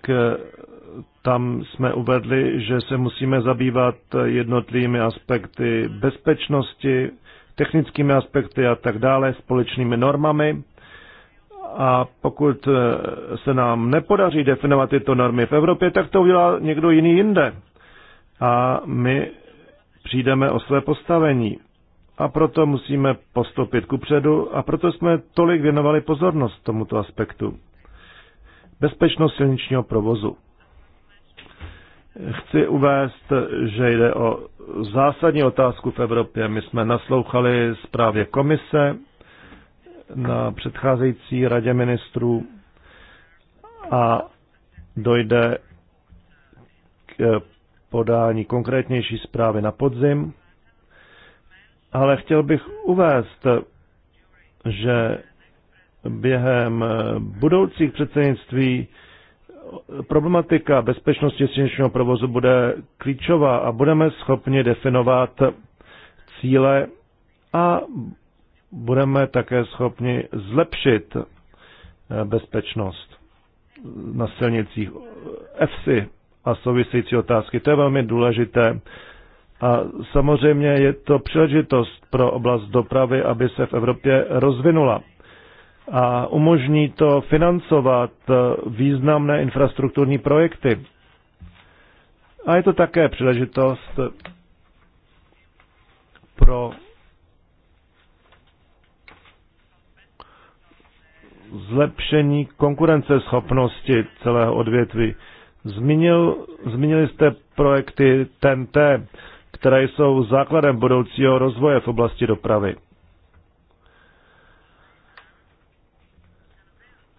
tam jsme uvedli, že se musíme zabývat jednotlivými aspekty bezpečnosti, technickými aspekty a tak dále, společnými normami. A pokud se nám nepodaří definovat tyto normy v Evropě, tak to udělá někdo jiný jinde. A my přijdeme o své postavení. A proto musíme postupit kupředu a proto jsme tolik věnovali pozornost tomuto aspektu. Bezpečnost silničního provozu. Chci uvést, že jde o zásadní otázku v Evropě. My jsme naslouchali zprávě komise na předcházející radě ministrů a dojde k podání konkrétnější zprávy na podzim. Ale chtěl bych uvést, že během budoucích předsednictví problematika bezpečnosti silničního provozu bude klíčová a budeme schopni definovat cíle a budeme také schopni zlepšit eh, bezpečnost na silnicích EFSI a související otázky. To je velmi důležité. A samozřejmě je to příležitost pro oblast dopravy, aby se v Evropě rozvinula a umožní to financovat eh, významné infrastrukturní projekty. A je to také příležitost pro zlepšení konkurenceschopnosti celého odvětví. Zmínil, zmínili jste projekty TNT, které jsou základem budoucího rozvoje v oblasti dopravy.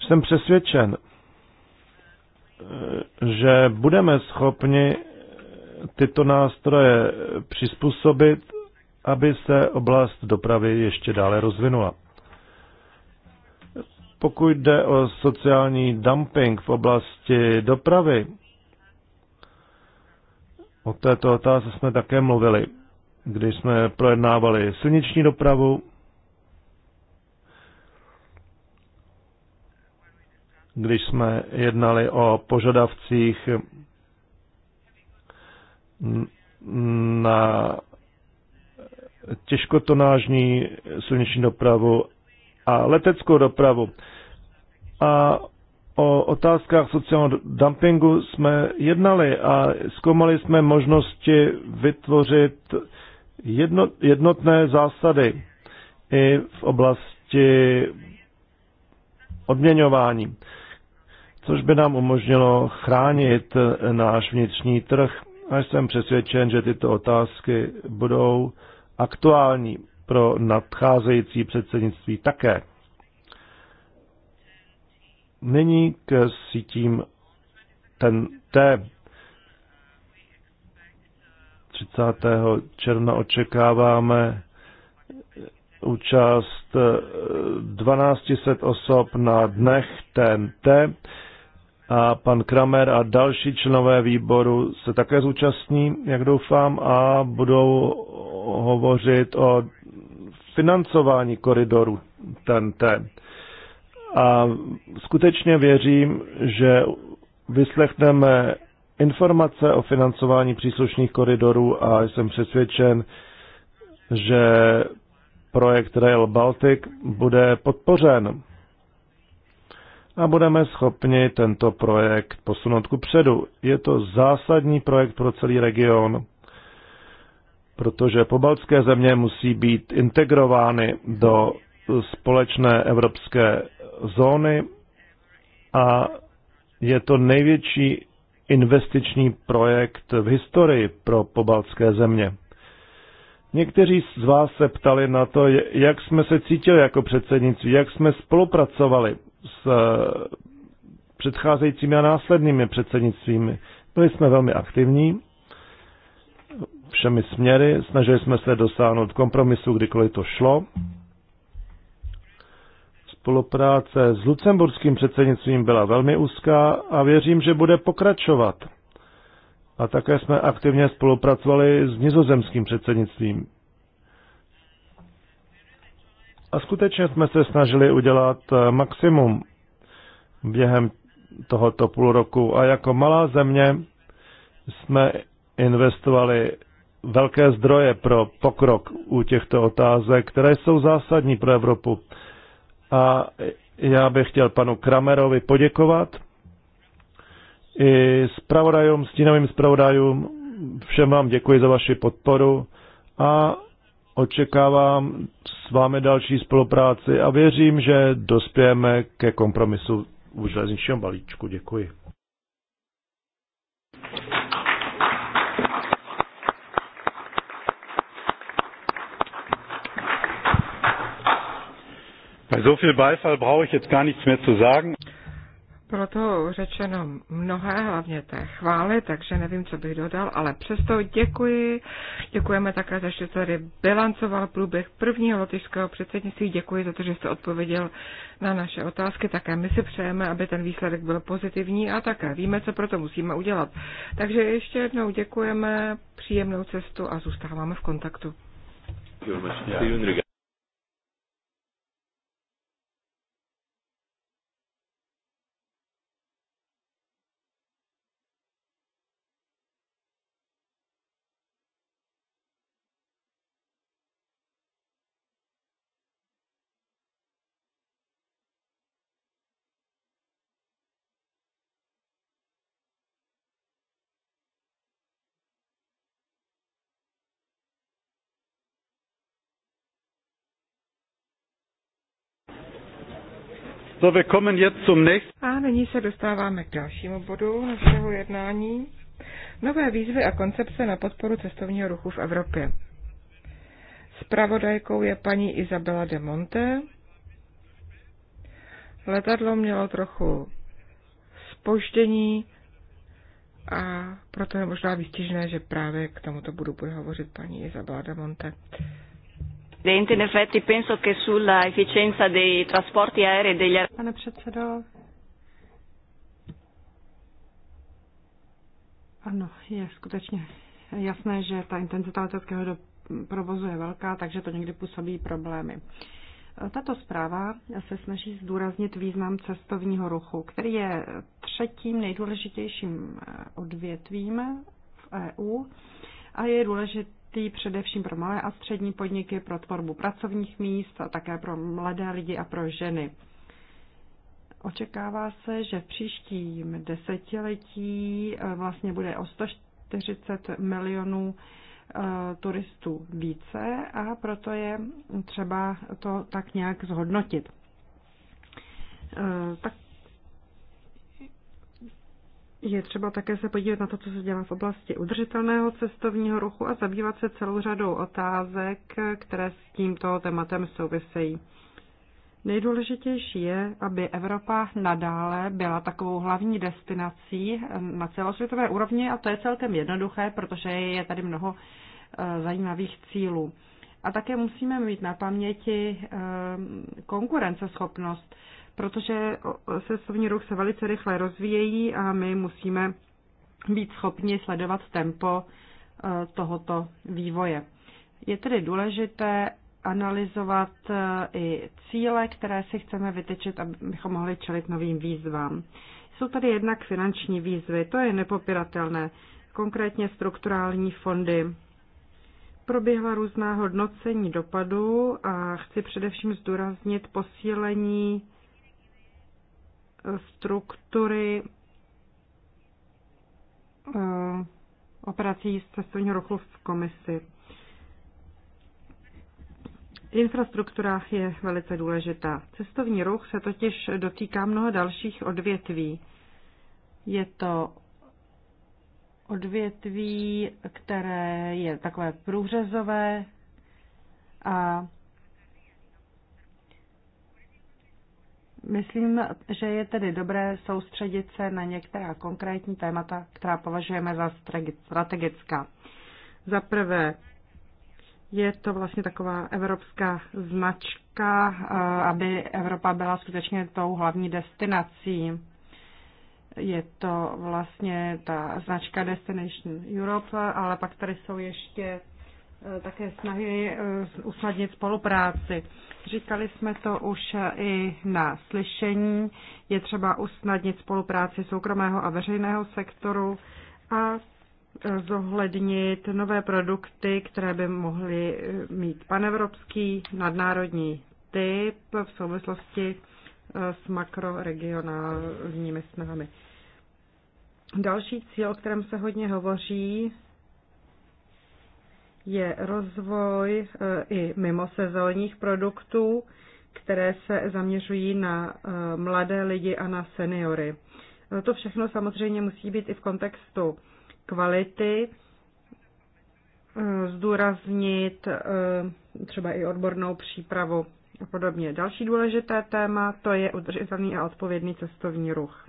Jsem přesvědčen, eh, že budeme schopni tyto nástroje přizpůsobit, aby se oblast dopravy ještě dále rozvinula. Pokud jde o sociální dumping v oblasti dopravy, o této otázce jsme také mluvili, když jsme projednávali silniční dopravu když jsme jednali o požadavcích na těžkotonážní silniční dopravu a leteckou dopravu. A o otázkách sociálního dumpingu jsme jednali a zkoumali jsme možnosti vytvořit jednotné zásady i v oblasti odměňování což by nám umožnilo chránit náš vnitřní trh. A jsem přesvědčen, že tyto otázky budou aktuální pro nadcházející předsednictví také. Nyní k sítím ten T. 30. června očekáváme účast 1200 osob na dnech TNT a pan Kramer a další členové výboru se také zúčastní, jak doufám, a budou hovořit o financování koridoru TNT. A skutečně věřím, že vyslechneme informace o financování příslušných koridorů a jsem přesvědčen, že projekt Rail Baltic bude podpořen a budeme schopni tento projekt posunout ku předu. Je to zásadní projekt pro celý region, protože pobaltské země musí být integrovány do společné evropské zóny a je to největší investiční projekt v historii pro pobaltské země. Někteří z vás se ptali na to, jak jsme se cítili jako předsednictví, jak jsme spolupracovali s eh, předcházejícími a následnými předsednictvími. Byli jsme velmi aktivní všemi směry, snažili jsme se dosáhnout kompromisu, kdykoliv to šlo. Spolupráce s lucemburským předsednictvím byla velmi úzká a věřím, že bude pokračovat. A také jsme aktivně spolupracovali s nizozemským předsednictvím. A skutečně jsme se snažili udělat eh, maximum během tohoto půl roku. A jako malá země jsme investovali velké zdroje pro pokrok u těchto otázek, které jsou zásadní pro Evropu. A já bych chtěl panu Kramerovi poděkovat i zpravodajům, stínovým zpravodajům. Všem vám děkuji za vaši podporu a Očekávám s vámi další spolupráci a věřím, že dospějeme ke kompromisu u železničního balíčku. Děkuji. Bei so viel Beifall brauche ich jetzt gar nichts mehr zu sagen. Bylo to řečeno mnohé, hlavně té chvály, takže nevím, co bych dodal, ale přesto děkuji. Děkujeme také za, že tady bilancoval průběh prvního lotyšského předsednictví. Děkuji za to, že jste odpověděl na naše otázky. Také my si přejeme, aby ten výsledek byl pozitivní a také víme, co proto musíme udělat. Takže ještě jednou děkujeme, příjemnou cestu a zůstáváme v kontaktu. Děkujeme. So, wir kommen jetzt zum nächsten. A nyní se dostáváme k dalšímu bodu našeho jednání. Nové výzvy a koncepce na podporu cestovního ruchu v Evropě. Spravodajkou je paní Izabela de Monte. Letadlo mělo trochu spoždění a proto je možná výstižné, že právě k tomuto budu bude hovořit paní Izabela de Monte. Presidente, in effetti penso che sulla efficienza dei trasporti aerei e degli Pane předsedo. Ano, je skutečně jasné, že ta intenzita leteckého provozu je velká, takže to někdy působí problémy. Tato zpráva se snaží zdůraznit význam cestovního ruchu, který je třetím nejdůležitějším eh, odvětvím v EU a je důležit, důležitý především pro malé a střední podniky, pro tvorbu pracovních míst a také pro mladé lidi a pro ženy. Očekává se, že v příštím desetiletí eh, vlastně bude o 140 milionů eh, turistů více a proto je třeba to tak nějak zhodnotit. Eh, tak je třeba také se podívat na to, co se dělá v oblasti udržitelného cestovního ruchu a zabývat se celou řadou otázek, které s tímto tématem souvisejí. Nejdůležitější je, aby Evropa nadále byla takovou hlavní destinací na celosvětové úrovni a to je celkem jednoduché, protože je tady mnoho eh, zajímavých cílů. A také musíme mít na paměti eh, konkurenceschopnost protože cestovní ruch se velice rychle rozvíjejí a my musíme být schopni sledovat tempo e, tohoto vývoje. Je tedy důležité analyzovat e, i cíle, které si chceme vytečit, abychom mohli čelit novým výzvám. Jsou tady jednak finanční výzvy, to je nepopiratelné, konkrétně strukturální fondy. Proběhla různá hodnocení dopadů a chci především zdůraznit posílení struktury eh, operací z cestovního ruchu v komisi. Infrastruktura je velice důležitá. Cestovní ruch se totiž dotýká mnoho dalších odvětví. Je to odvětví, které je takové průřezové a Myslím, že je tedy dobré soustředit se na některá konkrétní témata, která považujeme za strategická. Za prvé, je to vlastně taková evropská značka, eh, aby Evropa byla skutečně tou hlavní destinací. Je to vlastně ta značka Destination Europe, ale pak tady jsou ještě Eh, také snahy eh, usnadnit spolupráci. Říkali jsme to už i na slyšení. Je třeba usnadnit spolupráci soukromého a veřejného sektoru a eh, zohlednit nové produkty, které by mohly mít panevropský nadnárodní typ v souvislosti s makroregionálními snahami. Další cíl, o kterém se hodně hovoří, je rozvoj e, i mimosezónních produktů, které se zaměřují na e, mladé lidi a na seniory. E, to všechno samozřejmě musí být i v kontextu kvality, zdůraznit třeba i odbornou přípravu a podobně. Další důležité téma to je udržitelný a odpovědný cestovní ruch.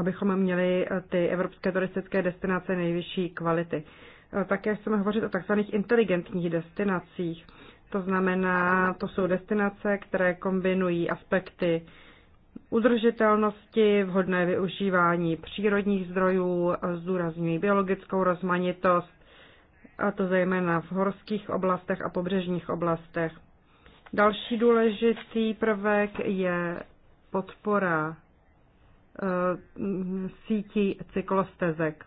Abychom měli ty evropské turistické destinace nejvyšší kvality. Eh, také chceme hovořit o takzvaných inteligentních destinacích. To znamená, to jsou destinace, které kombinují aspekty udržitelnosti, vhodné využívání přírodních zdrojů, zdůrazňují biologickou rozmanitost, a to zejména v horských oblastech a pobřežních oblastech. Další důležitý prvek je podpora eh, sítí cyklostezek.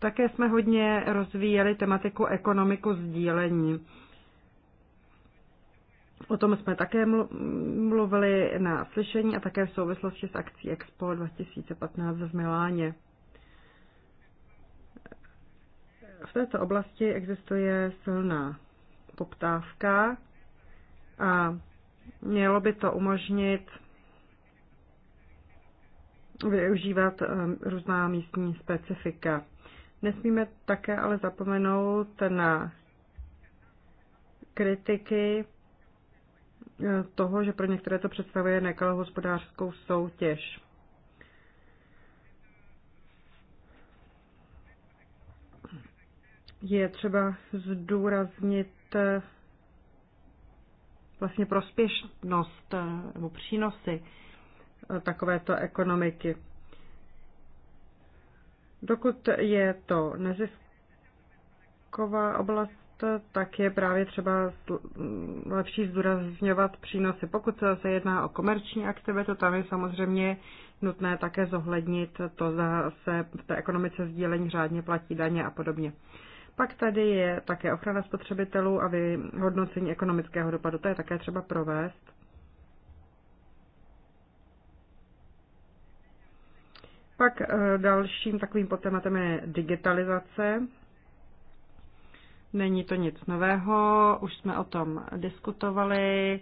Také jsme hodně rozvíjeli tematiku ekonomiku sdílení. O tom jsme také mluvili na slyšení a také v souvislosti s akcí Expo 2015 v Miláně. V této oblasti existuje silná poptávka a mělo by to umožnit využívat eh, různá místní specifika. Nesmíme také ale zapomenout na kritiky eh, toho, že pro některé to představuje nekalou hospodářskou soutěž. Je třeba zdůraznit eh, vlastně prospěšnost eh, nebo přínosy takovéto ekonomiky. Dokud je to nezisková oblast, tak je právě třeba lepší zdůrazňovat přínosy. Pokud se jedná o komerční aktivitu, tam je samozřejmě nutné také zohlednit to, zda se v té ekonomice sdílení řádně platí daně a podobně. Pak tady je také ochrana spotřebitelů a vyhodnocení ekonomického dopadu. To je také třeba provést. Pak eh, dalším takovým podtématem je digitalizace. Není to nic nového, už jsme o tom diskutovali.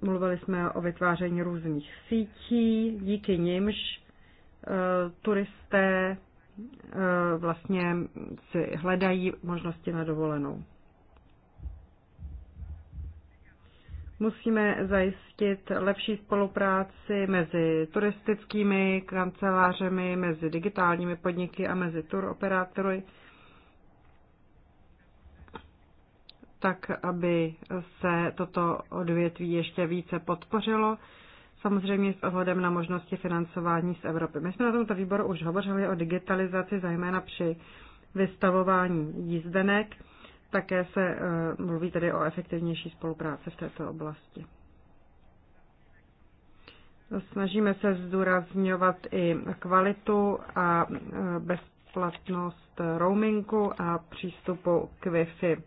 Mluvili jsme o vytváření různých sítí, díky nimž eh, turisté eh, vlastně si hledají možnosti na dovolenou. Musíme zajistit lepší spolupráci mezi turistickými kancelářemi, mezi digitálními podniky a mezi tour operátory, tak aby se toto odvětví ještě více podpořilo samozřejmě s ohledem na možnosti financování z Evropy. My jsme na tomto výboru už hovořili o digitalizaci, zejména při vystavování jízdenek. Také se eh, mluví tedy o efektivnější spolupráci v této oblasti. Snažíme se zdůrazňovat i kvalitu a eh, bezplatnost roamingu a přístupu k Wi-Fi.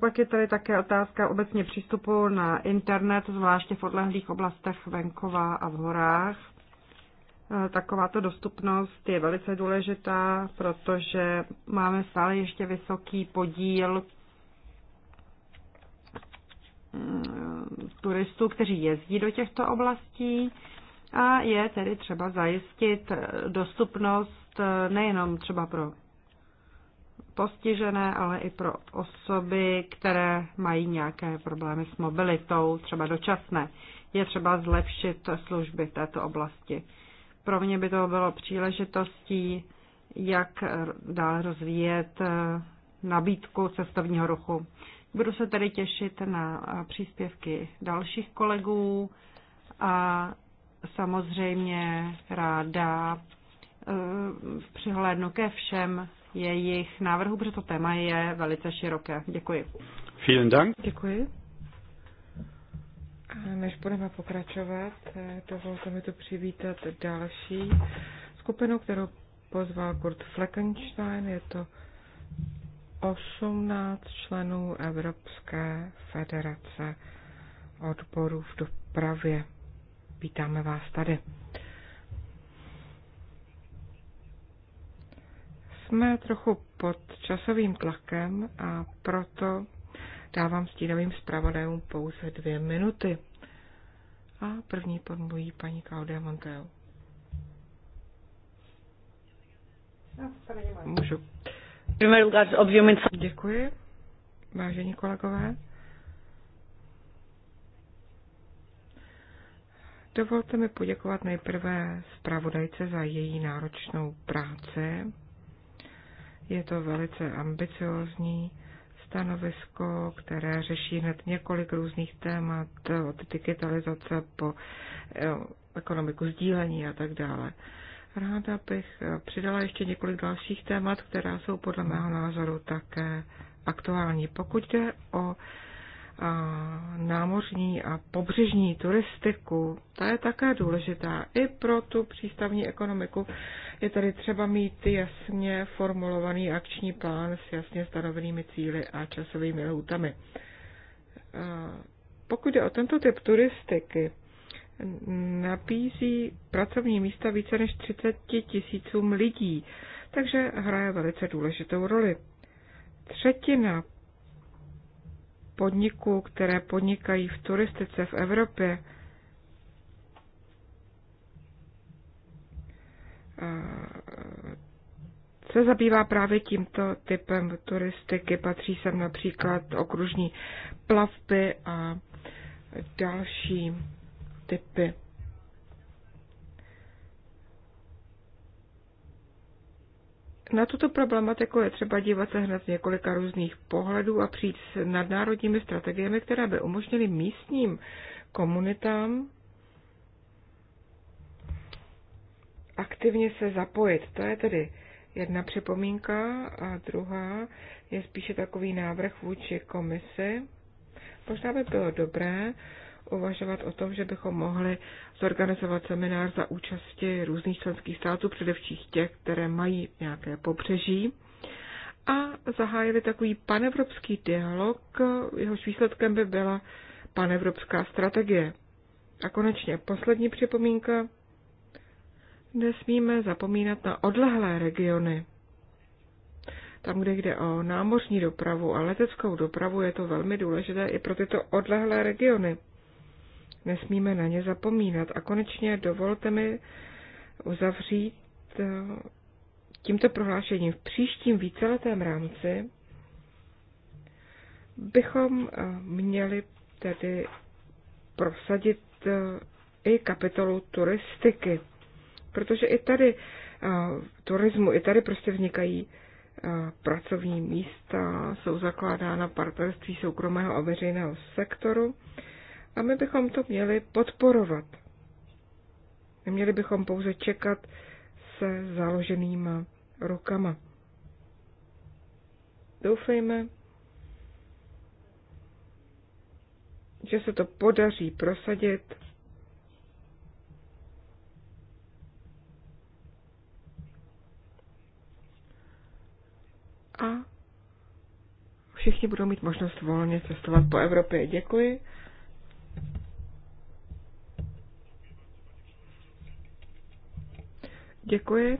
Pak je tady také otázka obecně přístupu na internet, zvláště v odlehlých oblastech venkova a v horách. E, takováto dostupnost je velice důležitá, protože máme stále ještě vysoký podíl mm, turistů, kteří jezdí do těchto oblastí a je tedy třeba zajistit dostupnost e, nejenom třeba pro postižené, ale i pro osoby, které mají nějaké problémy s mobilitou, třeba dočasné. Je třeba zlepšit služby v této oblasti. Pro mě by to bylo příležitostí, jak dál rozvíjet eh, nabídku cestovního ruchu. Budu se tedy těšit na eh, příspěvky dalších kolegů a samozřejmě ráda eh, přihlédnu ke všem jejich návrhu, protože to téma je velice široké. Děkuji. Vielen Dank. Děkuji. A než budeme pokračovat, eh, dovolte mi tu přivítat další skupinu, kterou pozval Kurt Fleckenstein. Je to 18 členů Evropské federace odborů v dopravě. Vítáme vás tady. Jsme trochu pod časovým tlakem a proto dávám stínovým zpravodajům pouze dvě minuty. A první podmluví paní Claudia Monteo. Můžu. Děkuji, vážení kolegové. Dovolte mi poděkovat nejprve zpravodajce za její náročnou práci. Je to velice ambiciozní stanovisko, které řeší hned několik různých témat, od digitalizace po eh, ekonomiku sdílení a tak dále. Ráda bych eh, přidala ještě několik dalších témat, která jsou podle mého názoru také aktuální. Pokud jde o námořní a pobřežní turistiku, ta je také důležitá i pro tu přístavní ekonomiku. Je tady třeba mít jasně formulovaný akční plán s jasně stanovenými cíly a časovými lhůtami. Pokud je o tento typ turistiky, nabízí pracovní místa více než 30 tisícům lidí, takže hraje velice důležitou roli. Třetina podniků, které podnikají v turistice v Evropě, se zabývá právě tímto typem turistiky. Patří sem například okružní plavby a další typy Na tuto problematiku je třeba dívat se hned z několika různých pohledů a přijít s nadnárodními strategiemi, které by umožnily místním komunitám aktivně se zapojit. To je tedy jedna připomínka a druhá je spíše takový návrh vůči komisi. Možná by bylo dobré uvažovat o tom, že bychom mohli zorganizovat seminář za účasti různých členských států, především těch, které mají nějaké pobřeží, a zahájili takový panevropský dialog, jehož výsledkem by byla panevropská strategie. A konečně poslední připomínka. Nesmíme zapomínat na odlehlé regiony. Tam, kde jde o námořní dopravu a leteckou dopravu, je to velmi důležité i pro tyto odlehlé regiony. Nesmíme na ně zapomínat. A konečně dovolte mi uzavřít eh, tímto prohlášením. V příštím víceletém rámci bychom eh, měli tedy prosadit eh, i kapitolu turistiky, protože i tady turismu, i tady prostě vznikají pracovní místa, jsou zakládána partnerství soukromého a veřejného sektoru a my bychom to měli podporovat. Neměli bychom pouze čekat se založenýma rukama. Doufejme, že se to podaří prosadit. A všichni budou mít možnost volně cestovat po Evropě. Děkuji. Děkuji,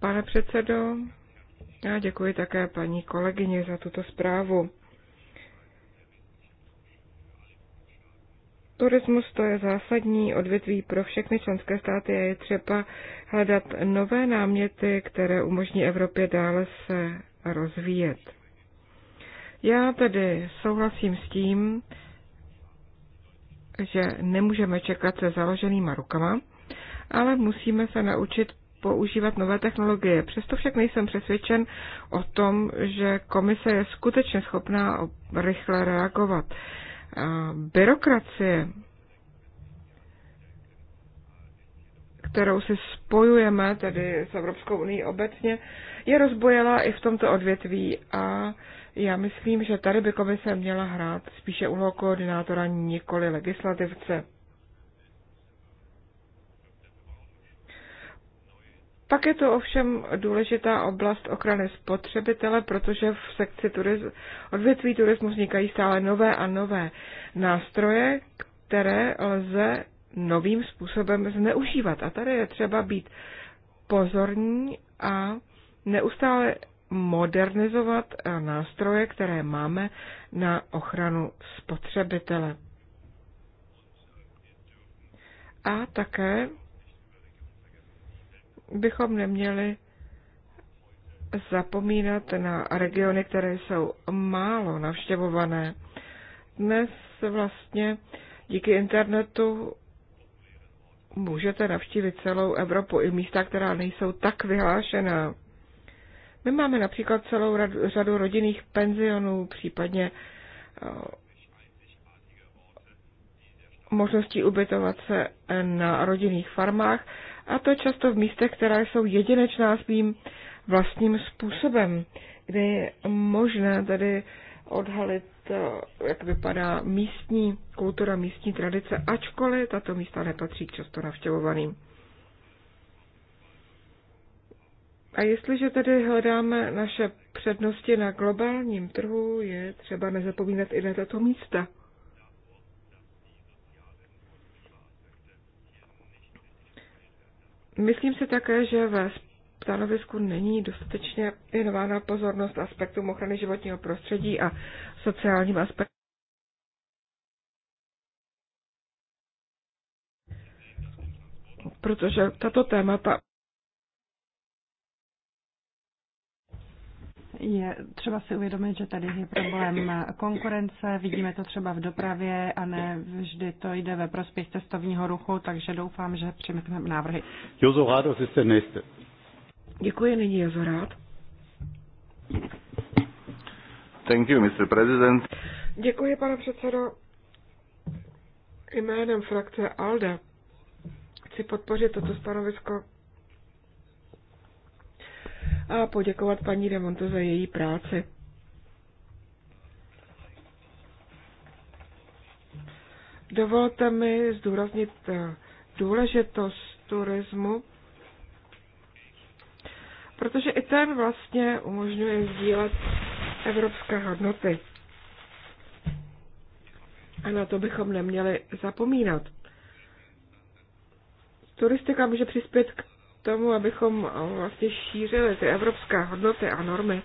pane předsedo. Já děkuji také paní kolegyně za tuto zprávu. Turismus to je zásadní odvětví pro všechny členské státy a je třeba hledat nové náměty, které umožní Evropě dále se rozvíjet. Já tedy souhlasím s tím, že nemůžeme čekat se založenýma rukama, ale musíme se naučit používat nové technologie. Přesto však nejsem přesvědčen o tom, že komise je skutečně schopná rychle reagovat. Byrokracie, kterou si spojujeme tedy s Evropskou unii obecně, je rozbojela i v tomto odvětví a já myslím, že tady by komise měla hrát spíše úlohu koordinátora, nikoli legislativce. Pak je to ovšem důležitá oblast ochrany spotřebitele, protože v sekci turiz- odvětví turismu vznikají stále nové a nové nástroje, které lze novým způsobem zneužívat. A tady je třeba být pozorní a neustále modernizovat eh, nástroje, které máme na ochranu spotřebitele. A také bychom neměli zapomínat na regiony, které jsou málo navštěvované. Dnes vlastně díky internetu můžete navštívit celou Evropu i místa, která nejsou tak vyhlášená. My máme například celou řadu rodinných penzionů, případně eh, možností ubytovat se na rodinných farmách, a to často v místech, která jsou jedinečná svým vlastním způsobem, kde je možné tady odhalit, eh, jak vypadá místní kultura, místní tradice, ačkoliv tato místa nepatří k často navštěvovaným. A jestliže tedy hledáme naše přednosti na globálním trhu, je třeba nezapomínat i na tato místa. Myslím si také, že ve stanovisku není dostatečně věnována pozornost aspektům ochrany životního prostředí a sociálním aspektům. Protože tato témata Je třeba si uvědomit, že tady je problém konkurence, vidíme to třeba v dopravě a ne vždy to jde ve prospěch cestovního ruchu, takže doufám, že přijmeme návrhy. Jozo Rádos ist der nächste. Děkuji, nyní Jozo Rád. Thank you, Mr. President. Děkuji, pane předsedo. Jménem frakce ALDE chci podpořit toto stanovisko a poděkovat paní Remonto za její práci. Dovolte mi zdůraznit eh, důležitost turismu, protože i ten vlastně umožňuje sdílet evropské hodnoty. A na to bychom neměli zapomínat. Turistika může přispět k tomu, abychom eh, vlastně šířili ty evropské hodnoty a normy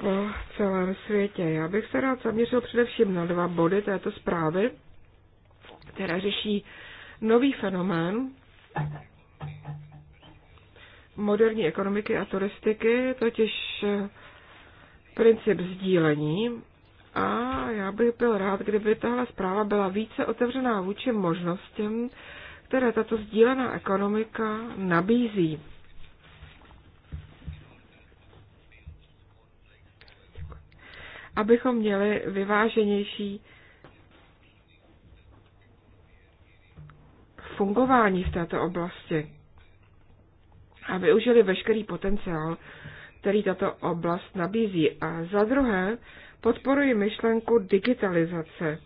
po celém světě. Já bych se rád zaměřil především na dva body této zprávy, které řeší nový fenomén moderní ekonomiky a turistiky, totiž eh, princip sdílení. A já bych byl rád, kdyby tahle zpráva byla více otevřená vůči možnostem, které tato sdílená ekonomika nabízí. Abychom měli vyváženější fungování v této oblasti a využili veškerý potenciál, který tato oblast nabízí. A za druhé, podporuji myšlenku digitalizace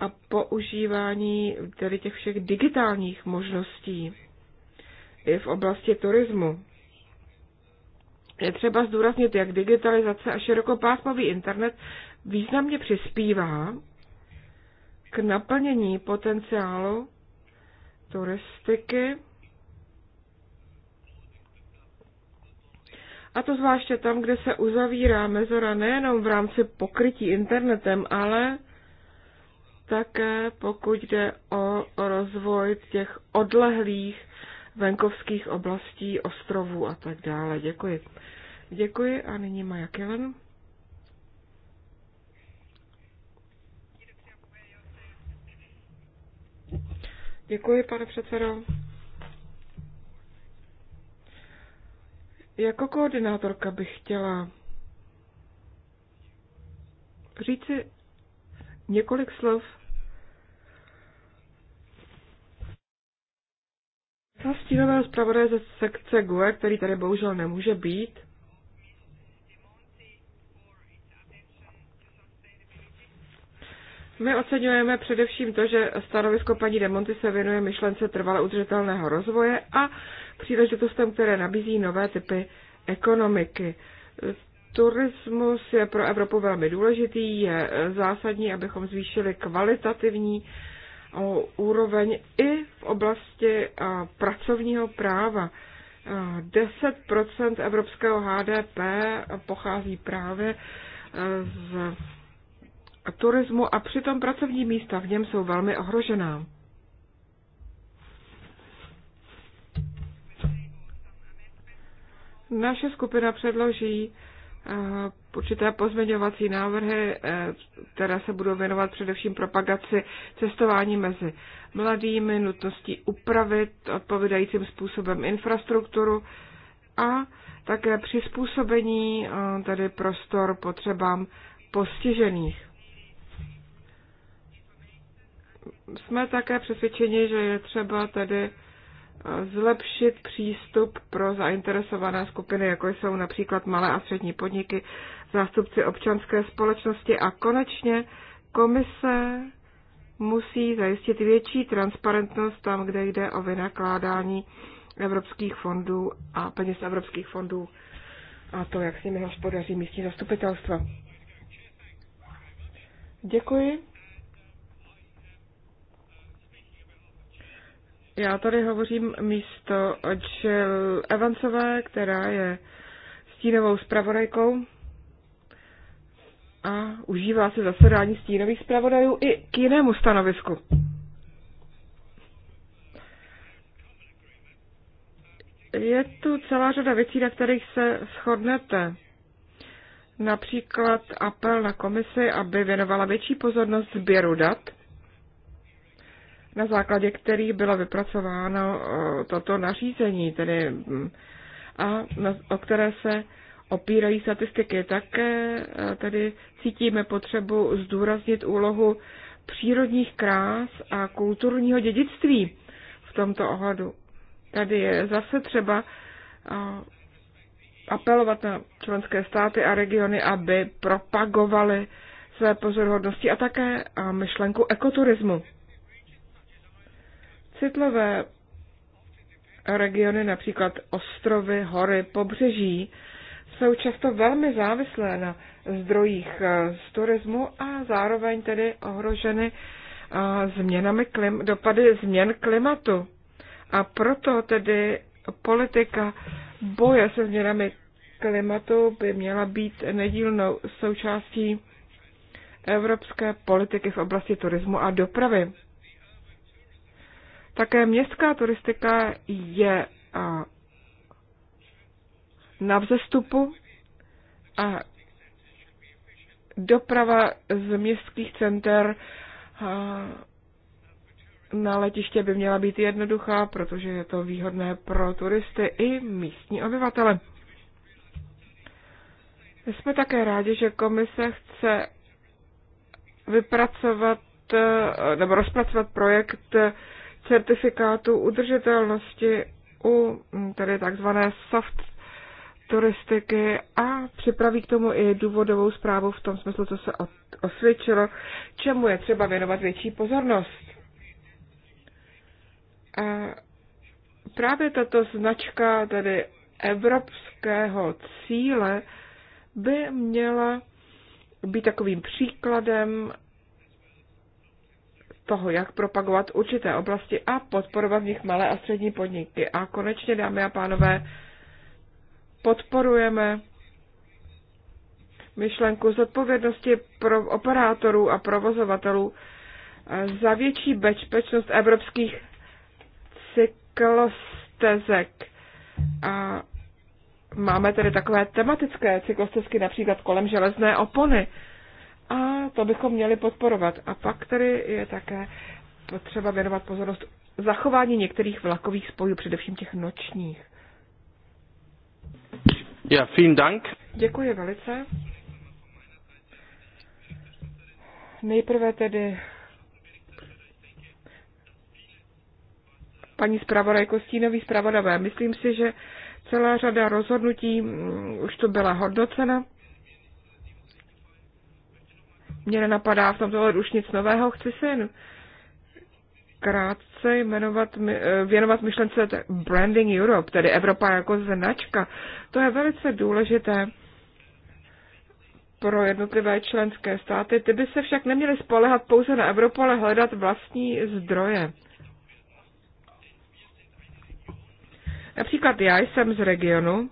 a používání tedy těch všech digitálních možností i v oblasti turismu. Je třeba zdůraznit, jak digitalizace a širokopásmový internet významně přispívá k naplnění potenciálu turistiky, a to zvláště tam, kde se uzavírá mezora nejenom v rámci pokrytí internetem, ale také pokud jde o rozvoj těch odlehlých venkovských oblastí, ostrovů a tak dále. Děkuji. Děkuji a nyní Maja Kilen. Děkuji, pane předsedo. Jako koordinátorka bych chtěla říci několik slov Za stínového zpravodaje ze sekce GUE, který tady bohužel nemůže být, My oceňujeme především to, že stanovisko paní Demonty se věnuje myšlence trvale udržitelného rozvoje a příležitostem, které nabízí nové typy ekonomiky. Turismus je pro Evropu velmi důležitý, je zásadní, abychom zvýšili kvalitativní úroveň i v oblasti pracovního práva. 10% evropského HDP pochází právě e, z turismu a přitom pracovní místa v něm jsou velmi ohrožená. Naše skupina předloží určité pozměňovací návrhy, eh, které se budou věnovat především propagaci cestování mezi mladými, nutností upravit odpovídajícím způsobem infrastrukturu a také přizpůsobení eh, tedy prostor potřebám postižených. Jsme také přesvědčeni, že je třeba tedy zlepšit přístup pro zainteresované skupiny, jako jsou například malé a střední podniky, zástupci občanské společnosti a konečně komise musí zajistit větší transparentnost tam, kde jde o vynakládání evropských fondů a peněz evropských fondů a to, jak s nimi hospodaří místní zastupitelstva. Děkuji. Já tady hovořím místo Jill Evansové, která je stínovou zpravodajkou a užívá se zasedání stínových zpravodajů i k jinému stanovisku. Je tu celá řada věcí, na kterých se shodnete. Například apel na komisi, aby věnovala větší pozornost sběru dat – na základě kterých bylo vypracováno eh, toto nařízení, tedy hm, a o které se opírají statistiky. tak eh, tedy cítíme potřebu zdůraznit úlohu přírodních krás a kulturního dědictví v tomto ohledu. Tady je zase třeba eh, apelovat na členské státy a regiony, aby propagovaly své pozorhodnosti a také myšlenku ekoturismu. Citlivé regiony, například ostrovy, hory, pobřeží, jsou často velmi závislé na zdrojích eh, z turismu a zároveň tedy ohroženy eh, změnami klim, dopady změn klimatu. A proto tedy politika boje se změnami klimatu by měla být nedílnou součástí evropské politiky v oblasti turismu a dopravy. Také městská turistika je na vzestupu a doprava z městských center na letiště by měla být jednoduchá, protože je to výhodné pro turisty i místní obyvatele. Jsme také rádi, že komise chce vypracovat nebo rozpracovat projekt certifikátu udržitelnosti u mm, tedy takzvané soft turistiky a připraví k tomu i důvodovou zprávu v tom smyslu, co se osvědčilo, čemu je třeba věnovat větší pozornost. A právě tato značka tedy evropského cíle by měla být takovým příkladem toho, jak propagovat určité oblasti a podporovat v nich malé a střední podniky. A konečně, dámy a pánové, podporujeme myšlenku zodpovědnosti pro operátorů a provozovatelů eh, za větší bezpečnost evropských cyklostezek. A máme tedy takové tematické cyklostezky, například kolem železné opony. A to bychom měli podporovat. A pak tedy je také potřeba věnovat pozornost zachování některých vlakových spojů, především těch nočních. Ja, vielen Dank. Děkuji velice. Nejprve tedy paní zpravodajko Stínový zpravodavé. Myslím si, že celá řada rozhodnutí mm, už to byla hodnocena mě nenapadá v tomto hledu už nic nového. Chci se jen krátce jmenovat, eh, věnovat myšlence Branding Europe, tedy Evropa jako značka. To je velice důležité pro jednotlivé členské státy. Ty by se však neměly spolehat pouze na Evropu, ale hledat vlastní zdroje. Například já jsem z regionu,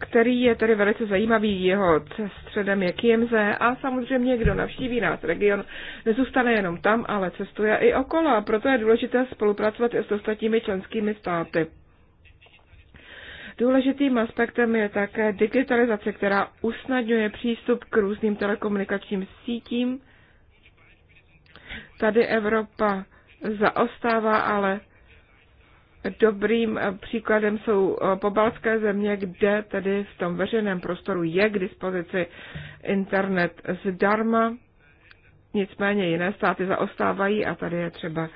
který je tedy velice zajímavý. Jeho středem je Kiemze a samozřejmě, kdo navštíví nás region, nezůstane jenom tam, ale cestuje i okolo. A proto je důležité spolupracovat i s ostatními členskými státy. Důležitým aspektem je také digitalizace, která usnadňuje přístup k různým telekomunikačním sítím. Tady Evropa zaostává, ale Dobrým eh, příkladem jsou eh, pobalské země, kde tedy v tom veřejném prostoru je k dispozici internet zdarma. Nicméně jiné státy zaostávají a tady je třeba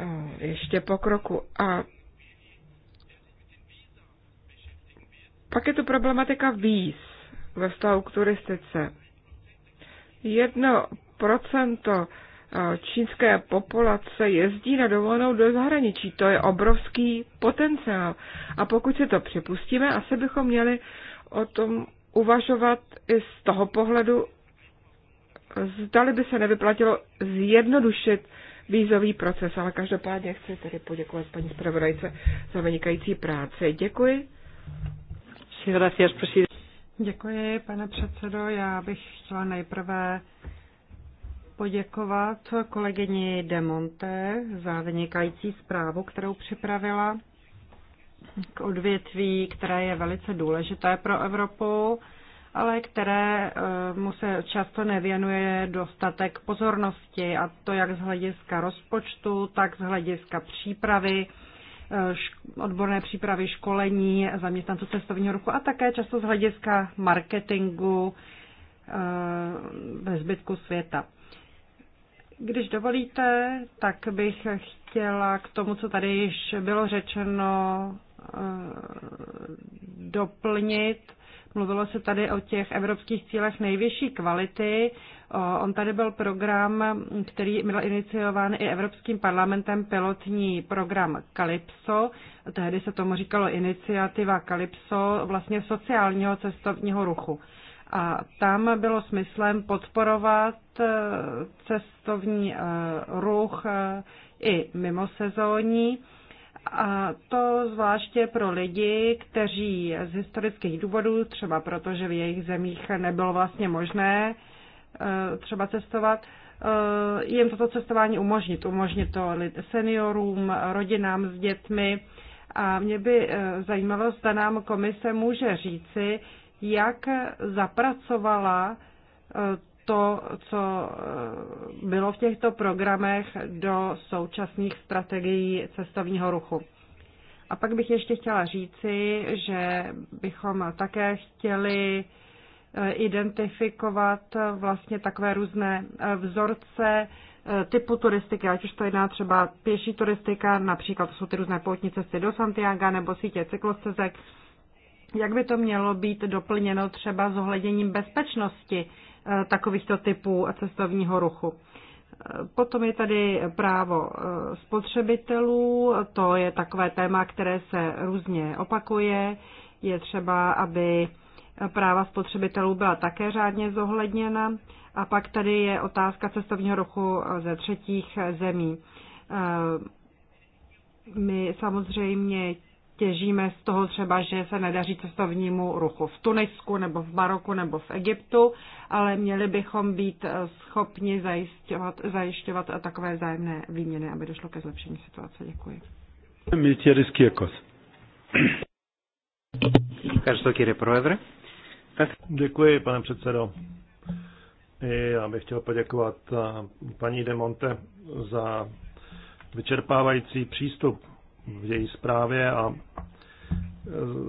eh, ještě pokroku. A pak je tu problematika víz ve vztahu k turistice. Jedno procento čínské populace jezdí na dovolenou do zahraničí. To je obrovský potenciál. A pokud se to připustíme, asi bychom měli o tom uvažovat i z toho pohledu, zdali by se nevyplatilo zjednodušit výzový proces, ale každopádně chci tedy poděkovat paní zpravodajce za vynikající práci. Děkuji. Děkuji, pane předsedo. Já bych chtěla nejprve poděkovat kolegyni Demonte za vynikající zprávu, kterou připravila k odvětví, které je velice důležité pro Evropu, ale které eh, mu se často nevěnuje dostatek pozornosti, a to jak z hlediska rozpočtu, tak z hlediska přípravy eh, odborné přípravy školení zaměstnanců cestovního ruchu a také často z hlediska marketingu eh, ve zbytku světa. Když dovolíte, tak bych chtěla k tomu, co tady již bylo řečeno, eh, doplnit. Mluvilo se tady o těch evropských cílech nejvyšší kvality. On tady byl program, který byl iniciován i Evropským parlamentem, pilotní program Calypso. Tehdy se tomu říkalo iniciativa Calypso vlastně sociálního cestovního ruchu. A tam bylo smyslem podporovat eh, cestovní eh, ruch eh, i mimo sezóní. A to zvláště pro lidi, kteří z historických důvodů, třeba proto, že v jejich zemích nebylo vlastně možné třeba cestovat, jim toto cestování umožnit. Umožnit to seniorům, rodinám s dětmi. A mě by zajímalo, zda nám komise může říci, jak zapracovala eh, to, co eh, bylo v těchto programech do současných strategií cestovního ruchu. A pak bych ještě chtěla říci, že bychom také chtěli eh, identifikovat vlastně takové různé vzorce typu turistiky, ať už to jedná třeba pěší turistika, například to jsou ty různé poutní cesty do Santiago nebo sítě cyklostezek, jak by to mělo být doplněno třeba zohledněním bezpečnosti eh, takovýchto typů cestovního ruchu? Eh, potom je tady právo eh, spotřebitelů, to je takové téma, které se různě opakuje. Je třeba, aby práva spotřebitelů byla také řádně zohledněna. A pak tady je otázka cestovního ruchu ze třetích zemí. My samozřejmě těžíme z toho třeba, že se nedaří cestovnímu ruchu v Tunisku nebo v Maroku nebo v Egyptu, ale měli bychom být eh, schopni zajišťovat, zajišťovat takové zájemné výměny, aby došlo ke zlepšení situace. Děkuji. Děkuji, pane předsedo. Já bych chtěl poděkovat eh, paní Demonte za vyčerpávající přístup v její zprávě a e,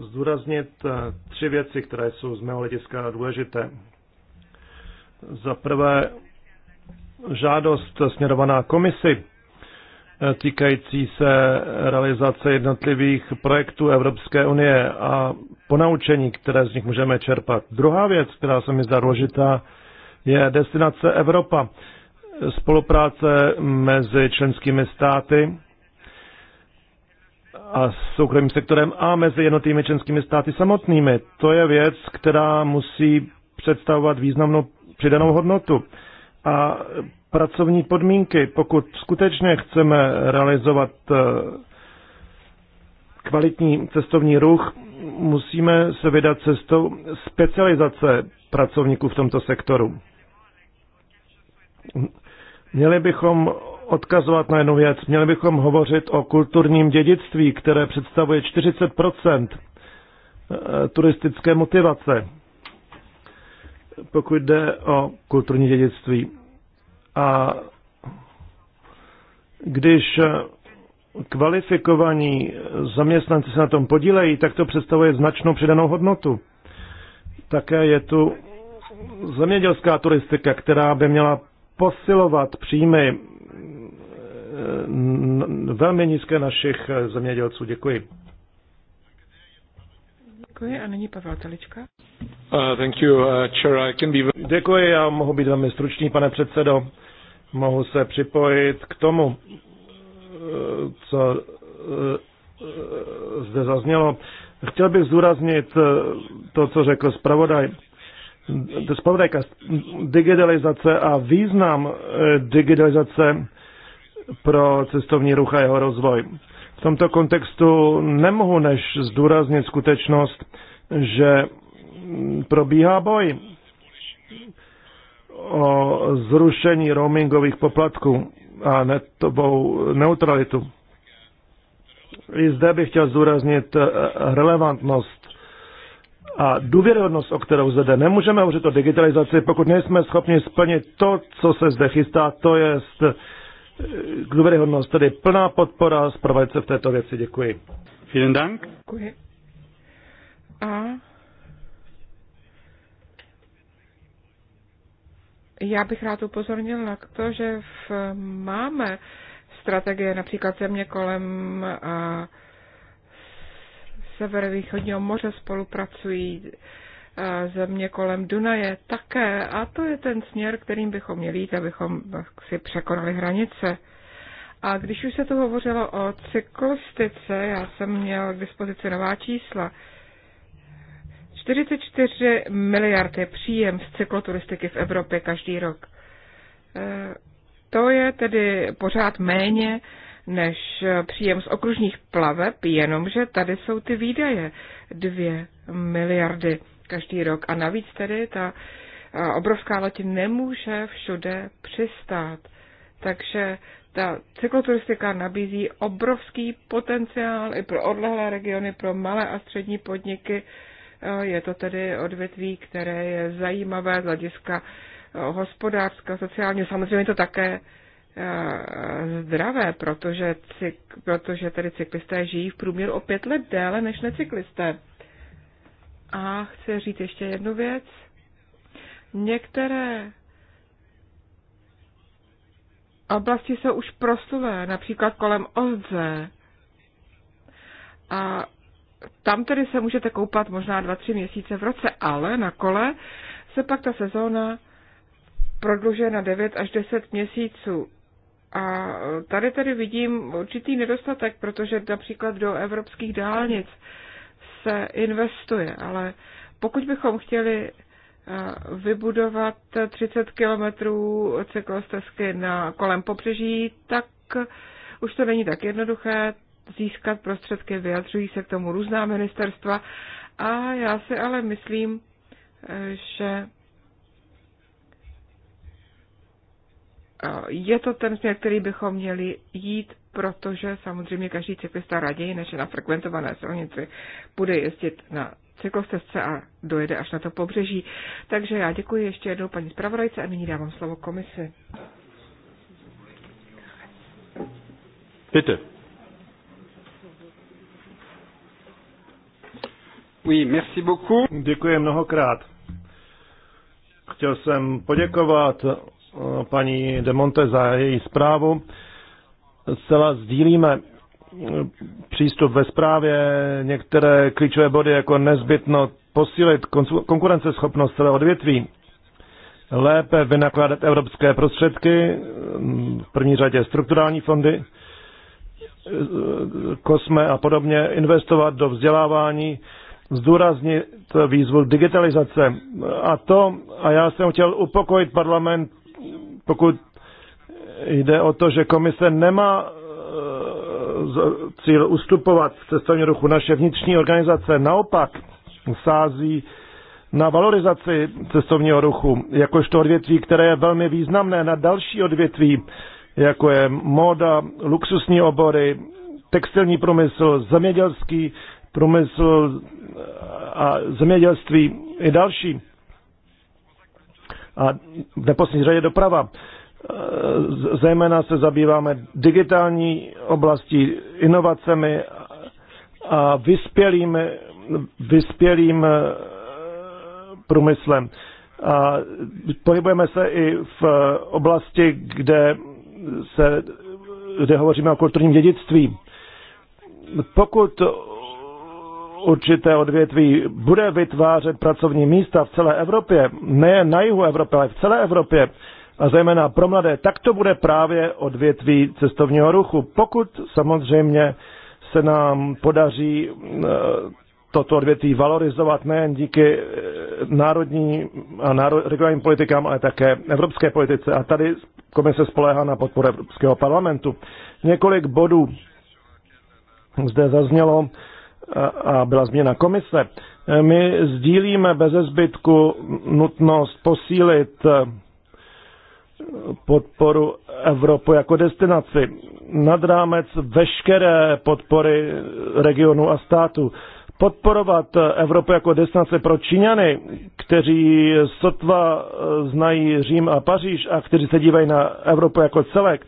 zdůraznit e, tři věci, které jsou z mého hlediska důležité. Za prvé žádost směrovaná komisi e, týkající se realizace jednotlivých projektů Evropské unie a ponaučení, které z nich můžeme čerpat. Druhá věc, která se mi zdá důležitá, je destinace Evropa. Spolupráce mezi členskými státy a soukromým sektorem a mezi jednotými členskými státy samotnými. To je věc, která musí představovat významnou přidanou hodnotu. A pracovní podmínky, pokud skutečně chceme realizovat eh, kvalitní cestovní ruch, musíme se vydat cestou specializace pracovníků v tomto sektoru. Měli bychom odkazovat na jednu věc. Měli bychom hovořit o kulturním dědictví, které představuje 40 eh, turistické motivace, pokud jde o kulturní dědictví. A když eh, kvalifikovaní zaměstnanci se na tom podílejí, tak to představuje značnou přidanou hodnotu. Také je tu zemědělská turistika, která by měla posilovat příjmy velmi nízké našich eh, zemědělců. Děkuji. Děkuji a nyní Pavel Telička. Uh, thank you, uh, chair. I can be... Děkuji, já mohu být velmi stručný, pane předsedo. Mohu se připojit k tomu, eh, co eh, zde zaznělo. Chtěl bych zúraznit to, co řekl zpravodaj. Zpravodajka digitalizace a význam digitalizace pro cestovní ruch a jeho rozvoj. V tomto kontextu nemohu než zdůraznit skutečnost, že probíhá boj o zrušení roamingových poplatků a netovou neutralitu. I zde bych chtěl zdůraznit relevantnost a důvěryhodnost, o kterou zde nemůžeme hovořit o digitalizaci, pokud nejsme schopni splnit to, co se zde chystá, to je důvěryhodnost, tady plná podpora zpravodajce v této věci. Děkuji. Vielen Dank. Děkuji. A já bych rád upozornil na to, že v, máme strategie například země kolem a, severovýchodního moře spolupracují země kolem Dunaje také. A to je ten směr, kterým bychom měli jít, abychom si překonali hranice. A když už se tu hovořilo o cyklistice, já jsem měl k dispozici nová čísla. 44 miliard je příjem z cykloturistiky v Evropě každý rok. E, to je tedy pořád méně než příjem z okružních plaveb, jenomže tady jsou ty výdaje 2 miliardy každý rok. A navíc tedy ta obrovská loď nemůže všude přistát. Takže ta cykloturistika nabízí obrovský potenciál i pro odlehlé regiony, pro malé a střední podniky. Je to tedy odvětví, které je zajímavé z hlediska hospodářského, sociálně. Samozřejmě to také zdravé, protože, cyk, protože tedy cyklisté žijí v průměru o pět let déle než necyklisté. A chci říct ještě jednu věc. Některé oblasti jsou už proslulé, například kolem Ozdze. A tam tedy se můžete koupat možná dva tři měsíce v roce, ale na kole se pak ta sezóna prodlužuje na 9 až 10 měsíců. A tady tedy vidím určitý nedostatek, protože například do evropských dálnic se investuje, ale pokud bychom chtěli eh, vybudovat 30 kilometrů cyklostezky na kolem pobřeží, tak už to není tak jednoduché získat prostředky, vyjadřují se k tomu různá ministerstva a já si ale myslím, eh, že eh, je to ten směr, který bychom měli jít protože samozřejmě každý cyklista raději než na frekventované silnici bude jezdit na cyklostezce a dojede až na to pobřeží. Takže já děkuji ještě jednou paní zpravodajce a nyní dávám slovo komisi. Bitte. Oui, merci beaucoup. Děkuji mnohokrát. Chtěl jsem poděkovat eh, paní Demonte za její zprávu zcela sdílíme přístup ve zprávě, některé klíčové body jako nezbytno posílit konkurenceschopnost celého odvětví, lépe vynakládat evropské prostředky, v první řadě strukturální fondy, kosme a podobně, investovat do vzdělávání, zdůraznit výzvu digitalizace. A to, a já jsem chtěl upokojit parlament, pokud Jde o to, že komise nemá e, cíl ustupovat v cestovním ruchu. Naše vnitřní organizace naopak sází na valorizaci cestovního ruchu, jakožto odvětví, které je velmi významné na další odvětví, jako je móda, luxusní obory, textilní průmysl, zemědělský průmysl e, a zemědělství i další. A v neposlední řadě doprava. Zejména se zabýváme digitální oblastí, inovacemi a vyspělým, vyspělým eh, průmyslem. A pohybujeme se i v oblasti, kde, se, kde hovoříme o kulturním dědictví. Pokud určité odvětví bude vytvářet pracovní místa v celé Evropě, ne na jihu Evropy, ale v celé Evropě, a zejména pro mladé, tak to bude právě odvětví cestovního ruchu. Pokud samozřejmě se nám podaří eh, toto odvětví valorizovat nejen díky eh, národní a náro, regionálním politikám, ale také evropské politice. A tady komise spoléhá na podporu Evropského parlamentu. Několik bodů zde zaznělo eh, a byla změna komise. My sdílíme bez zbytku nutnost posílit podporu Evropu jako destinaci nad rámec veškeré podpory regionu a státu. Podporovat Evropu jako destinaci pro Číňany, kteří sotva znají Řím a Paříž a kteří se dívají na Evropu jako celek,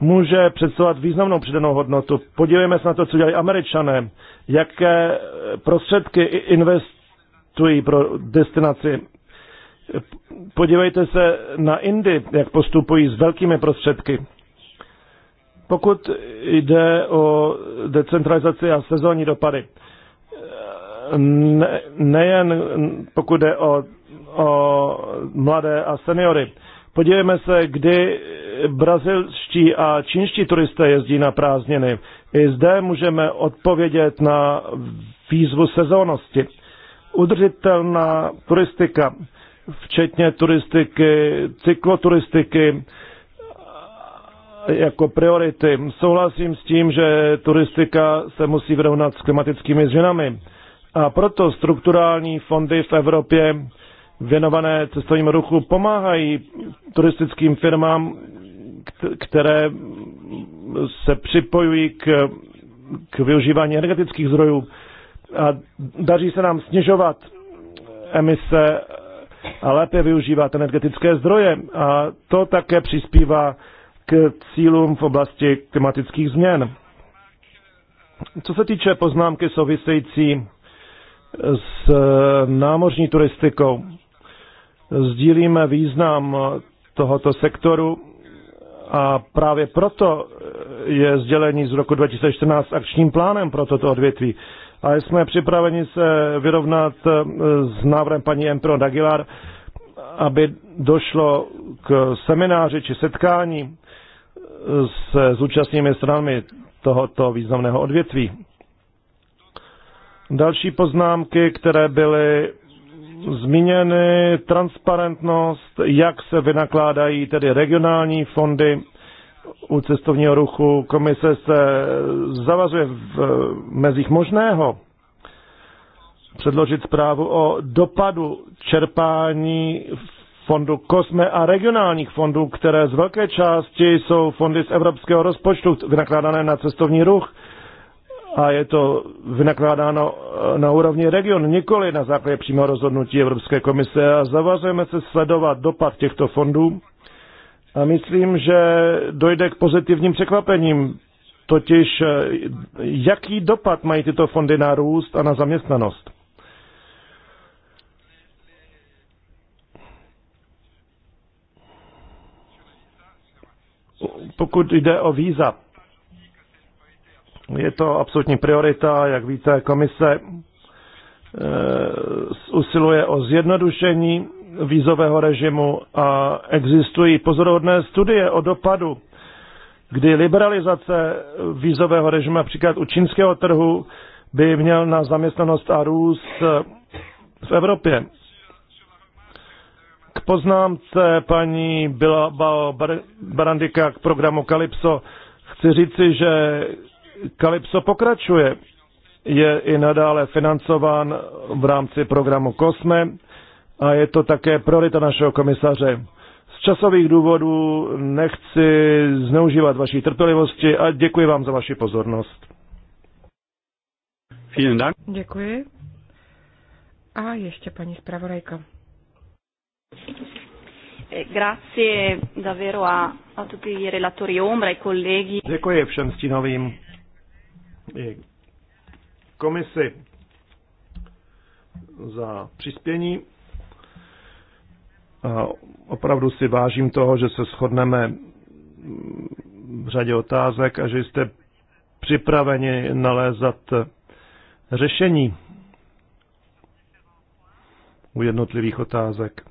může představovat významnou přidanou hodnotu. Podívejme se na to, co dělají američané, jaké prostředky investují pro destinaci Podívejte se na Indy, jak postupují s velkými prostředky. Pokud jde o decentralizaci a sezónní dopady, ne, nejen pokud jde o, o mladé a seniory. Podívejme se, kdy brazilští a čínští turisté jezdí na prázdniny. I zde můžeme odpovědět na výzvu sezónnosti. Udržitelná turistika včetně turistiky, cykloturistiky jako priority. Souhlasím s tím, že turistika se musí vyrovnat s klimatickými změnami. A proto strukturální fondy v Evropě věnované cestovnímu ruchu pomáhají turistickým firmám, které se připojují k, k využívání energetických zdrojů a daří se nám snižovat emise a lépe využívat energetické zdroje. A to také přispívá k cílům v oblasti klimatických změn. Co se týče poznámky související s eh, námořní turistikou, sdílíme význam tohoto sektoru a právě proto eh, je sdělení z roku 2014 akčním plánem pro toto odvětví a jsme připraveni se vyrovnat eh, s návrhem paní Empro Dagilar, aby došlo k semináři či setkání eh, s zúčastněnými stranami tohoto významného odvětví. Další poznámky, které byly zmíněny, transparentnost, jak se vynakládají tedy regionální fondy u cestovního ruchu. Komise se zavazuje v mezích možného předložit zprávu o dopadu čerpání fondu kosme a regionálních fondů, které z velké části jsou fondy z evropského rozpočtu vynakládané na cestovní ruch a je to vynakládáno eh, na úrovni region, nikoli na základě přímého rozhodnutí Evropské komise a zavazujeme se sledovat dopad těchto fondů a myslím, že dojde k pozitivním překvapením, totiž eh, jaký dopad mají tyto fondy na růst a na zaměstnanost. Pokud jde o víza, je to absolutní priorita, jak víte, komise eh, usiluje o zjednodušení vízového režimu a existují pozorodné studie o dopadu, kdy liberalizace vízového režimu, například u čínského trhu, by měl na zaměstnanost a růst v Evropě. K poznámce paní byla Barandika k programu Calypso chci říci, že Calypso pokračuje. Je i nadále financován v rámci programu COSME a je to také priorita našeho komisaře. Z časových důvodů nechci zneužívat vaší trpělivosti a děkuji vám za vaši pozornost. Děkuji. A ještě paní zpravodajka. Eh, grazie davvero a, a tutti i relatori ombra, i colleghi. Děkuji všem stínovým komisi za přispění. A opravdu si vážím toho, že se shodneme v řadě otázek a že jste připraveni nalézat řešení u jednotlivých otázek.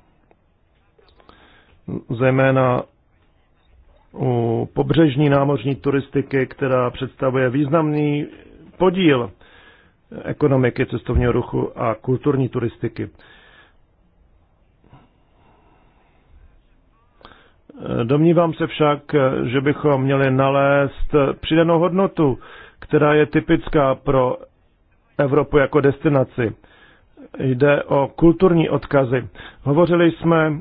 Zejména u pobřežní námořní turistiky, která představuje významný podíl ekonomiky cestovního ruchu a kulturní turistiky. Domnívám se však, že bychom měli nalézt přidanou hodnotu, která je typická pro Evropu jako destinaci. Jde o kulturní odkazy. Hovořili jsme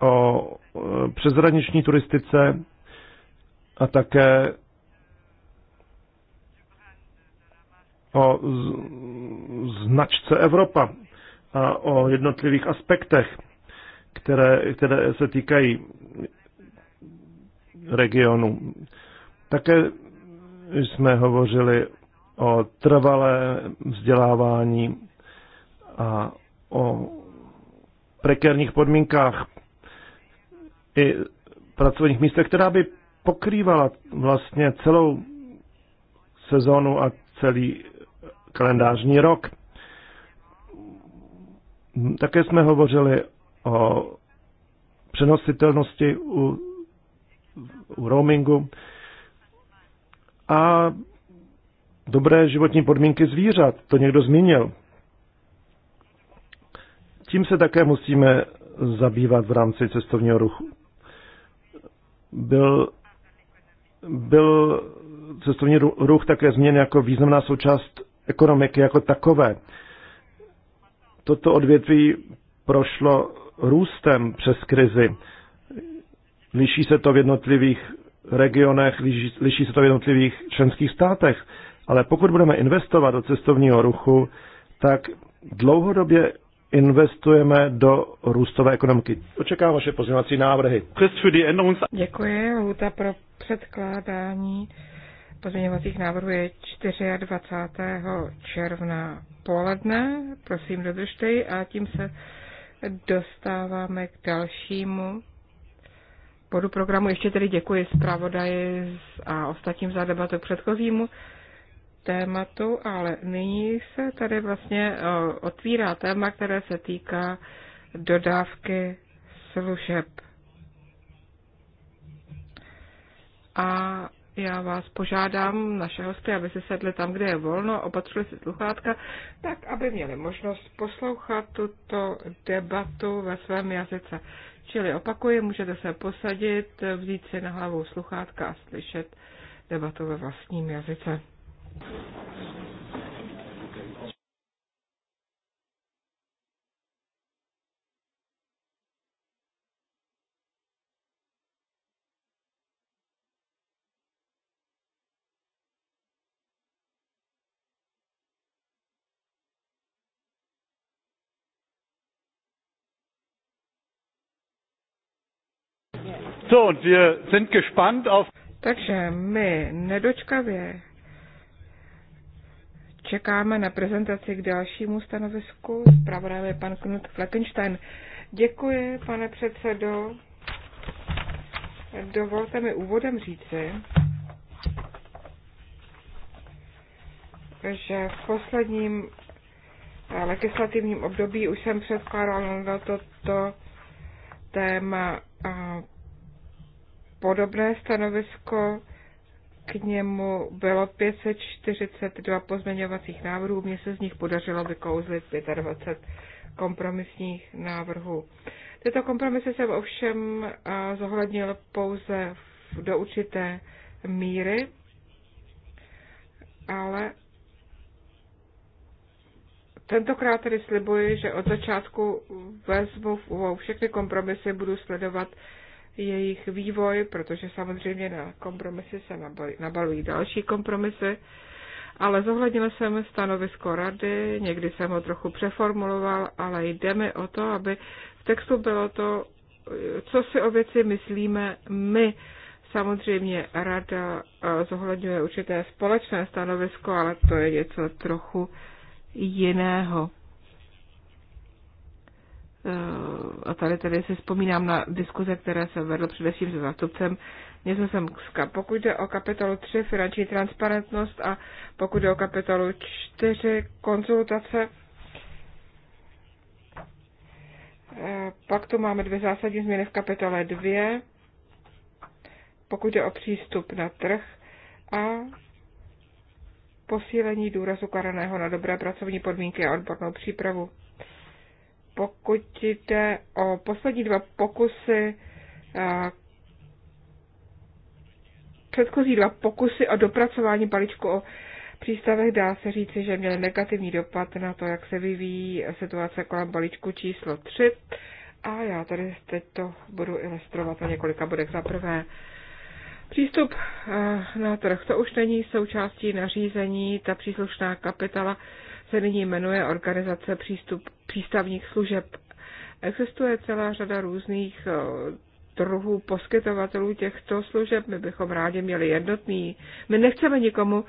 o e, přezraniční turistice a také o značce Evropa a o jednotlivých aspektech které, které se týkají regionu. Také jsme hovořili o trvalé vzdělávání a o prekérních podmínkách i pracovních místech, která by pokrývala vlastně celou sezónu a celý kalendářní rok. Také jsme hovořili o přenositelnosti u, u roamingu a dobré životní podmínky zvířat. To někdo zmínil. Tím se také musíme zabývat v rámci cestovního ruchu. Byl, byl cestovní ruch také změn jako významná součást ekonomiky jako takové. Toto odvětví prošlo růstem přes krizi. Liší se to v jednotlivých regionech, liší, liší se to v jednotlivých členských státech, ale pokud budeme investovat do cestovního ruchu, tak dlouhodobě investujeme do růstové ekonomiky. Očekávám vaše pozměňovací návrhy. Děkuji. Lhuta pro předkládání pozměňovacích návrhů je 24. června poledne. Prosím, dodržte a tím se dostáváme k dalšímu bodu programu. Ještě tedy děkuji zpravodaji a ostatním za debatu k předchozímu tématu, ale nyní se tady vlastně otvírá téma, které se týká dodávky služeb. A já vás požádám, naše hosty, aby se sedli tam, kde je volno, opatřili si sluchátka, tak aby měli možnost poslouchat tuto debatu ve svém jazyce. Čili opakuji, můžete se posadit, vzít si na hlavu sluchátka a slyšet debatu ve vlastním jazyce. So, und wir sind gespannt auf... Takže my nedočkavě čekáme na prezentaci k dalšímu stanovisku. Zpravodajem je pan Knut Fleckenstein. Děkuji, pane předsedo. Dovolte mi úvodem říci, že v posledním eh, legislativním období už jsem předkládal na toto téma eh, podobné stanovisko, k němu bylo 542 pozměňovacích návrhů, mně se z nich podařilo vykouzlit 25 kompromisních návrhů. Tyto kompromisy jsem ovšem zohlednil pouze do určité míry, ale tentokrát tedy slibuji, že od začátku vezmu v úvahu všechny kompromisy, budu sledovat jejich vývoj, protože samozřejmě na kompromisy se nabalují další kompromisy, ale zohlednil jsem stanovisko rady, někdy jsem ho trochu přeformuloval, ale jde mi o to, aby v textu bylo to, co si o věci myslíme my. Samozřejmě rada e, zohledňuje určité společné stanovisko, ale to je něco trochu jiného. Eh, a tady tedy si vzpomínám na diskuze, které se vedl především se zástupcem něco jsem Pokud jde o kapitolu 3 finanční transparentnost a pokud jde o kapitolu 4 konzultace, eh, pak tu máme dvě zásadní změny v kapitole 2, pokud jde o přístup na trh a posílení důrazu karaného na dobré pracovní podmínky a odbornou přípravu pokud jde o poslední dva pokusy, předchozí dva pokusy o dopracování balíčku o přístavech, dá se říci, že měl negativní dopad na to, jak se vyvíjí situace kolem balíčku číslo 3. A já tady teď to budu ilustrovat na několika bodech. Za prvé, přístup na trh, to už není součástí nařízení, ta příslušná kapitala se nyní jmenuje Organizace přístup, přístavních služeb. Existuje celá řada různých eh, druhů poskytovatelů těchto služeb. My bychom rádi měli jednotný. My nechceme nikomu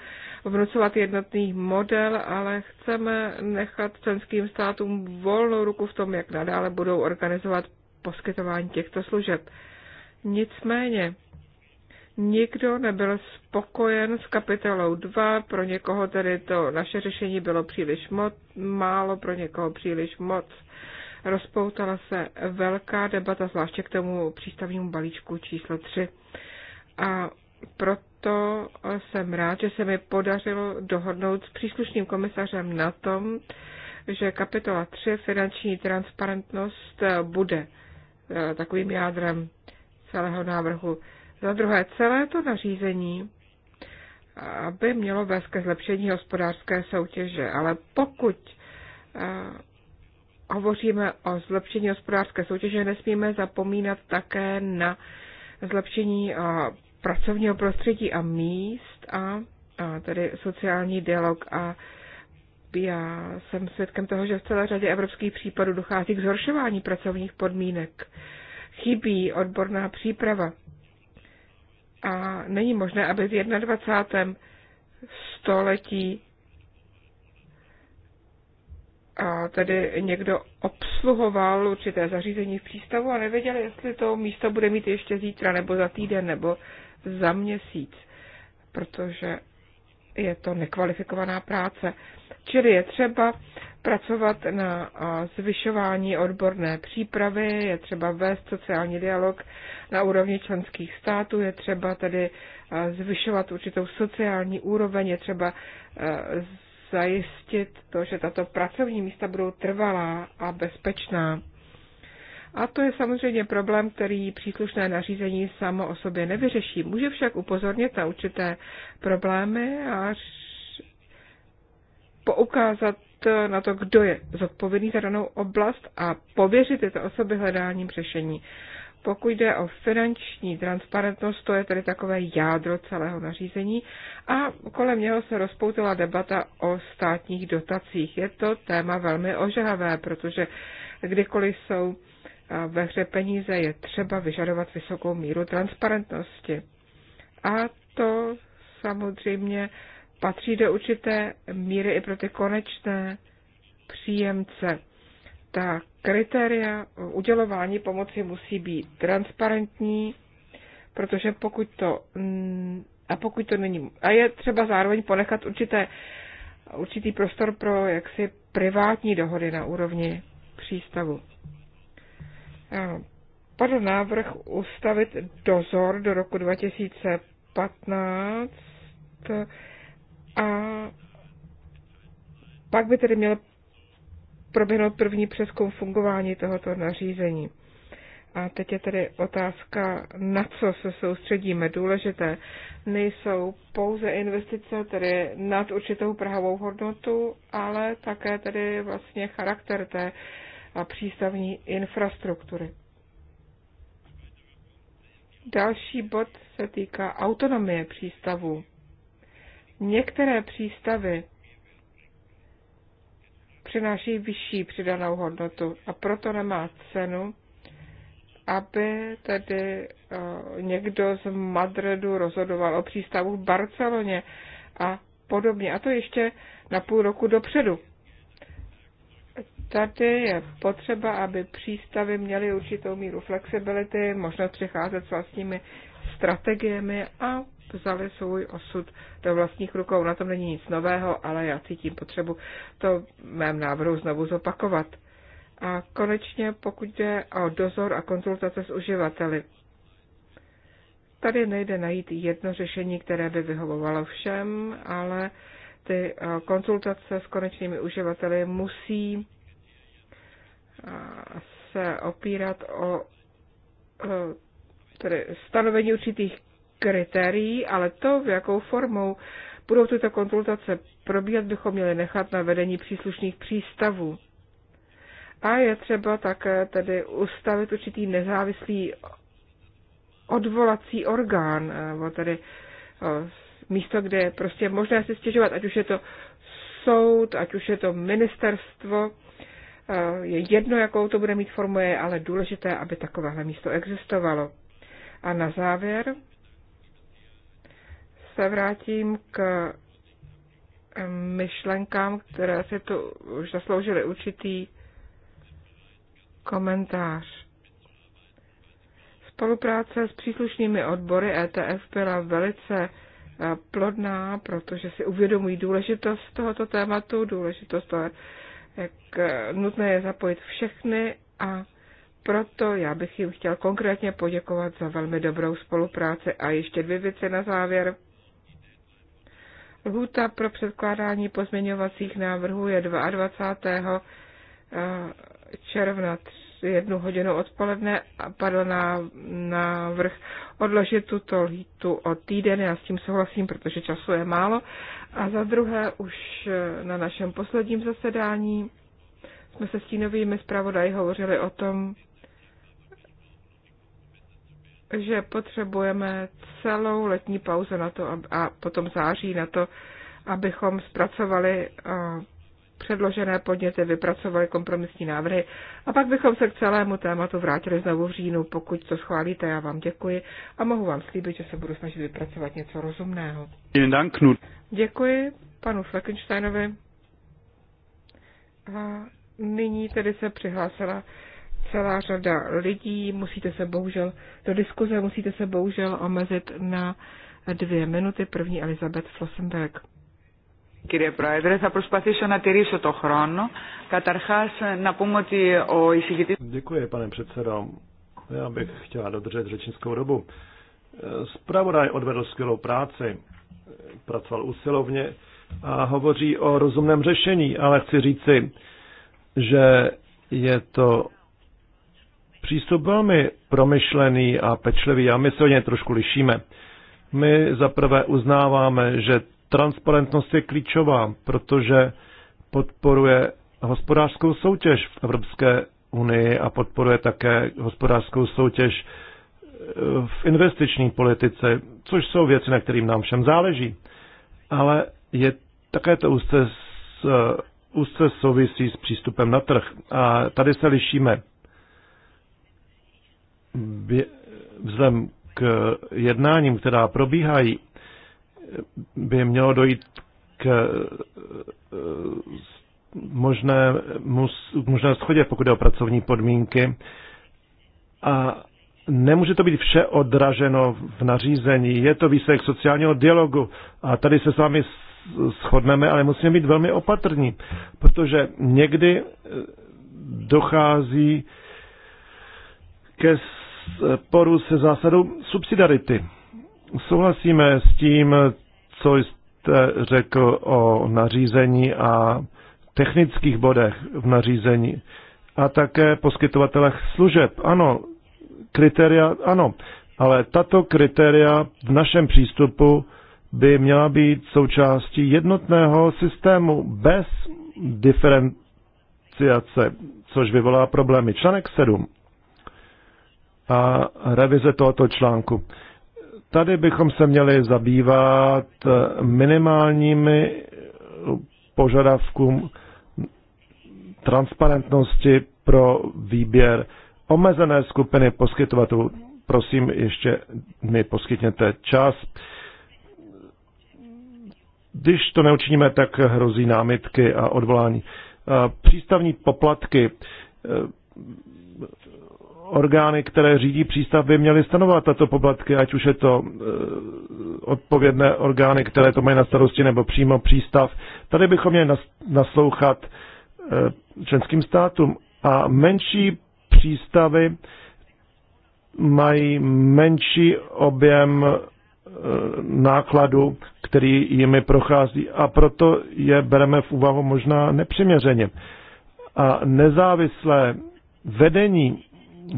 vnucovat jednotný model, ale chceme nechat členským státům volnou ruku v tom, jak nadále budou organizovat poskytování těchto služeb. Nicméně Nikdo nebyl spokojen s kapitolou 2, pro někoho tedy to naše řešení bylo příliš moc, málo, pro někoho příliš moc. Rozpoutala se velká debata, zvláště k tomu přístavnímu balíčku číslo 3. A proto jsem rád, že se mi podařilo dohodnout s příslušným komisařem na tom, že kapitola 3 finanční transparentnost bude eh, takovým jádrem celého návrhu za druhé, celé to nařízení by mělo vést ke zlepšení hospodářské soutěže, ale pokud eh, hovoříme o zlepšení hospodářské soutěže, nesmíme zapomínat také na zlepšení eh, pracovního prostředí a míst a, a tedy sociální dialog a já jsem svědkem toho, že v celé řadě evropských případů dochází k zhoršování pracovních podmínek. Chybí odborná příprava a není možné, aby v 21. století a tedy někdo obsluhoval určité zařízení v přístavu a nevěděl, jestli to místo bude mít ještě zítra, nebo za týden, nebo za měsíc, protože je to nekvalifikovaná práce. Čili je třeba pracovat na zvyšování odborné přípravy, je třeba vést sociální dialog na úrovni členských států, je třeba tedy zvyšovat určitou sociální úroveň, je třeba zajistit to, že tato pracovní místa budou trvalá a bezpečná. A to je samozřejmě problém, který příslušné nařízení samo o sobě nevyřeší. Může však upozornit na určité problémy a poukázat na to, kdo je zodpovědný za danou oblast a pověřit tyto osoby hledáním řešení. Pokud jde o finanční transparentnost, to je tedy takové jádro celého nařízení a kolem něho se rozpoutala debata o státních dotacích. Je to téma velmi ožahavé, protože kdykoliv jsou ve hře peníze, je třeba vyžadovat vysokou míru transparentnosti. A to samozřejmě patří do určité míry i pro ty konečné příjemce. Ta kritéria udělování pomoci musí být transparentní, protože pokud to, a pokud to není, a je třeba zároveň ponechat určité, určitý prostor pro jaksi privátní dohody na úrovni přístavu. Padl návrh ustavit dozor do roku 2015, a pak by tedy měl proběhnout první přeskum fungování tohoto nařízení. A teď je tedy otázka, na co se soustředíme. Důležité nejsou pouze investice, tedy nad určitou prahovou hodnotu, ale také tedy vlastně charakter té přístavní infrastruktury. Další bod se týká autonomie přístavů. Některé přístavy přináší vyšší přidanou hodnotu a proto nemá cenu, aby tedy eh, někdo z Madridu rozhodoval o přístavu v Barceloně a podobně. A to ještě na půl roku dopředu. Tady je potřeba, aby přístavy měly určitou míru flexibility, možnost přicházet s vlastními strategiemi a vzali svůj osud do vlastních rukou. Na tom není nic nového, ale já cítím potřebu to v mém návrhu znovu zopakovat. A konečně, pokud jde o dozor a konzultace s uživateli. Tady nejde najít jedno řešení, které by vyhovovalo všem, ale ty eh, konzultace s konečnými uživateli musí eh, se opírat o eh, tedy stanovení určitých kritérií, ale to, v jakou formou budou tyto konzultace probíhat, bychom měli nechat na vedení příslušných přístavů. A je třeba také tedy ustavit určitý nezávislý odvolací orgán, eh, nebo tedy eh, místo, kde je prostě možné si stěžovat, ať už je to soud, ať už je to ministerstvo, eh, je jedno, jakou to bude mít formu, je ale důležité, aby takovéhle místo existovalo. A na závěr se vrátím k myšlenkám, které si tu už zasloužily určitý komentář. Spolupráce s příslušnými odbory ETF byla velice eh, plodná, protože si uvědomují důležitost tohoto tématu, důležitost toho, jak eh, nutné je zapojit všechny a proto já bych jim chtěl konkrétně poděkovat za velmi dobrou spolupráci. A ještě dvě věci na závěr. Lhůta pro předkládání pozměňovacích návrhů je 22. Eh, června jednu hodinu odpoledne a padl na, vrch odložit tuto lítu o týden. Já s tím souhlasím, protože času je málo. A za druhé už eh, na našem posledním zasedání jsme se stínovými zpravodaji hovořili o tom, že potřebujeme celou letní pauzu na to a potom září na to, abychom zpracovali eh, předložené podněty, vypracovali kompromisní návrhy a pak bychom se k celému tématu vrátili znovu v říjnu. Pokud to schválíte, já vám děkuji a mohu vám slíbit, že se budu snažit vypracovat něco rozumného. Děkuji panu Fleckensteinovi. A nyní tedy se přihlásila celá řada lidí, musíte se bohužel, do diskuze musíte se bohužel omezit na dvě minuty. První Elizabeth Flossenberg. Κύριε Πρόεδρε, θα προσπαθήσω να τηρήσω το χρόνο. Καταρχάς, να πούμε ότι ο εισηγητής... Děkuji, pane předsedo. Já bych chtěla dodržet řečnickou dobu. Spravodaj odvedl skvělou práci, pracoval usilovně a hovoří o rozumném řešení, ale chci říci, že je to přístup velmi promyšlený a pečlivý a my se o něj trošku lišíme. My zaprvé uznáváme, že transparentnost je klíčová, protože podporuje hospodářskou soutěž v Evropské unii a podporuje také hospodářskou soutěž e, v investiční politice, což jsou věci, na kterým nám všem záleží. Ale je také to úzce, s, e, úzce souvisí s přístupem na trh. A tady se lišíme vzhledem k jednáním, která probíhají, by mělo dojít k eh, možné, možné schodě, pokud je o pracovní podmínky. A nemůže to být vše odraženo v nařízení. Je to výsledek sociálního dialogu. A tady se s vámi shodneme, ale musíme být velmi opatrní, protože někdy eh, dochází ke sporu se zásadou subsidiarity. Souhlasíme s tím, co jste řekl o nařízení a technických bodech v nařízení a také poskytovatelech služeb. Ano, kritéria, ano, ale tato kritéria v našem přístupu by měla být součástí jednotného systému bez diferenciace, což vyvolá problémy. Článek 7 a revize tohoto článku. Tady bychom se měli zabývat eh, minimálními eh, požadavkům transparentnosti pro výběr omezené skupiny poskytovatelů. Prosím, ještě mi poskytněte čas. Když to neučiníme, tak hrozí námitky a odvolání. Eh, přístavní poplatky orgány, které řídí přístav, by měly stanovat tato poplatky, ať už je to eh, odpovědné orgány, které to mají na starosti, nebo přímo přístav. Tady bychom měli naslouchat eh, členským státům a menší přístavy mají menší objem eh, nákladu, který jimi prochází a proto je bereme v úvahu možná nepřiměřeně. A nezávislé vedení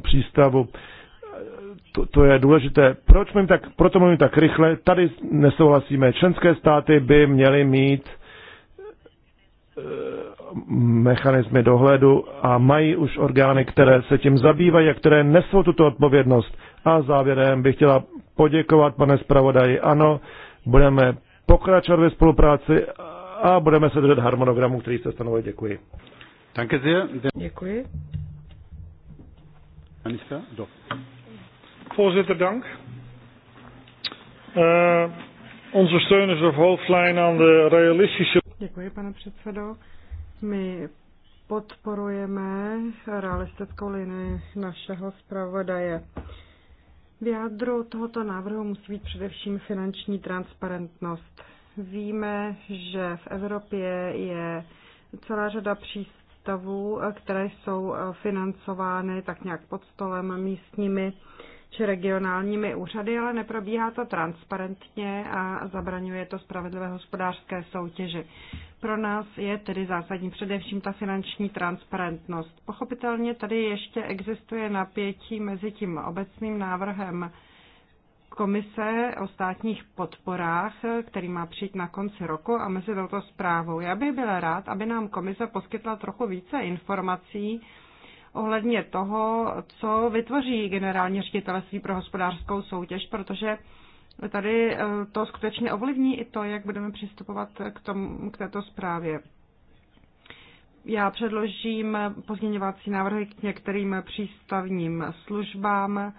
přístavu. To, to je důležité. Proč mluvím tak, proto mluvím tak rychle. Tady nesouhlasíme. Členské státy by měly mít eh, mechanismy dohledu a mají už orgány, které se tím zabývají a které nesou tuto odpovědnost. A závěrem bych chtěla poděkovat, pane zpravodaji. Ano, budeme pokračovat ve spolupráci a budeme se držet harmonogramu, který jste stanovili. Děkuji. Děkuji. Minister, doch. Voorzitter, dank. Uh, onze steun is op hoofdlijn aan de realistische... Děkuji, pane předsedo. My podporujeme realistickou linii našeho zpravodaje. V jádru tohoto návrhu musí být především finanční transparentnost. Víme, že v Evropě je celá řada přístupů, přístavů, které jsou eh, financovány tak nějak pod stolem místními či regionálními úřady, ale neprobíhá to transparentně a zabraňuje to spravedlivé hospodářské soutěži. Pro nás je tedy zásadní především ta finanční transparentnost. Pochopitelně tady ještě existuje napětí mezi tím obecným návrhem komise o státních podporách, který má přijít na konci roku a mezi touto zprávou. Já bych byl rád, aby nám komise poskytla trochu více informací ohledně toho, co vytvoří generální ředitelství pro hospodářskou soutěž, protože tady eh, to skutečně ovlivní i to, jak budeme přistupovat k, tomu, k této zprávě. Já předložím pozměňovací návrhy k některým přístavním službám,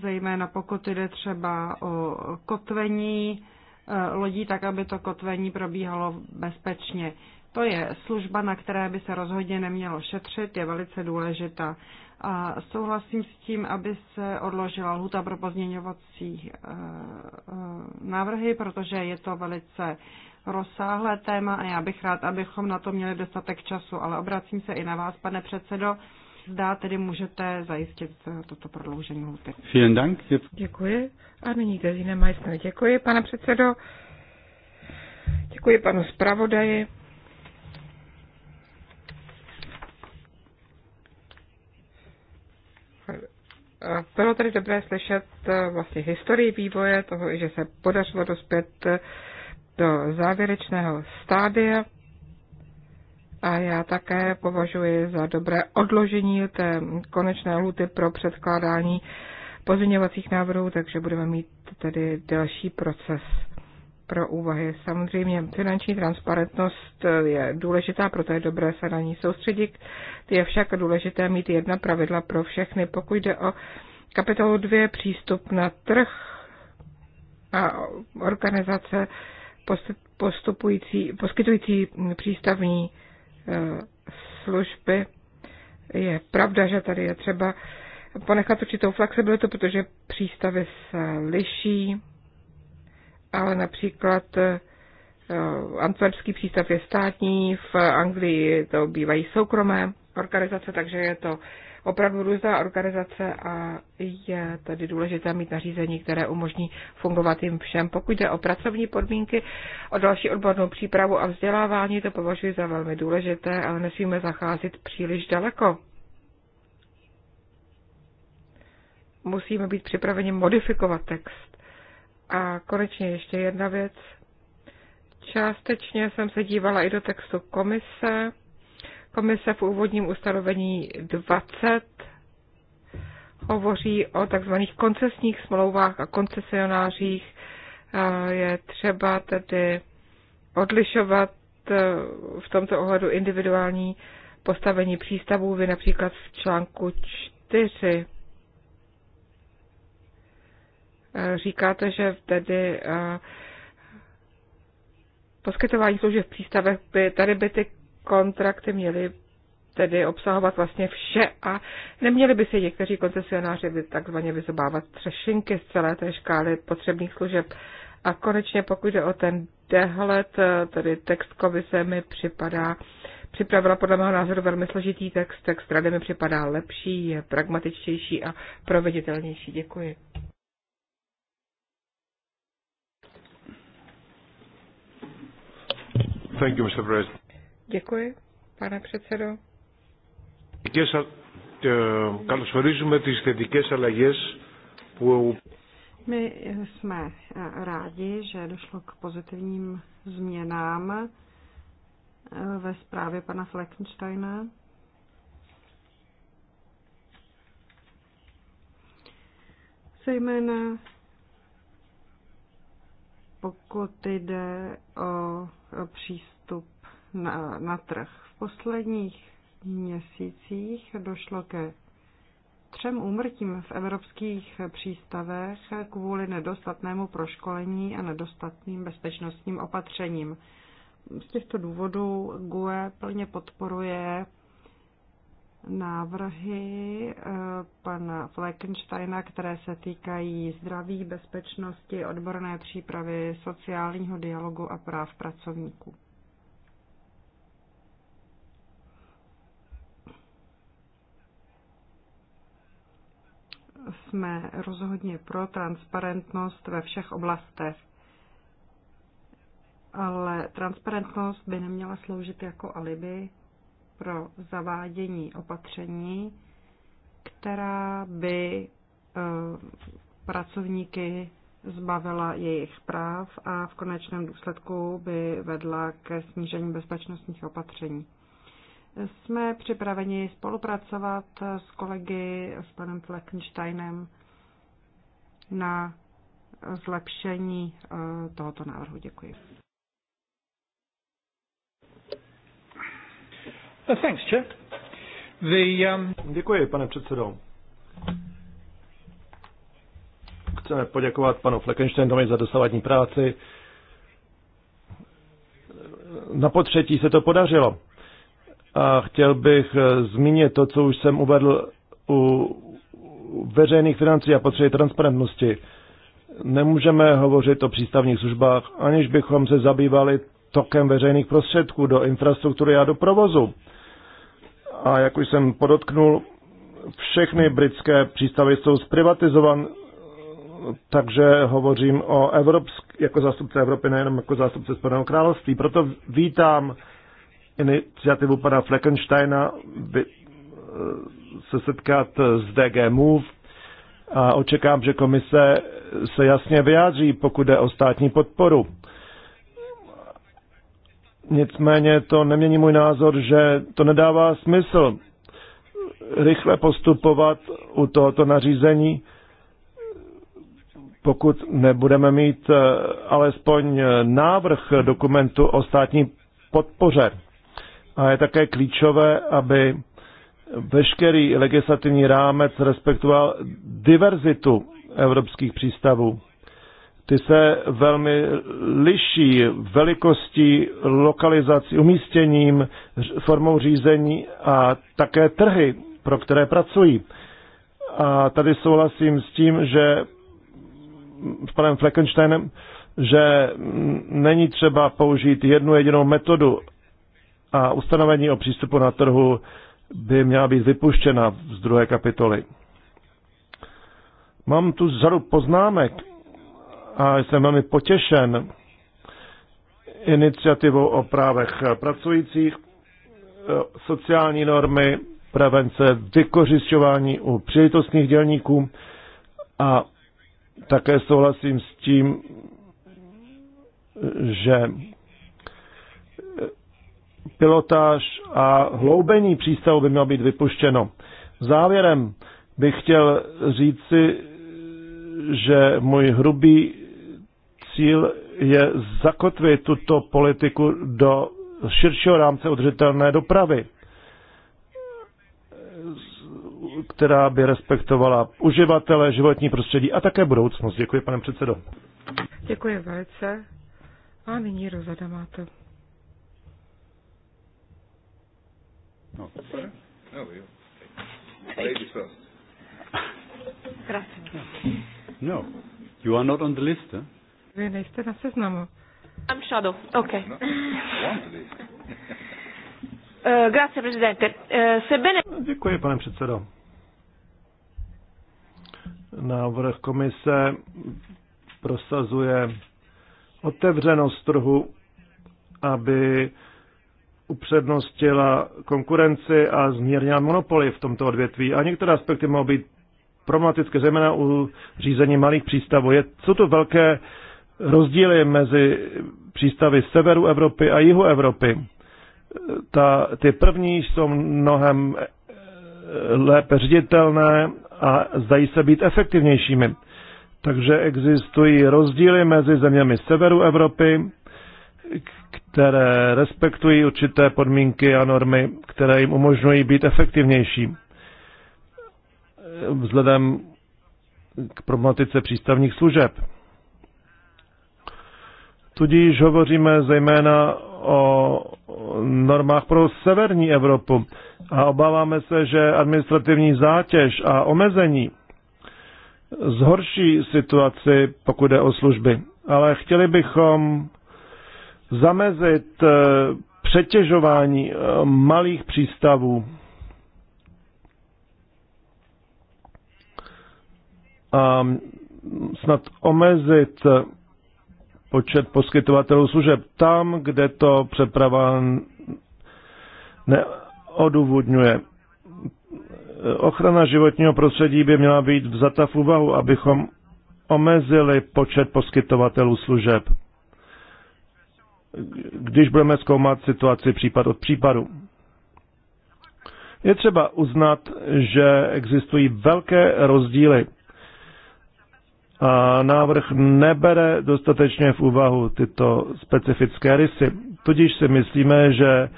zejména pokud jde třeba o kotvení eh, lodí, tak aby to kotvení probíhalo bezpečně. To je služba, na které by se rozhodně nemělo šetřit, je velice důležitá. A souhlasím s tím, aby se odložila lhuta pro pozměňovací eh, eh, návrhy, protože je to velice rozsáhlé téma a já bych rád, abychom na to měli dostatek času, ale obracím se i na vás, pane předsedo, zda tedy můžete zajistit eh, toto prodloužení lhuty. Vielen Dank. Děkuji. A nyní Gazina Meissner. Děkuji, pane předsedo. Děkuji panu zpravodaji. Bylo tedy dobré slyšet eh, vlastně historii vývoje toho, že se podařilo dospět eh, do závěrečného stádia a já také považuji za dobré odložení té konečné lhuty pro předkládání pozměňovacích návrhů, takže budeme mít tedy delší proces pro úvahy. Samozřejmě finanční transparentnost je důležitá, proto je dobré se na ní soustředit. Je však důležité mít jedna pravidla pro všechny. Pokud jde o kapitolu 2 přístup na trh a organizace postupující, poskytující přístavní služby. Je pravda, že tady je třeba ponechat určitou flexibilitu, protože přístavy se liší, ale například eh, antwerpský přístav je státní, v Anglii to bývají soukromé organizace, takže je to opravdu různá organizace a je tedy důležité mít nařízení, které umožní fungovat jim všem. Pokud jde o pracovní podmínky, o další odbornou přípravu a vzdělávání, to považuji za velmi důležité, ale nesmíme zacházet příliš daleko. Musíme být připraveni modifikovat text. A konečně ještě jedna věc. Částečně jsem se dívala i do textu komise Komise v úvodním ustanovení 20 hovoří o tzv. koncesních smlouvách a koncesionářích. Je třeba tedy odlišovat e, v tomto ohledu individuální postavení přístavů, vy například v článku 4 e, říkáte, že tedy e, poskytování služeb v přístavech by, tady by ty kontrakty měly tedy obsahovat vlastně vše a neměli by se někteří koncesionáři takzvaně vyzobávat třešinky z celé té škály potřebných služeb. A konečně pokud jde o ten dehled, eh, tedy text komise mi připadá, připravila podle mého názoru velmi složitý text, text rady mi připadá lepší, je pragmatičtější a proveditelnější. Děkuji. Thank you, Mr. President. Děkuji, pane předsedo. Καλωσορίζουμε τις θετικές αλλαγές που... My jsme rádi, že došlo k pozitivním změnám e, ve zprávě pana Fleckensteina. Zejména pokud jde o přístup na, na trh. V posledních měsících došlo ke třem úmrtím v evropských přístavech kvůli nedostatnému proškolení a nedostatným bezpečnostním opatřením. Z těchto důvodů GUE plně podporuje návrhy eh, pana Fleckensteina, které se týkají zdraví, bezpečnosti, odborné přípravy, sociálního dialogu a práv pracovníků. jsme rozhodně pro transparentnost ve všech oblastech. Ale transparentnost by neměla sloužit jako alibi pro zavádění opatření, která by eh, pracovníky zbavila jejich práv a v konečném důsledku by vedla ke snížení bezpečnostních opatření. Jsme připraveni spolupracovat s kolegy, s panem Fleckensteinem na zlepšení eh, tohoto návrhu. Děkuji. Uh, thanks, Chair. The, um... Děkuji, pane předsedo. Chceme poděkovat panu Fleckensteinovi za dosavadní práci. Na potřetí se to podařilo. A chtěl bych eh, zmínit to, co už jsem uvedl u veřejných financí a potřeby transparentnosti. Nemůžeme hovořit o přístavních službách, aniž bychom se zabývali tokem veřejných prostředků do infrastruktury a do provozu. A jak už jsem podotknul, všechny britské přístavy jsou zprivatizovan, takže hovořím o Evropsk, jako zástupce Evropy, nejenom jako zástupce Spojeného království. Proto vítám iniciativu pana Fleckensteina by, eh, se setkat s DG Move a očekám, že komise se jasně vyjádří, pokud jde o státní podporu. Nicméně to nemění můj názor, že to nedává smysl rychle postupovat u tohoto nařízení, pokud nebudeme mít eh, alespoň eh, návrh dokumentu o státní podpoře. A je také klíčové, aby veškerý legislativní rámec respektoval diverzitu evropských přístavů. Ty se velmi liší velikostí, lokalizací, umístěním, formou řízení a také trhy, pro které pracují. A tady souhlasím s tím, že s panem Fleckensteinem, že není třeba použít jednu jedinou metodu, a ustanovení o přístupu na trhu by měla být vypuštěna z druhé kapitoly. Mám tu řadu poznámek a jsem velmi potěšen iniciativou o právech pracujících, sociální normy, prevence vykořišťování u příležitostných dělníků a také souhlasím s tím, že pilotáž a hloubení přístavu by mělo být vypuštěno. Závěrem bych chtěl říci, že můj hrubý cíl je zakotvit tuto politiku do širšího rámce udržitelné dopravy, která by respektovala uživatele, životní prostředí a také budoucnost. Děkuji, pane předsedo. Děkuji velice. A nyní rozhledá máte. No. no No. You are not on the list, eh? Vy nejste na seznamu. I'm shadow. Okay. No. uh, grazie, presidente. Uh, eh, sebene... Děkuji, pane předsedo. Návrh komise prosazuje otevřenost trhu, aby upřednostila konkurenci a zmírnila monopoly v tomto odvětví. A některé aspekty mohou být problematické, zejména u řízení malých přístavů. Je, jsou to velké rozdíly mezi přístavy severu Evropy a jihu Evropy. Ta, ty první jsou mnohem eh, lépe ředitelné a zdají se být efektivnějšími. Takže existují rozdíly mezi zeměmi severu Evropy které respektují určité podmínky a normy, které jim umožňují být efektivnější. Vzhledem k problematice přístavních služeb. Tudíž hovoříme zejména o normách pro severní Evropu a obáváme se, že administrativní zátěž a omezení zhorší situaci, pokud jde o služby. Ale chtěli bychom zamezit eh, přetěžování eh, malých přístavů. A snad omezit eh, počet poskytovatelů služeb tam, kde to přeprava neodůvodňuje. Ochrana životního prostředí by měla být vzata v úvahu, abychom omezili počet poskytovatelů služeb když budeme zkoumat situaci případ od případu. Je třeba uznat, že existují velké rozdíly a návrh nebere dostatečně v úvahu tyto specifické rysy. Tudíž si myslíme, že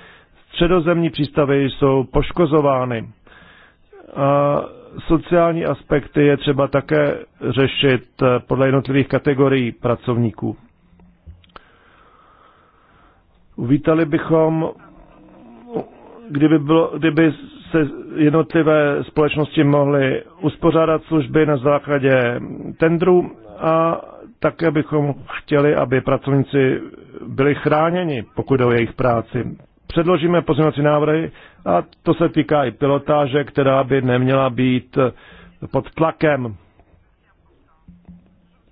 středozemní přístavy jsou poškozovány. A sociální aspekty je třeba také řešit podle jednotlivých kategorií pracovníků. Uvítali bychom, kdyby, bylo, kdyby se jednotlivé společnosti mohly uspořádat služby na základě tendru a také bychom chtěli, aby pracovníci byli chráněni, pokud o jejich práci. Předložíme pozměňovací návrhy a to se týká i pilotáže, která by neměla být pod tlakem.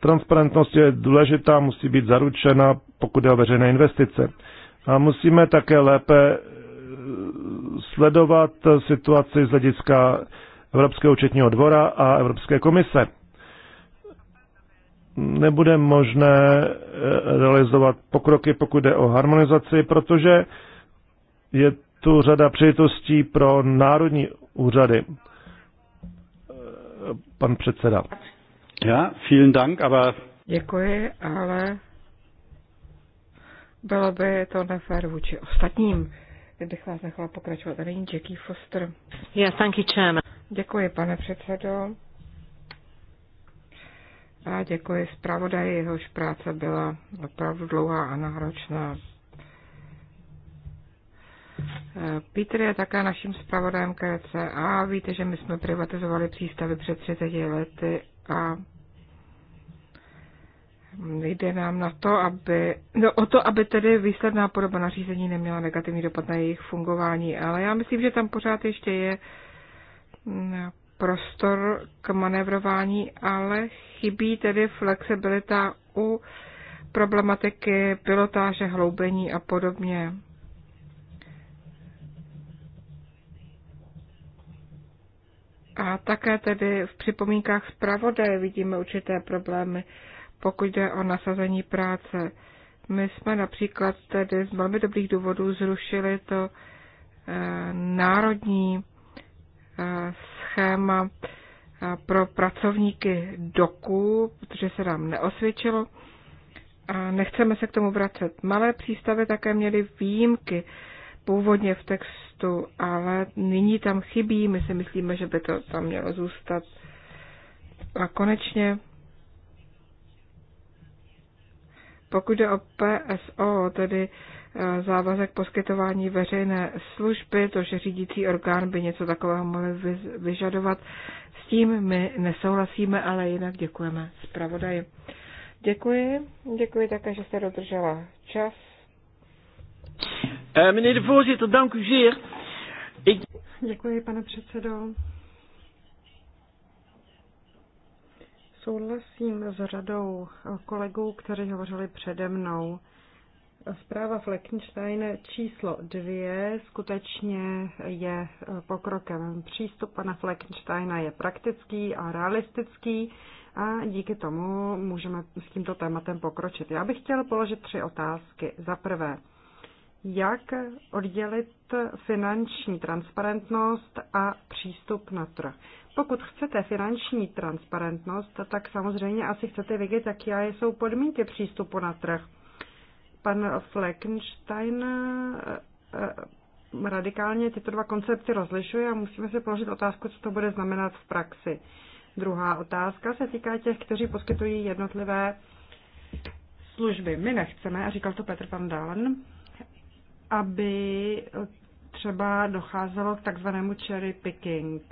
Transparentnost je důležitá, musí být zaručena, pokud je o veřejné investice. A musíme také lépe eh, sledovat eh, situaci z hlediska Evropského účetního dvora a Evropské komise. Nebude možné eh, realizovat pokroky, pokud jde o harmonizaci, protože je tu řada přejitostí pro národní úřady. Pan předseda. Ja, vielen Dank, aber... Děkuji, ale bylo by to nefér vůči ostatním, kdybych vás nechala pokračovat. tady nyní Jackie Foster. Yeah, thank you, Chairman. Děkuji, pane předsedo. A děkuji zpravodaji, jehož práce byla opravdu dlouhá a náročná. Peter je také naším zpravodajem KC a víte, že my jsme privatizovali přístavy před 30 lety a Jde nám na to, aby, no, o to, aby tedy výsledná podoba nařízení neměla negativní dopad na jejich fungování, ale já myslím, že tam pořád ještě je mm, prostor k manevrování, ale chybí tedy flexibilita u problematiky pilotáže, hloubení a podobně. A také tedy v připomínkách zpravodaje vidíme určité problémy pokud jde o nasazení práce. My jsme například tedy z velmi dobrých důvodů zrušili to eh, národní eh, schéma eh, pro pracovníky doku, protože se nám neosvědčilo. A nechceme se k tomu vracet. Malé přístavy také měly výjimky původně v textu, ale nyní tam chybí. My si myslíme, že by to tam mělo zůstat. A konečně Pokud jde o PSO, tedy eh, závazek poskytování veřejné služby, to, že řídící orgán by něco takového mohl vyžadovat, s tím my nesouhlasíme, ale jinak děkujeme zpravodaji. Děkuji, děkuji také, že jste dodržela čas. Eh, meneer de voorzitter, dank u zeer. Děkuji, pane předsedo. Souhlasím s řadou kolegů, kteří hovořili přede mnou. Zpráva Fleckenstein číslo dvě skutečně je pokrokem. Přístup pana Fleckensteina je praktický a realistický a díky tomu můžeme s tímto tématem pokročit. Já bych chtěla položit tři otázky. Za prvé, jak oddělit finanční transparentnost a přístup na trh? Pokud chcete finanční transparentnost, tak samozřejmě asi chcete vědět, jaké jsou podmínky přístupu na trh. Pan Fleckenstein eh, eh, radikálně tyto dva koncepty rozlišuje a musíme si položit otázku, co to bude znamenat v praxi. Druhá otázka se týká těch, kteří poskytují jednotlivé služby. My nechceme, a říkal to Petr Van Dalen, aby třeba docházelo k takzvanému cherry picking,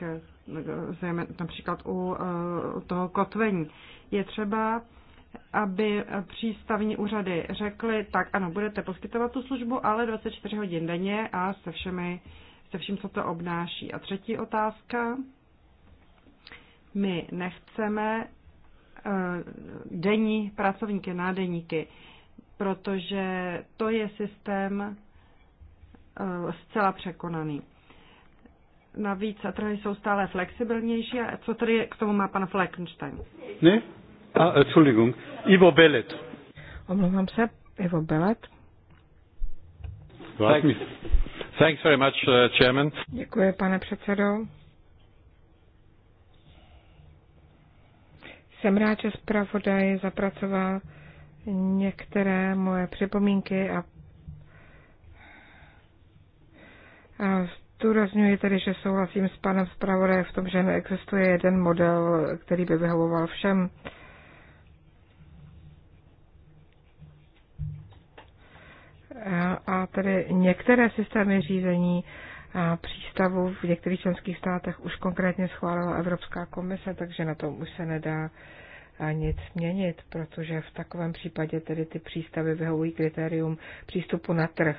zejména například eh, u toho kotvení. Je třeba, aby přístavní úřady řekly, tak ano, budete poskytovat tu službu, ale 24 hodin denně a se, všemi, se vším, co to obnáší. A třetí otázka. My nechceme eh, denní pracovníky, nádeníky, protože to je systém eh, zcela překonaný. Navíc trhy jsou stále flexibilnější. A co tady k tomu má pan Fleckenstein? Ne? A, Entschuldigung. Ivo Belet. Omlouvám se, Ivo Belet. Thanks. Thanks very much, uh, Chairman. Děkuji, pane předsedo. Jsem rád, že zpravodaj zapracoval některé moje připomínky a, a Zdůrazňuji tedy, že souhlasím s panem zpravodajem v tom, že neexistuje jeden model, který by vyhovoval všem. A tedy některé systémy řízení přístavu v některých členských státech už konkrétně schválila Evropská komise, takže na tom už se nedá nic měnit, protože v takovém případě tedy ty přístavy vyhovují kritérium přístupu na trh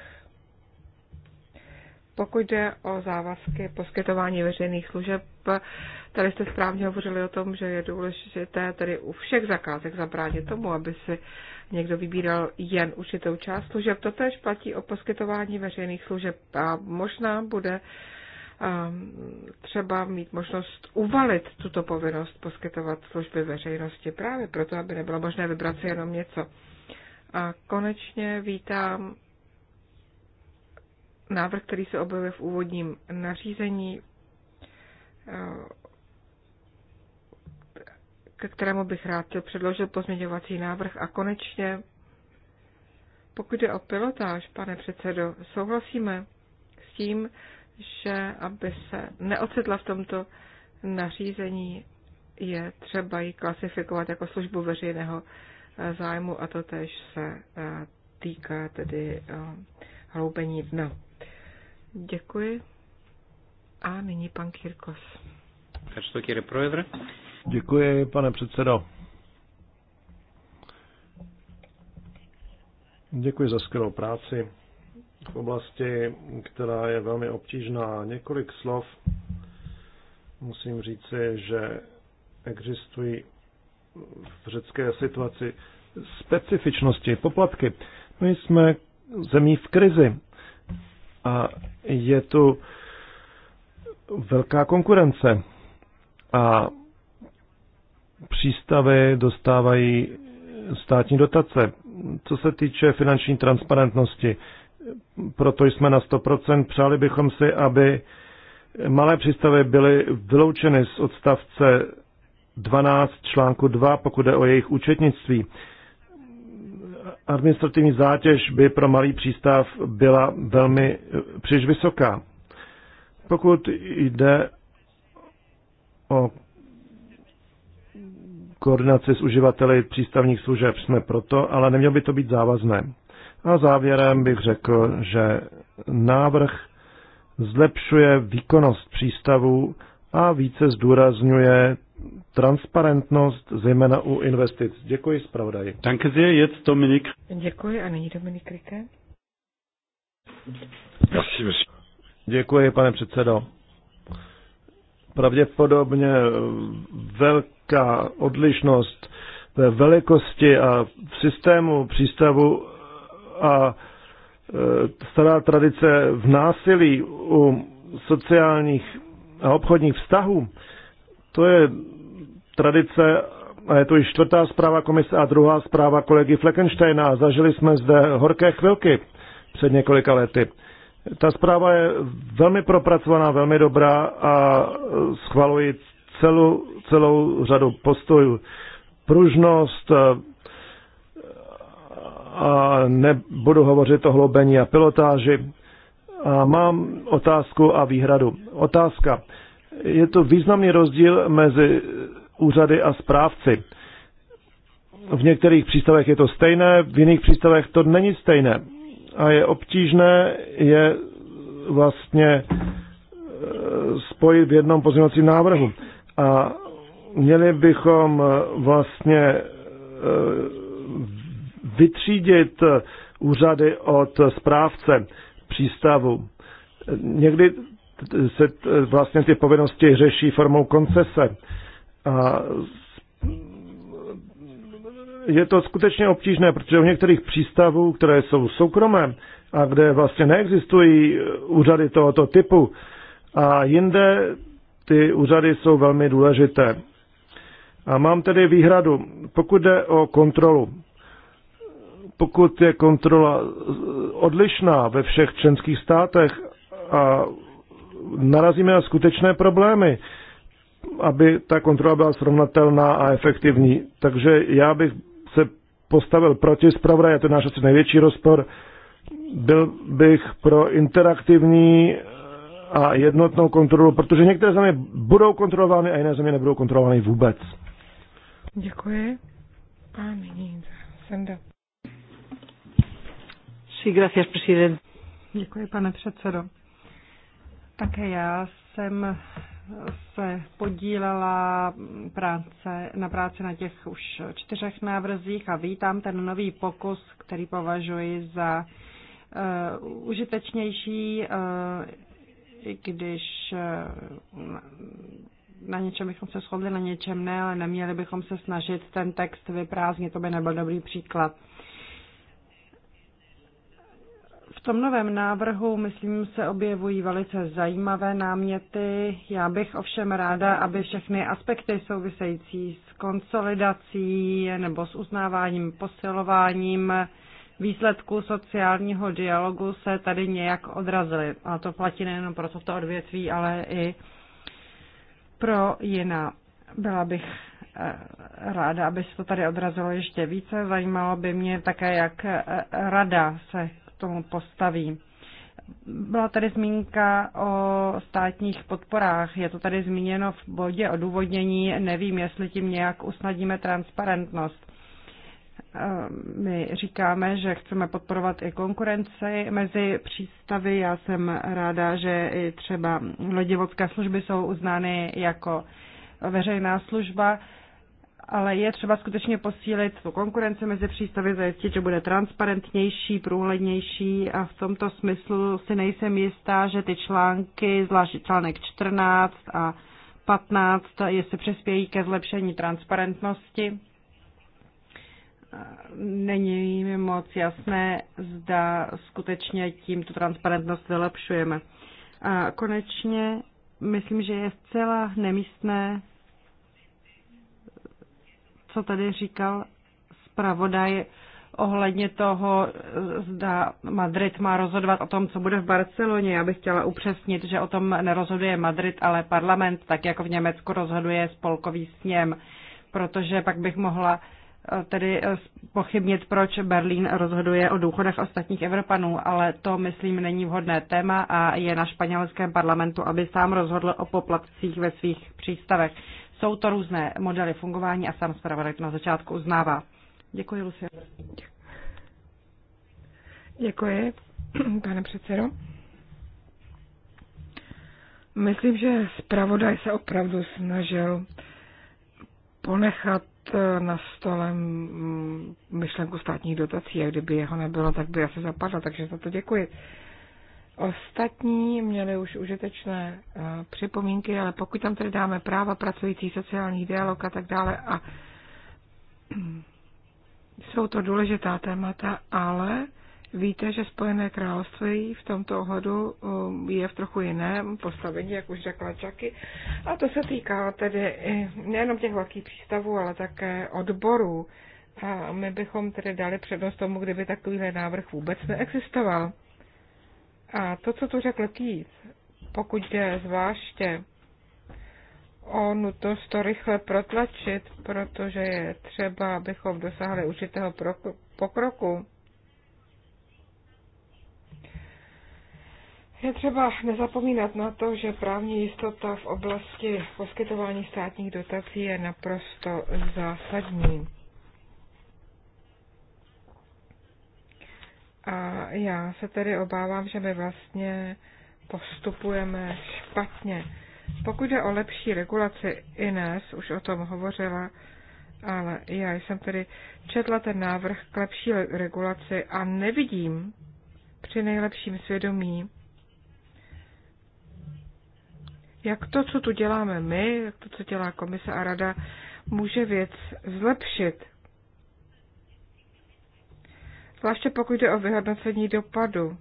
pokud jde o závazky poskytování veřejných služeb, tady jste správně hovořili o tom, že je důležité tedy u všech zakázek zabránit tomu, aby si někdo vybíral jen určitou část služeb. To tež platí o poskytování veřejných služeb a možná bude ehm, třeba mít možnost uvalit tuto povinnost poskytovat služby veřejnosti právě proto, aby nebylo možné vybrat si jenom něco. A konečně vítám návrh, který se objevuje v úvodním nařízení, eh, ke kterému bych rád předložil pozměňovací návrh. A konečně, pokud je o pilotáž, pane předsedo, souhlasíme s tím, že aby se neocitla v tomto nařízení, je třeba ji klasifikovat jako službu veřejného eh, zájmu a to tež se eh, týká tedy hloubení dna. Děkuji. A nyní pan Kirkos. Děkuji, pane předsedo. Děkuji za skvělou práci v oblasti, která je velmi obtížná. Několik slov musím říci, že existují v řecké situaci specifičnosti, poplatky. My jsme zemí v krizi a je tu velká konkurence a přístavy dostávají státní dotace. Co se týče finanční transparentnosti, proto jsme na 100%. Přáli bychom si, aby malé přístavy byly vyloučeny z odstavce 12 článku 2, pokud jde o jejich účetnictví administrativní zátěž by pro malý přístav byla velmi eh, příliš vysoká. Pokud jde o koordinaci s uživateli přístavních služeb, jsme proto, ale nemělo by to být závazné. A závěrem bych řekl, že návrh zlepšuje výkonnost přístavů a více zdůrazňuje transparentnost, zejména u investic. Děkuji zpravodaji. Danke sehr, jetzt Dominik. Děkuji a nyní Dominik Rike. Děkuji, pane předsedo. Pravděpodobně velká odlišnost ve velikosti a v systému přístavu a e, stará tradice v násilí u sociálních a obchodních vztahů to je tradice a je to již čtvrtá zpráva komise a druhá zpráva kolegy Fleckensteina zažili jsme zde horké chvilky před několika lety. Ta zpráva je velmi propracovaná, velmi dobrá a schvaluji celou, celou řadu postojů. Pružnost eh, a nebudu hovořit o hloubení a pilotáži. A mám otázku a výhradu. Otázka. Je to významný rozdíl mezi úřady a správci. V některých přístavech je to stejné, v jiných přístavech to není stejné. A je obtížné je vlastně e, spojit v jednom pozměňovacím návrhu. A měli bychom e, vlastně e, vytřídit úřady od správce přístavu. Někdy se vlastně ty povinnosti řeší formou koncese. A je to skutečně obtížné, protože u některých přístavů, které jsou soukromé a kde vlastně neexistují úřady tohoto typu, a jinde ty úřady jsou velmi důležité. A mám tedy výhradu, pokud jde o kontrolu. Pokud je kontrola odlišná ve všech členských státech a narazíme na skutečné problémy, aby ta kontrola byla srovnatelná a efektivní. Takže já bych se postavil proti a to je náš asi největší rozpor. Byl bych pro interaktivní eh, a jednotnou kontrolu, protože některé země budou kontrolovány a jiné země nebudou kontrolovány vůbec. Děkuji. A nyní Senda. Sí, gracias, presidente. Děkuji, pane předsedo. Také já jsem se podílela práce, na práci na těch už čtyřech návrzích a vítám ten nový pokus, který považuji za uh, užitečnější, uh, když uh, na něčem bychom se shodli, na něčem ne, ale neměli bychom se snažit ten text vyprázdnit, to by nebyl dobrý příklad. tom novém návrhu, myslím, se objevují velice zajímavé náměty. Já bych ovšem ráda, aby všechny aspekty související s konsolidací nebo s uznáváním, posilováním výsledků sociálního dialogu se tady nějak odrazily. A to platí nejen pro toto odvětví, ale i pro jiná. Byla bych eh, ráda, aby se to tady odrazilo ještě více. Zajímalo by mě také, jak eh, rada se tomu postaví. Byla tady zmínka o státních podporách. Je to tady zmíněno v bodě odůvodnění. Nevím, jestli tím nějak usnadníme transparentnost. Eh, my říkáme, že chceme podporovat i konkurenci mezi přístavy. Já jsem ráda, že i třeba lodivodské služby jsou uznány jako veřejná služba ale je třeba skutečně posílit tu konkurenci mezi přístavy, zajistit, že bude transparentnější, průhlednější a v tomto smyslu si nejsem jistá, že ty články, zvlášť článek 14 a 15, jestli přispějí ke zlepšení transparentnosti. Není mi moc jasné, zda skutečně tím tu transparentnost vylepšujeme. A konečně myslím, že je zcela nemístné co tady říkal zpravodaj ohledně toho, zda Madrid má rozhodovat o tom, co bude v Barceloně. Já bych chtěla upřesnit, že o tom nerozhoduje Madrid, ale parlament, tak jako v Německu rozhoduje spolkový sněm, protože pak bych mohla eh, tedy eh, pochybnit, proč Berlín rozhoduje o důchodech ostatních Evropanů, ale to, myslím, není vhodné téma a je na španělském parlamentu, aby sám rozhodl o poplatcích ve svých přístavech. Jsou to různé modely fungování a sám zpravodaj to na začátku uznává. Děkuji, Lucie. Děkuji, pane předsedo. Myslím, že zpravodaj se opravdu snažil ponechat na stole myšlenku státních dotací a kdyby jeho nebylo, tak by asi zapadla, takže za to děkuji. Ostatní měli už užitečné eh, připomínky, ale pokud tam tedy dáme práva pracující, sociální dialog a tak dále a jsou to důležitá témata, ale víte, že Spojené království v tomto ohledu eh, je v trochu jiném postavení, jak už řekla Čaky. A to se týká tedy nejenom těch velkých přístavů, ale také odborů. A my bychom tedy dali přednost tomu, kdyby takovýhle návrh vůbec neexistoval. A to, co tu řekl Keith, pokud jde zvláště o nutnost to rychle protlačit, protože je třeba, abychom dosáhli určitého pokroku, Je třeba nezapomínat na to, že právní jistota v oblasti poskytování státních dotací je naprosto zásadní. A já se tedy obávám, že my vlastně postupujeme špatně. Pokud je o lepší regulaci Ines, už o tom hovořila, ale já jsem tedy četla ten návrh k lepší regulaci a nevidím při nejlepším svědomí, jak to, co tu děláme my, jak to, co dělá komise a rada, může věc zlepšit zvláště pokud jde o vyhodnocení dopadu.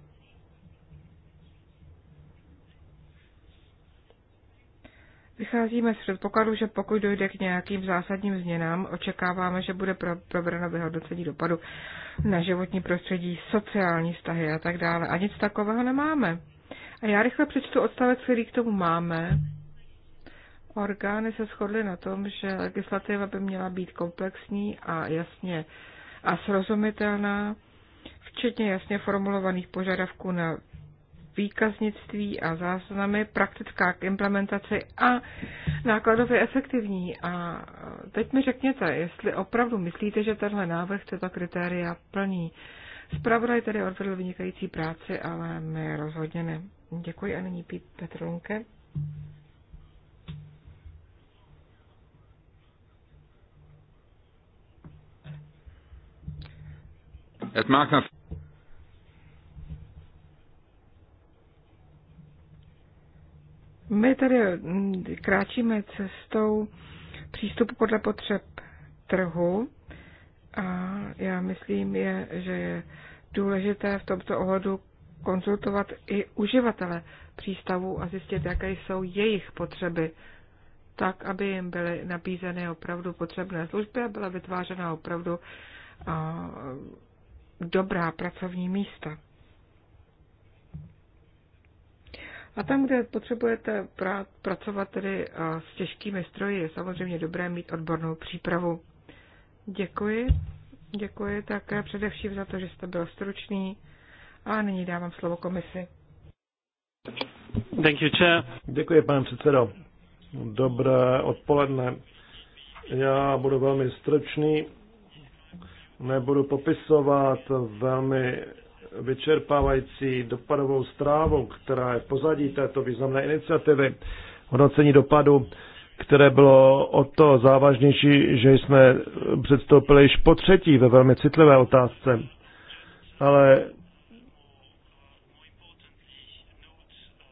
Vycházíme z předpokladu, že pokud dojde k nějakým zásadním změnám, očekáváme, že bude provedeno vyhodnocení dopadu na životní prostředí, sociální vztahy a tak dále. A nic takového nemáme. A já rychle přečtu odstavec, který k tomu máme. Orgány se shodly na tom, že legislativa by měla být komplexní a jasně a srozumitelná včetně jasně formulovaných požadavků na výkaznictví a záznamy, praktická k implementaci a nákladově efektivní. A teď mi řekněte, jestli opravdu myslíte, že tenhle návrh tyto kritéria plní. Spravodaj tedy odvedl vynikající práci, ale my rozhodně ne. Děkuji a nyní Petr Lunke. Het maakt My tady mm, kráčíme cestou přístupu podle potřeb trhu a já myslím, je, že je důležité v tomto ohledu konzultovat i uživatele přístavů a zjistit, jaké jsou jejich potřeby, tak, aby jim byly nabízeny opravdu potřebné služby a byla vytvářena opravdu a, dobrá pracovní místa. A tam, kde potřebujete pracovat tedy s těžkými stroji, je samozřejmě dobré mít odbornou přípravu. Děkuji. Děkuji také především za to, že jste byl stručný. A nyní dávám slovo komisi. Thank you, chair. Děkuji, pane předsedo. Dobré odpoledne. Já budu velmi stručný, nebudu popisovat velmi vyčerpávající dopadovou zprávou, která je v pozadí této významné iniciativy, hodnocení dopadu, které bylo o to závažnější, že jsme předstoupili již po třetí ve velmi citlivé otázce. Ale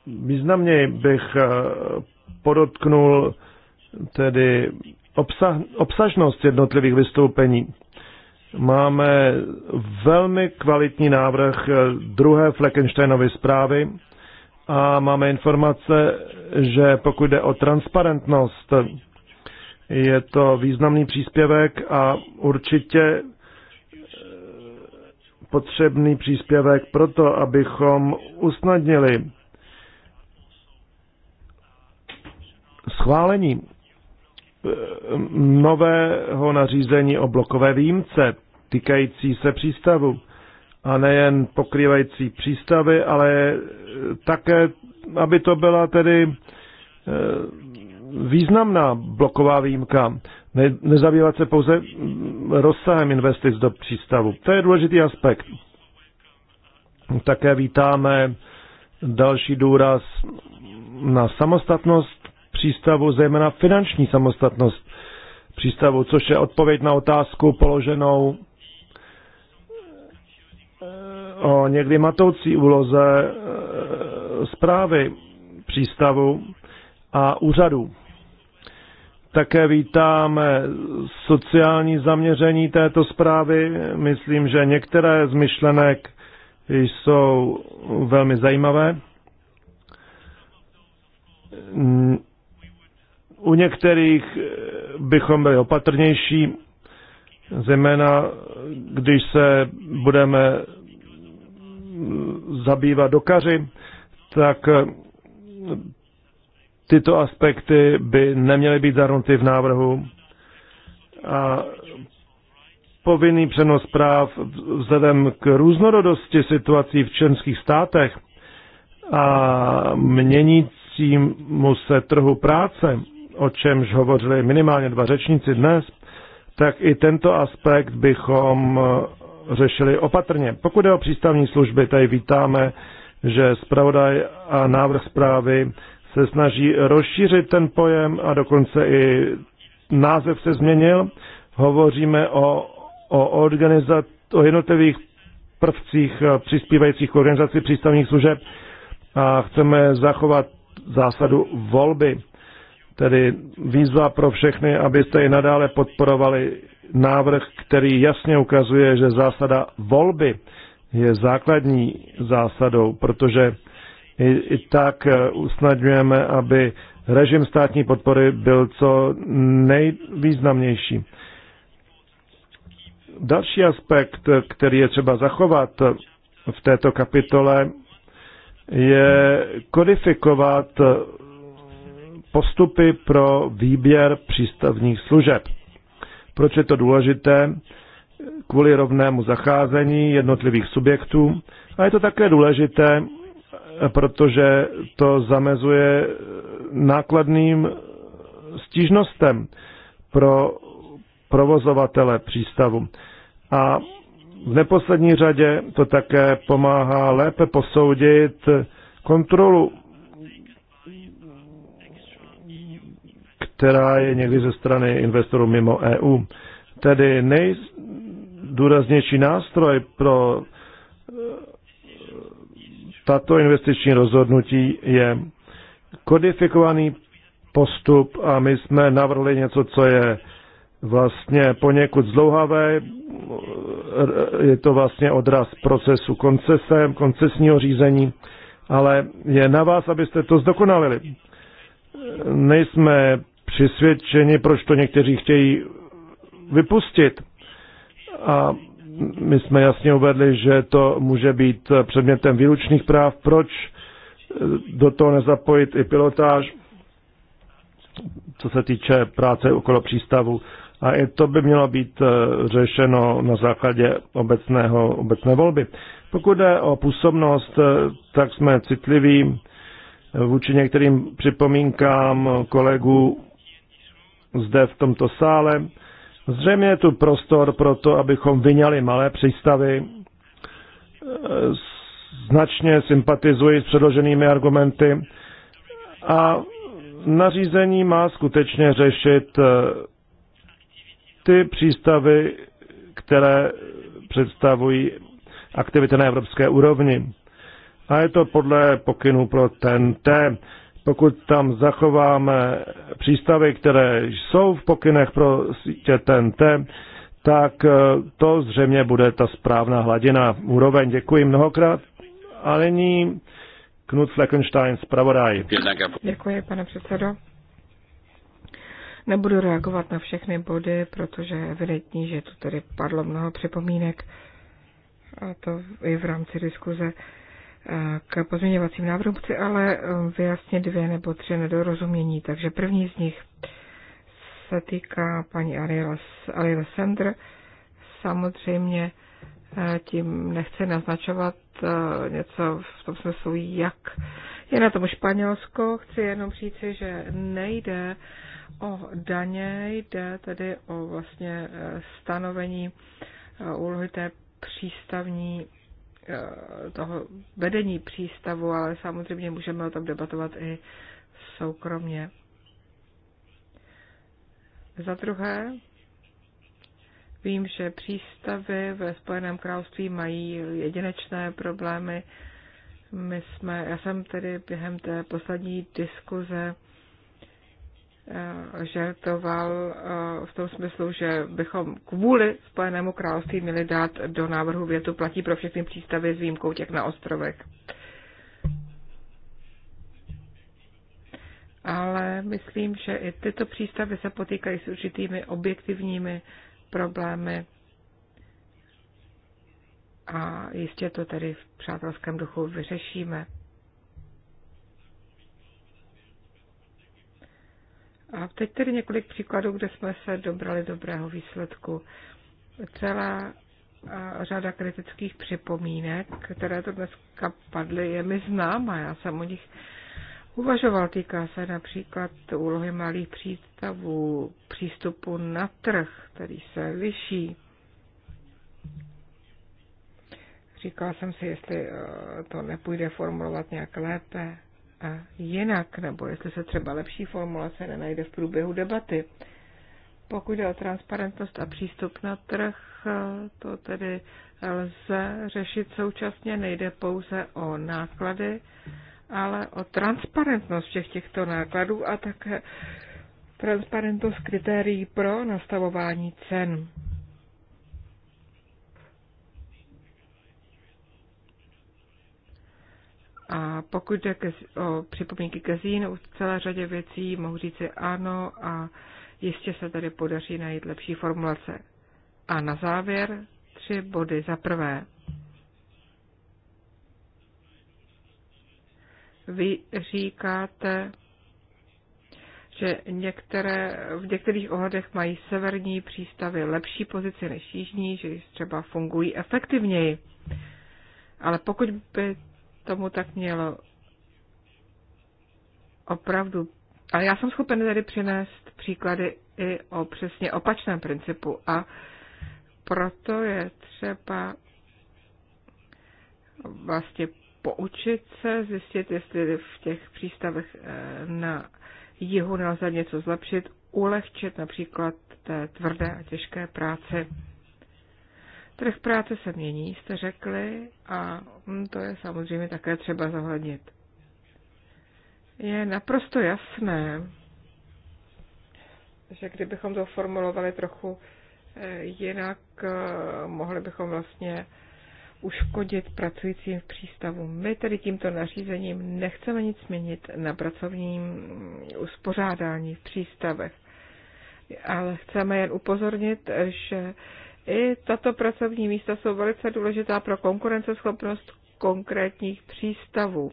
významněji bych eh, podotknul tedy obsah, obsažnost jednotlivých vystoupení. Máme velmi kvalitní návrh eh, druhé Fleckensteinovy zprávy a máme informace, že pokud jde o transparentnost, je to významný příspěvek a určitě eh, potřebný příspěvek proto, abychom usnadnili schválení Eh, nového nařízení o blokové výjimce týkající se přístavu. A nejen pokrývající přístavy, ale eh, také, aby to byla tedy eh, významná bloková výjimka. Ne, nezabývat se pouze mm, rozsahem investic do přístavu. To je důležitý aspekt. Také vítáme další důraz na samostatnost přístavu, zejména finanční samostatnost přístavu, což je odpověď na otázku položenou eh, o někdy matoucí úloze eh, zprávy přístavu a úřadu. Také vítáme sociální zaměření této zprávy. Myslím, že některé z myšlenek jsou velmi zajímavé. U některých eh, bychom byli opatrnější, zejména když se budeme mm, zabývat dokaři, tak eh, tyto aspekty by neměly být zahrnuty v návrhu. A povinný přenos práv vzhledem k různorodosti situací v členských státech a měnícímu se trhu práce o čemž hovořili minimálně dva řečníci dnes, tak i tento aspekt bychom eh, řešili opatrně. Pokud je o přístavní služby, tady vítáme, že zpravodaj a návrh zprávy se snaží rozšířit ten pojem a dokonce i název se změnil. Hovoříme o, o, organiza- o jednotlivých prvcích eh, přispívajících k organizaci přístavních služeb a chceme zachovat zásadu volby. Tedy výzva pro všechny, abyste i nadále podporovali návrh, který jasně ukazuje, že zásada volby je základní zásadou, protože i, i tak eh, usnadňujeme, aby režim státní podpory byl co nejvýznamnější. Další aspekt, eh, který je třeba zachovat eh, v této kapitole, je kodifikovat postupy pro výběr přístavních služeb. Proč je to důležité? Kvůli rovnému zacházení jednotlivých subjektů. A je to také důležité, protože to zamezuje nákladným stížnostem pro provozovatele přístavu. A v neposlední řadě to také pomáhá lépe posoudit kontrolu která je někdy ze strany investorů mimo EU. Tedy nejdůraznější nástroj pro eh, tato investiční rozhodnutí je kodifikovaný postup a my jsme navrhli něco, co je vlastně poněkud zlouhavé. Eh, je to vlastně odraz procesu koncese, koncesního řízení, ale je na vás, abyste to zdokonalili. Eh, nejsme přisvědčeni, proč to někteří chtějí vypustit. A my jsme jasně uvedli, že to může být předmětem výlučných práv. Proč do toho nezapojit i pilotáž, co se týče práce okolo přístavu. A i to by mělo být eh, řešeno na základě obecného, obecné volby. Pokud jde o působnost, eh, tak jsme citliví vůči některým připomínkám kolegů zde v tomto sále. Zřejmě je tu prostor pro to, abychom vyňali malé přístavy. E, značně sympatizuji s předloženými argumenty a nařízení má skutečně řešit e, ty přístavy, které představují aktivity na evropské úrovni. A je to podle pokynů pro té pokud tam zachováme přístavy, které jsou v pokynech pro sítě TNT, tak eh, to zřejmě bude ta správná hladina. Úroveň děkuji mnohokrát. A nyní Knut Fleckenstein, zpravodaj. Děkuji, pane předsedo. Nebudu reagovat na všechny body, protože je evidentní, že tu tady padlo mnoho připomínek a to i v rámci diskuze k pozměňovacím návrhům chci ale um, vyjasnit dvě nebo tři nedorozumění. Takže první z nich se týká paní Ariela Sender. Samozřejmě e, tím nechci naznačovat e, něco v tom smyslu, jak je na tom Španělsko. Chci jenom říci, že nejde o daně, jde tedy o vlastně e, stanovení úlohy té přístavní Eh, toho vedení přístavu, ale samozřejmě můžeme o tom debatovat i soukromně. Za druhé, vím, že přístavy ve Spojeném království mají jedinečné problémy. My jsme, já jsem tedy během té poslední diskuze Eh, žertoval eh, v tom smyslu, že bychom kvůli Spojenému království měli dát do návrhu větu platí pro všechny přístavy s výjimkou těch na ostrovek, Ale myslím, že i tyto přístavy se potýkají s určitými objektivními problémy a jistě to tedy v přátelském duchu vyřešíme. A teď tedy několik příkladů, kde jsme se dobrali dobrého výsledku. Celá řada kritických připomínek, které to dneska padly, je mi známa. Já jsem o nich uvažoval. Týká se například úlohy malých přístavů, přístupu na trh, který se liší. Říkal jsem si, jestli e, to nepůjde formulovat nějak lépe jinak, nebo jestli se třeba lepší formulace nenajde v průběhu debaty. Pokud jde o transparentnost a přístup na trh, to tedy lze řešit současně, nejde pouze o náklady, ale o transparentnost všech těchto nákladů a také transparentnost kritérií pro nastavování cen. A pokud jde ke, o připomínky ke zínu, u celé řadě věcí mohu říci ano a jistě se tady podaří najít lepší formulace. A na závěr tři body. Za prvé, vy říkáte, že některé, v některých ohledech mají severní přístavy lepší pozici než jižní, že třeba fungují efektivněji. Ale pokud by tomu tak mělo opravdu. Ale já jsem schopen tady přinést příklady i o přesně opačném principu a proto je třeba vlastně poučit se, zjistit, jestli v těch přístavech eh, na jihu nelze něco zlepšit, ulehčit například té tvrdé a těžké práci. Trh práce se mění, jste řekli, a hm, to je samozřejmě také třeba zohlednit. Je naprosto jasné, že kdybychom to formulovali trochu eh, jinak, eh, mohli bychom vlastně uškodit pracujícím v přístavu. My tedy tímto nařízením nechceme nic měnit na pracovním mm, uspořádání v přístavech, ale chceme jen upozornit, že i tato pracovní místa jsou velice důležitá pro konkurenceschopnost konkrétních přístavů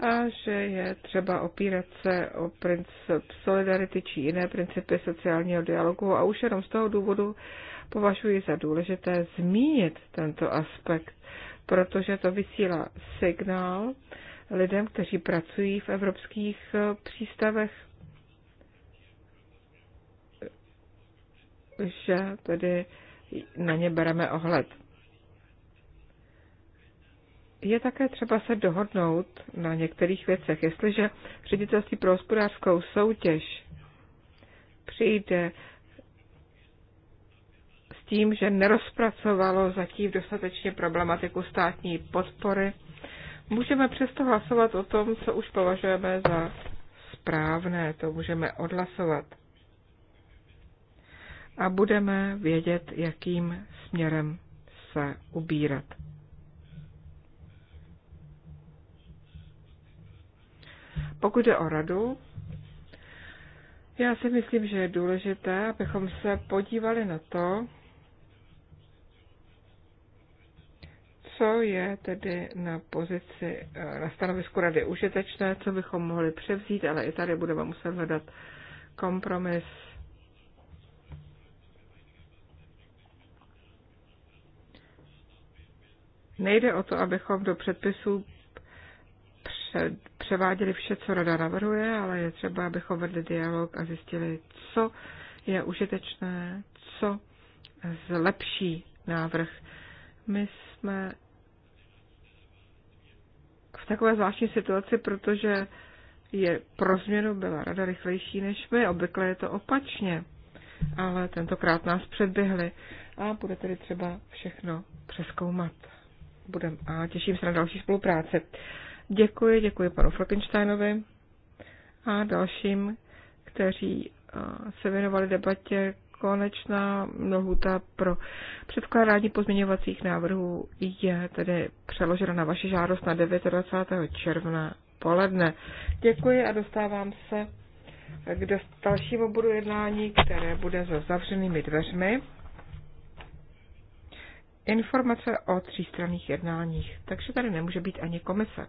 a že je třeba opírat se o princip solidarity či jiné principy sociálního dialogu a už jenom z toho důvodu považuji za důležité zmínit tento aspekt, protože to vysílá signál lidem, kteří pracují v evropských eh, přístavech, že tedy na ně bereme ohled. Je také třeba se dohodnout na některých věcech. Jestliže ředitelství pro hospodářskou soutěž přijde s tím, že nerozpracovalo zatím dostatečně problematiku státní podpory, můžeme přesto hlasovat o tom, co už považujeme za správné. To můžeme odhlasovat a budeme vědět, jakým směrem se ubírat. Pokud jde o radu, já si myslím, že je důležité, abychom se podívali na to, co je tedy na pozici, eh, na stanovisku rady užitečné, co bychom mohli převzít, ale i tady budeme muset hledat kompromis Nejde o to, abychom do předpisů převáděli vše, co rada navrhuje, ale je třeba, abychom vedli dialog a zjistili, co je užitečné, co zlepší návrh. My jsme v takové zvláštní situaci, protože je pro změnu byla rada rychlejší než my, obvykle je to opačně, ale tentokrát nás předběhli a bude tedy třeba všechno přeskoumat budem a těším se na další spolupráce. Děkuji, děkuji panu Frankensteinovi a dalším, kteří se věnovali debatě. Konečná mnohuta pro předkládání pozměňovacích návrhů je tedy přeložena na vaši žádost na 29. června poledne. Děkuji a dostávám se k dalšímu bodu jednání, které bude za zavřenými dveřmi informace o třístranných jednáních, takže tady nemůže být ani komise.